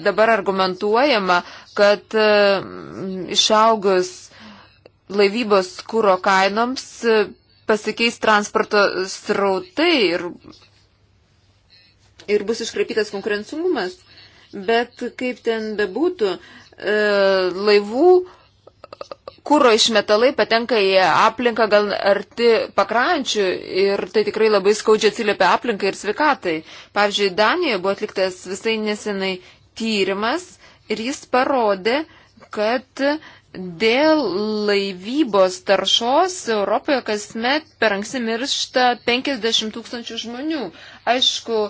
dabar argumentuojama, kad e, išaugus laivybos kūro kainoms e, pasikeis transporto srautai ir, ir bus iškraipytas konkurencingumas. Bet kaip ten bebūtų, e, laivų kūro išmetalai patenka į aplinką gal arti pakrančių ir tai tikrai labai skaudžiai atsiliepia aplinkai ir sveikatai. Pavyzdžiui, Danijoje buvo atliktas visai nesenai tyrimas ir jis parodė, kad dėl laivybos taršos Europoje kasmet per anksti miršta 50 tūkstančių žmonių. Aišku,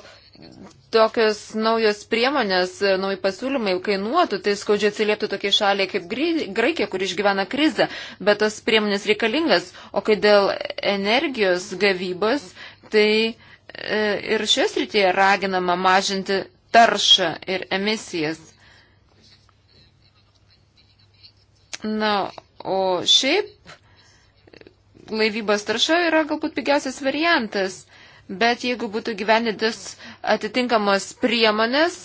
tokios naujos priemonės, e, nauji pasiūlymai kainuotų, tai skaudžiai atsilieptų tokiai šaliai kaip Graikija, kur išgyvena krizę, bet tas priemonės reikalingas. O kai dėl energijos gavybos, tai e, ir šios rytyje raginama mažinti taršą ir emisijas. Na, o šiaip laivybos tarša yra galbūt pigiausias variantas bet jeigu būtų gyvenintis atitinkamos priemonės,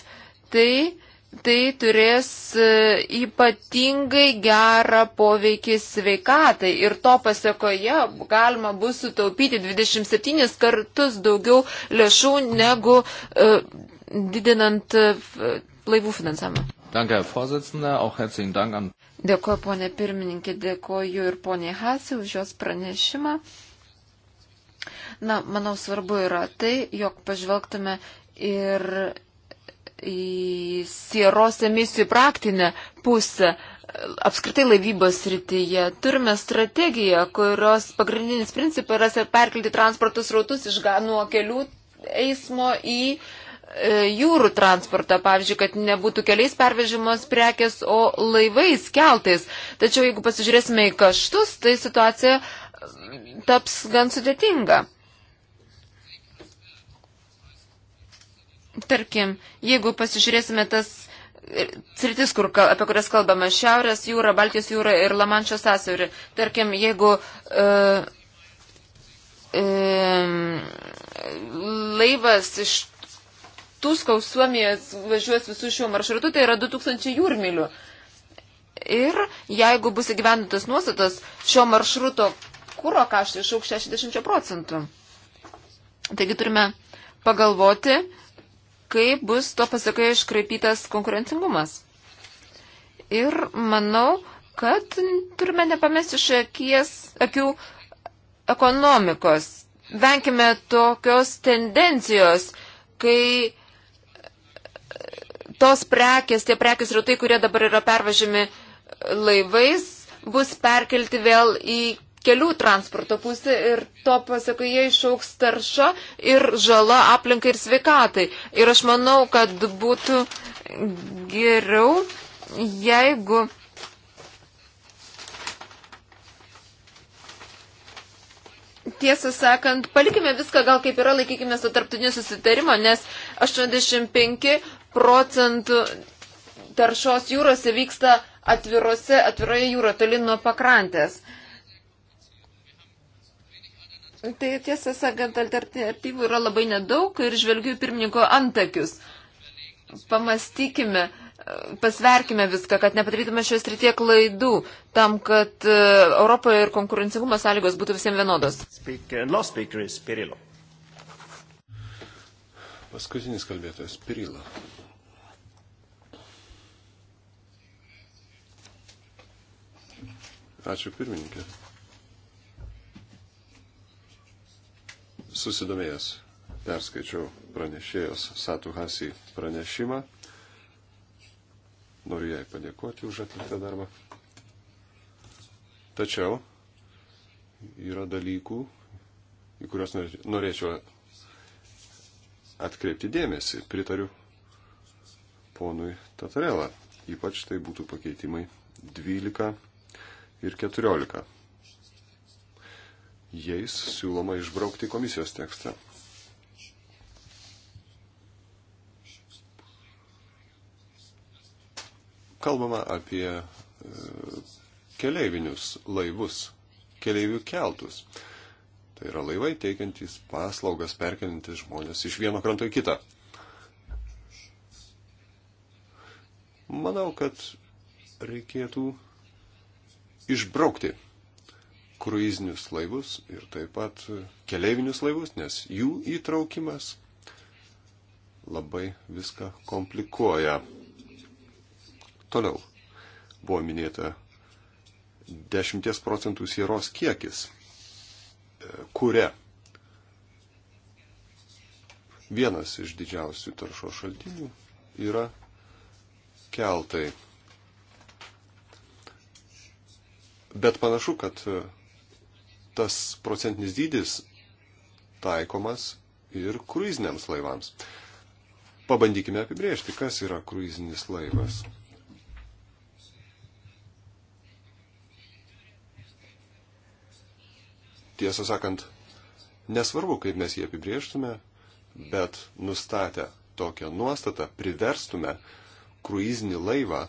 tai tai turės e, ypatingai gerą poveikį sveikatai ir to pasiekoje galima bus sutaupyti 27 kartus daugiau lėšų negu uh, didinant uh, laivų finansavimą. Dėkuoju, ponė pirmininkė, dėkuoju ir ponė Hasi už jos pranešimą. Na, manau, svarbu yra tai, jog pažvelgtume ir į sieros emisijų praktinę pusę. Apskritai laivybos rytyje turime strategiją, kurios pagrindinis principas yra perkelti transportus rautus iš nuo kelių eismo į e, jūrų transportą, pavyzdžiui, kad nebūtų keliais pervežimos prekės, o laivais, keltais. Tačiau jeigu pasižiūrėsime į kaštus, tai situacija taps gan sudėtinga. Tarkim, jeigu pasižiūrėsime tas e, sritis, kur, apie kurias kalbame, Šiaurės jūra, Baltijos jūra ir Lamančio sąsiaurį. Tarkim, jeigu uh, um, laivas iš Tuskaus Suomijos važiuos visų šiuo maršrutu, tai yra 2000 jūrmilių. Ir jeigu bus įgyvendintos nuostatos, šio maršruto kūro kaštai išauks 60 procentų. Taigi turime pagalvoti, uh, kaip bus to pasakoje iškraipytas konkurencingumas. Ir manau, kad turime nepamesti iš akies, akių ekonomikos. Venkime tokios tendencijos, kai tos prekės, tie prekės rautai, kurie dabar yra pervažiami laivais, bus perkelti vėl į kelių transporto pusę ir to pasakoje išauks tarša ir žala aplinkai ir sveikatai. Ir aš manau, kad būtų geriau, jeigu. Tiesą sakant, palikime viską gal kaip yra, laikykime su tarptautiniu susitarimo, nes 85 procentų taršos jūrose vyksta atvirose, atviroje jūroje, toli nuo pakrantės. Tai tiesą sakant, alternatyvų yra labai nedaug ir žvelgiu pirmininko antakius. Pamastykime, pasverkime viską, kad nepadarytume šios rytie klaidų, tam, kad e, Europoje ir konkurencingumo sąlygos būtų visiems vienodos. Uh, speaker, Paskutinis kalbėtojas Pirilo. Ačiū pirmininkė. susidomėjęs perskaičiau pranešėjos Satuhasi pranešimą. Noriu jai padėkoti už atliktą darbą. Tačiau yra dalykų, į kuriuos norėčiau atkreipti dėmesį. Pritariu ponui Tatarelą. Ypač tai būtų pakeitimai 12 ir 14. Jais siūloma išbraukti komisijos tekstą. Kalbama apie e, keleivinius laivus, keleivių keltus. Tai yra laivai teikiantys paslaugas, perkelintis žmonės iš vieno kranto į kitą. Manau, kad reikėtų išbraukti kruizinius laivus ir taip pat keleivinius laivus, nes jų įtraukimas labai viską komplikuoja. Toliau buvo minėta 10 procentų sieros kiekis e, kūre. Vienas iš didžiausių taršo šaltinių yra keltai. Bet panašu, kad tas procentinis dydis taikomas ir kruiziniams laivams. Pabandykime apibrėžti, kas yra kruizinis laivas. Tiesą sakant, nesvarbu, kaip mes jį apibrėžtume, bet nustatę tokią nuostatą priverstume kruizinį laivą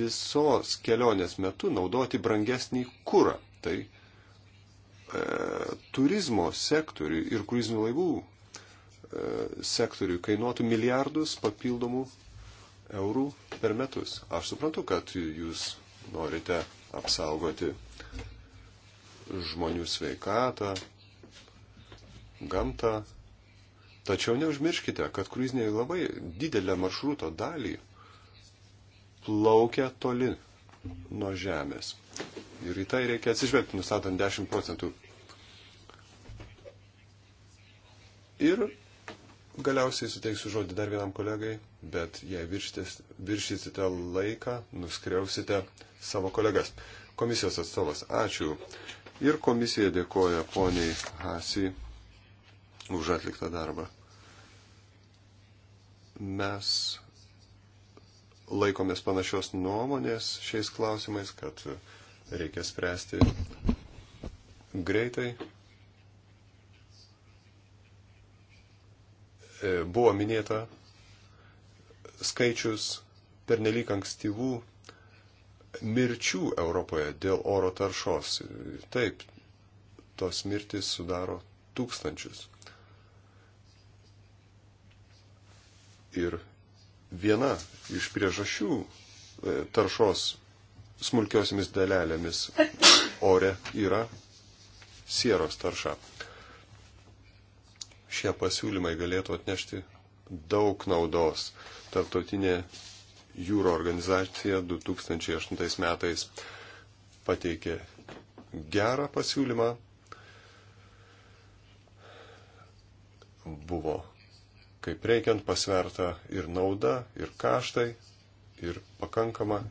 visos kelionės metu naudoti brangesnį kūrą. Tai E, turizmo sektoriui ir kruizinių laivų e, sektoriui kainuotų milijardus papildomų eurų per metus. Aš suprantu, kad jūs norite apsaugoti žmonių sveikatą, gamtą, tačiau neužmirškite, kad kruiziniai labai didelę maršruto dalį plaukia toli nuo žemės. Ir į tai reikia atsižvelgti, nustatant 10 procentų. Ir galiausiai suteiksiu žodį dar vienam kolegai, bet jei viršysite laiką, nuskriausite savo kolegas. Komisijos atstovas, ačiū. Ir komisija dėkoja poniai Hasi už atliktą darbą. Mes laikomės panašios nuomonės šiais klausimais, kad reikia spręsti greitai. E, buvo minėta skaičius pernelyg ankstyvų mirčių Europoje dėl oro taršos. Taip, tos mirtis sudaro tūkstančius. Ir viena iš priežasčių e, taršos smulkiosiamis dalelėmis ore yra sieros tarša. Šie pasiūlymai galėtų atnešti daug naudos. Tartautinė jūro organizacija 2008 metais pateikė gerą pasiūlymą. Buvo kaip reikiant pasverta ir nauda, ir kaštai, ir pakankama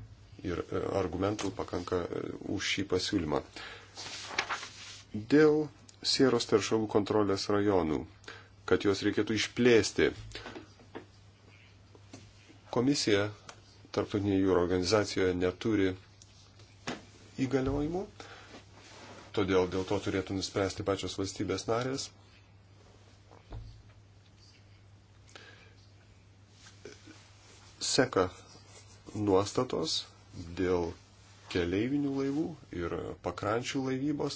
ir e, argumentų pakanka e, už šį pasiūlymą. Dėl sieros teršalų kontrolės rajonų, kad juos reikėtų išplėsti. Komisija Tarptautinėje jūro organizacijoje neturi įgaliojimų, todėl dėl to turėtų nuspręsti pačios valstybės narės. Seka nuostatos dėl keleivinių laivų ir pakrančių laivybos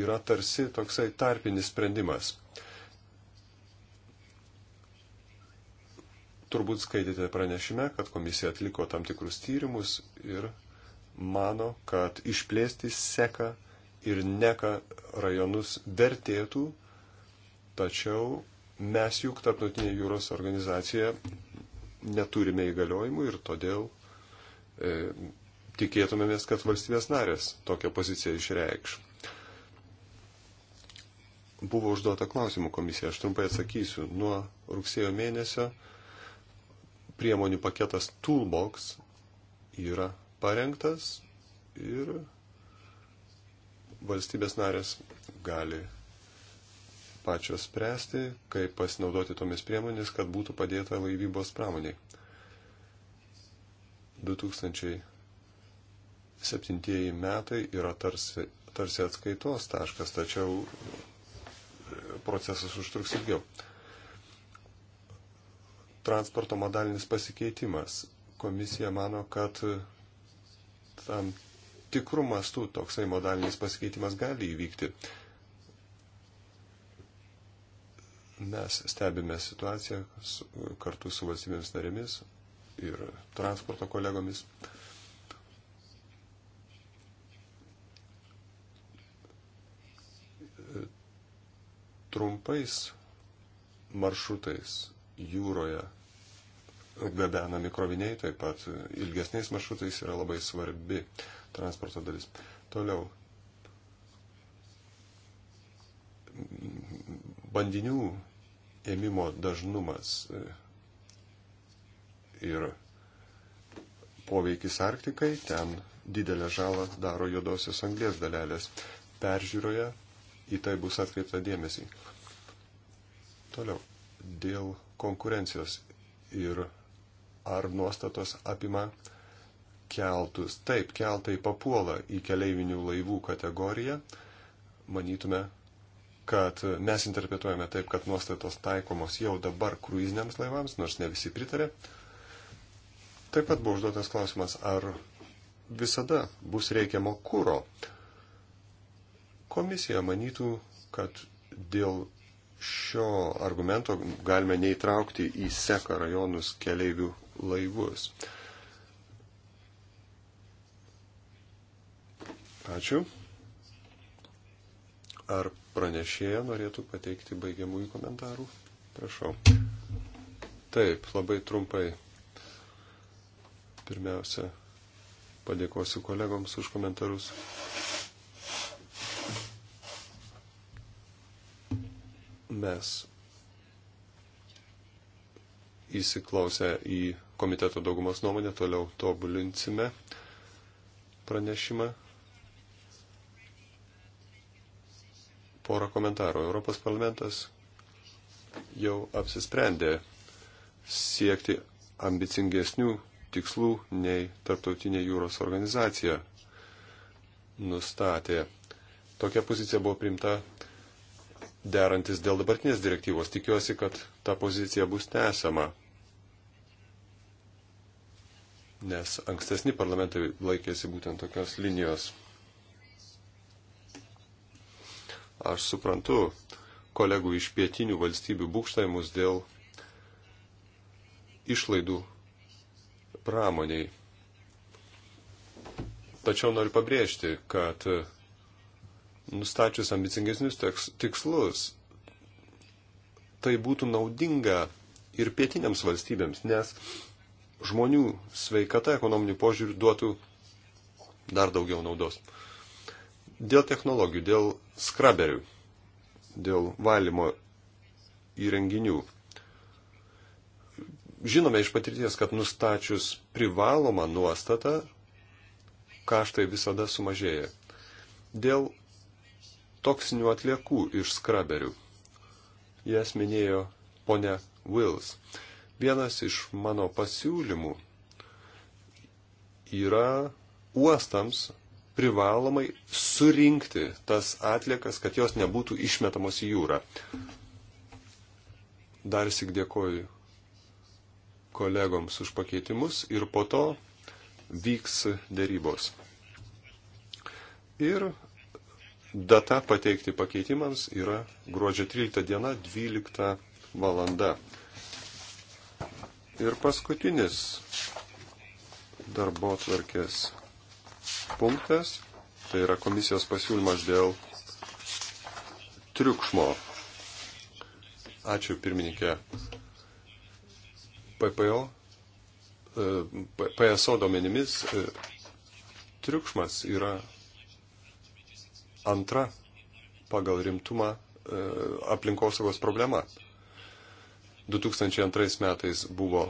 yra tarsi toksai tarpinis sprendimas. Turbūt skaitėte pranešime, kad komisija atliko tam tikrus tyrimus ir mano, kad išplėsti seka ir neka rajonus vertėtų, tačiau mes juk tarptautinėje jūros organizacijoje neturime įgaliojimų ir todėl E, tikėtumėmės, kad valstybės narės tokią poziciją išreikš. Buvo užduota klausimų komisija, aš trumpai atsakysiu. Nuo rugsėjo mėnesio priemonių paketas Toolbox yra parengtas ir valstybės narės gali pačios spręsti, kaip pasinaudoti tomis priemonės, kad būtų padėta laivybos pramoniai. 2007 metai yra tarsi, tarsi atskaitos taškas, tačiau e, procesas užtruks ilgiau. Transporto modalinis pasikeitimas. Komisija mano, kad e, tam tikrų mastų toksai modalinis pasikeitimas gali įvykti. Mes stebime situaciją kartu su valstybėmis narėmis, ir transporto kolegomis. Trumpais maršrutais jūroje gabenami kroviniai, taip pat ilgesniais maršrutais yra labai svarbi transporto dalis. Toliau. Bandinių ėmimo dažnumas ir poveikis Arktikai, ten didelę žalą daro juodosios anglės dalelės. Peržiūroje į tai bus atkreipta dėmesį. Toliau, dėl konkurencijos ir ar nuostatos apima keltus. Taip, keltai papuola į keleivinių laivų kategoriją. Manytume, kad mes interpretuojame taip, kad nuostatos taikomos jau dabar kruiziniams laivams, nors ne visi pritarė. Uh, Taip pat buvo užduotas klausimas, ar visada bus reikiamo kūro. Komisija manytų, kad dėl šio argumento galime neįtraukti į seka rajonus keleivių laivus. Ačiū. Ar pranešėja norėtų pateikti baigiamųjų komentarų? Prašau. Taip, labai trumpai. Pirmiausia, padėkosiu kolegoms už komentarus. Mes įsiklausę į komiteto daugumos nuomonę toliau tobulinsime pranešimą. Porą komentarų. Europos parlamentas jau apsisprendė siekti ambicingesnių tikslų nei Tarptautinė jūros organizacija nustatė. Tokia pozicija buvo primta derantis dėl dabartinės direktyvos. Tikiuosi, kad ta pozicija bus tęsiama, nes ankstesni parlamentai laikėsi būtent tokios linijos. Aš suprantu kolegų iš pietinių valstybių būkštavimus dėl išlaidų pramoniai. Tačiau noriu pabrėžti, kad nustačius ambicingesnius tikslus, tai būtų naudinga ir pietiniams valstybėms, nes žmonių sveikata ekonominių požiūrių duotų dar daugiau naudos. Dėl technologijų, dėl skraberių, dėl valymo įrenginių Žinome iš patirties, kad nustačius privalomą nuostatą, kaštai visada sumažėja. Dėl toksinių atliekų iš skraberių. Jas minėjo ponia Wills. Vienas iš mano pasiūlymų yra uostams privalomai surinkti tas atliekas, kad jos nebūtų išmetamos į jūrą. Dar sik dėkoju kolegoms už pakeitimus ir po to vyks dėrybos. Ir data pateikti pakeitimams yra gruodžio 13 diena 12 valanda. Ir paskutinis darbo tvarkės punktas, tai yra komisijos pasiūlymas dėl triukšmo. Ačiū pirmininkė. PPO, e, PSO duomenimis e, triukšmas yra antra pagal rimtumą e, aplinkosaugos problema. 2002 metais buvo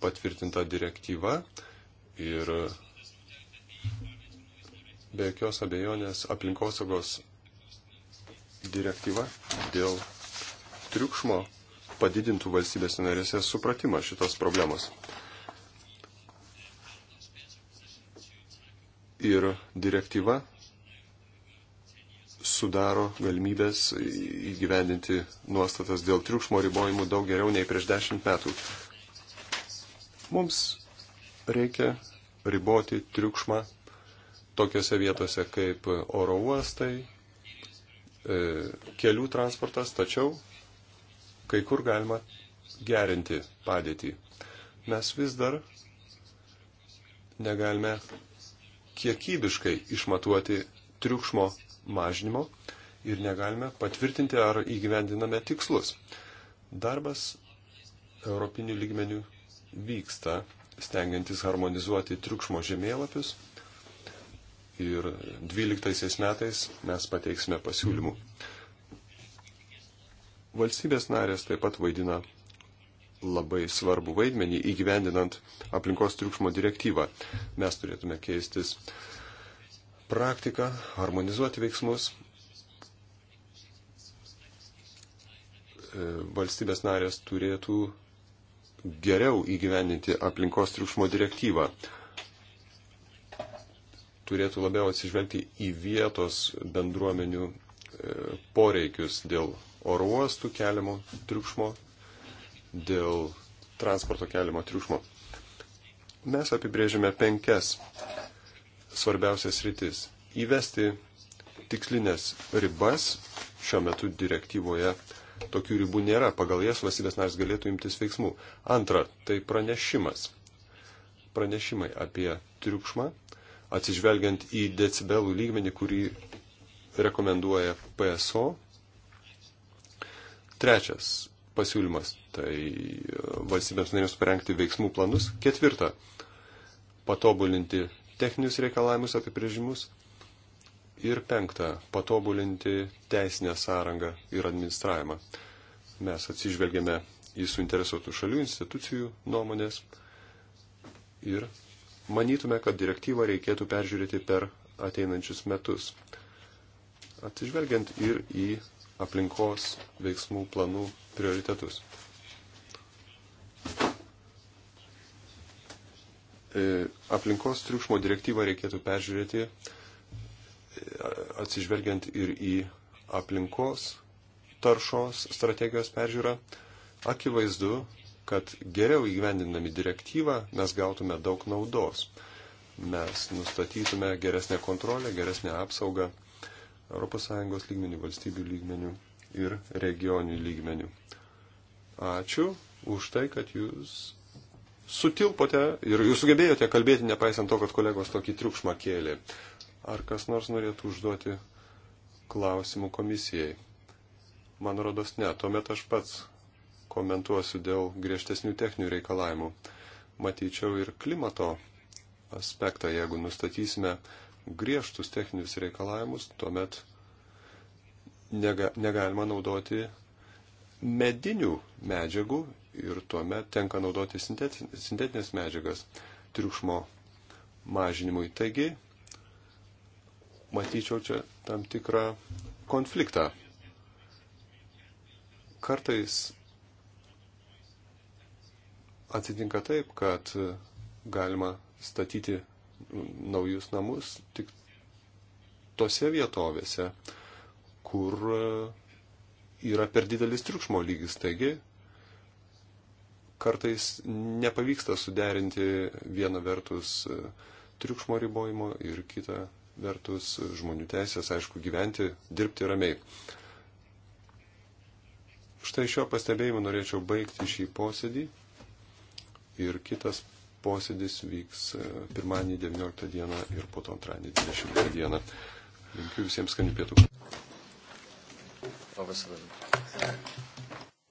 patvirtinta direktyva ir be jokios abejonės aplinkosaugos direktyva dėl triukšmo padidintų valstybės narėse supratimą šitos problemos. Ir direktyva sudaro galimybės įgyvendinti nuostatas dėl triukšmo ribojimų daug geriau nei prieš dešimt metų. Mums reikia riboti triukšmą tokiose vietose kaip oro uostai, e, kelių transportas, tačiau kai kur galima gerinti padėtį. Mes vis dar negalime kiekybiškai išmatuoti triukšmo mažinimo ir negalime patvirtinti, ar įgyvendiname tikslus. Darbas europinių lygmenių vyksta, stengiantis harmonizuoti triukšmo žemėlapius ir 12 metais mes pateiksime pasiūlymų. Mm Valstybės narės taip pat vaidina labai svarbu vaidmenį įgyvendinant aplinkos triukšmo direktyvą. Mes turėtume keistis praktiką, harmonizuoti veiksmus. Valstybės narės turėtų geriau įgyvendinti aplinkos triukšmo direktyvą. Turėtų labiau atsižvelgti į vietos bendruomenių e, poreikius dėl oro uostų keliamo triukšmo, dėl transporto keliamo triukšmo. Mes apibrėžėme penkias svarbiausias rytis. Įvesti tikslinės ribas šiuo metu direktyvoje tokių ribų nėra. Pagal jas valstybės narys galėtų imtis veiksmų. Antra, tai pranešimas. Pranešimai apie triukšmą, atsižvelgiant į decibelų lygmenį, kurį rekomenduoja PSO Trečias pasiūlymas - tai e, valstybėms narėms parengti veiksmų planus. Ketvirta - patobulinti techninius reikalavimus apibrėžimus. Ir penkta - patobulinti teisinę sąrangą ir administravimą. Mes atsižvelgiame į suinteresuotų šalių institucijų nuomonės ir manytume, kad direktyvą reikėtų peržiūrėti per ateinančius metus. Atsižvelgiant ir į aplinkos veiksmų planų prioritetus. E, aplinkos triukšmo direktyvą reikėtų peržiūrėti e, atsižvelgiant ir į aplinkos taršos strategijos peržiūrą. Akivaizdu, kad geriau įgyvendinami direktyvą mes gautume daug naudos. Mes nustatytume geresnę kontrolę, geresnę apsaugą ES lygmenių, valstybių lygmenių ir regionių lygmenių. Ačiū už tai, kad jūs sutilpote ir jūs sugebėjote kalbėti, nepaisant to, kad kolegos tokį triukšmą kėlė. Ar kas nors norėtų užduoti klausimų komisijai? Man rodos ne, tuomet aš pats komentuosiu dėl griežtesnių techninių reikalavimų. Matyčiau ir klimato aspektą, jeigu nustatysime griežtus techninius reikalavimus, tuomet nega, negalima naudoti medinių medžiagų ir tuomet tenka naudoti sintetinės medžiagas triukšmo mažinimui. Taigi, matyčiau čia tam tikrą konfliktą. Kartais atsitinka taip, kad galima statyti naujus namus tik tose vietovėse, kur e, yra per didelis triukšmo lygis. Taigi, kartais nepavyksta suderinti vieną vertus e, triukšmo ribojimo ir kitą vertus e, žmonių teisės, aišku, gyventi, dirbti ramiai. Štai šio pastebėjimu norėčiau baigti šį posėdį ir kitas posėdis vyks e, pirmadienį 19 dieną ir po to antradienį 20 dieną. Linkiu visiems skanių pietų. Labas, labas.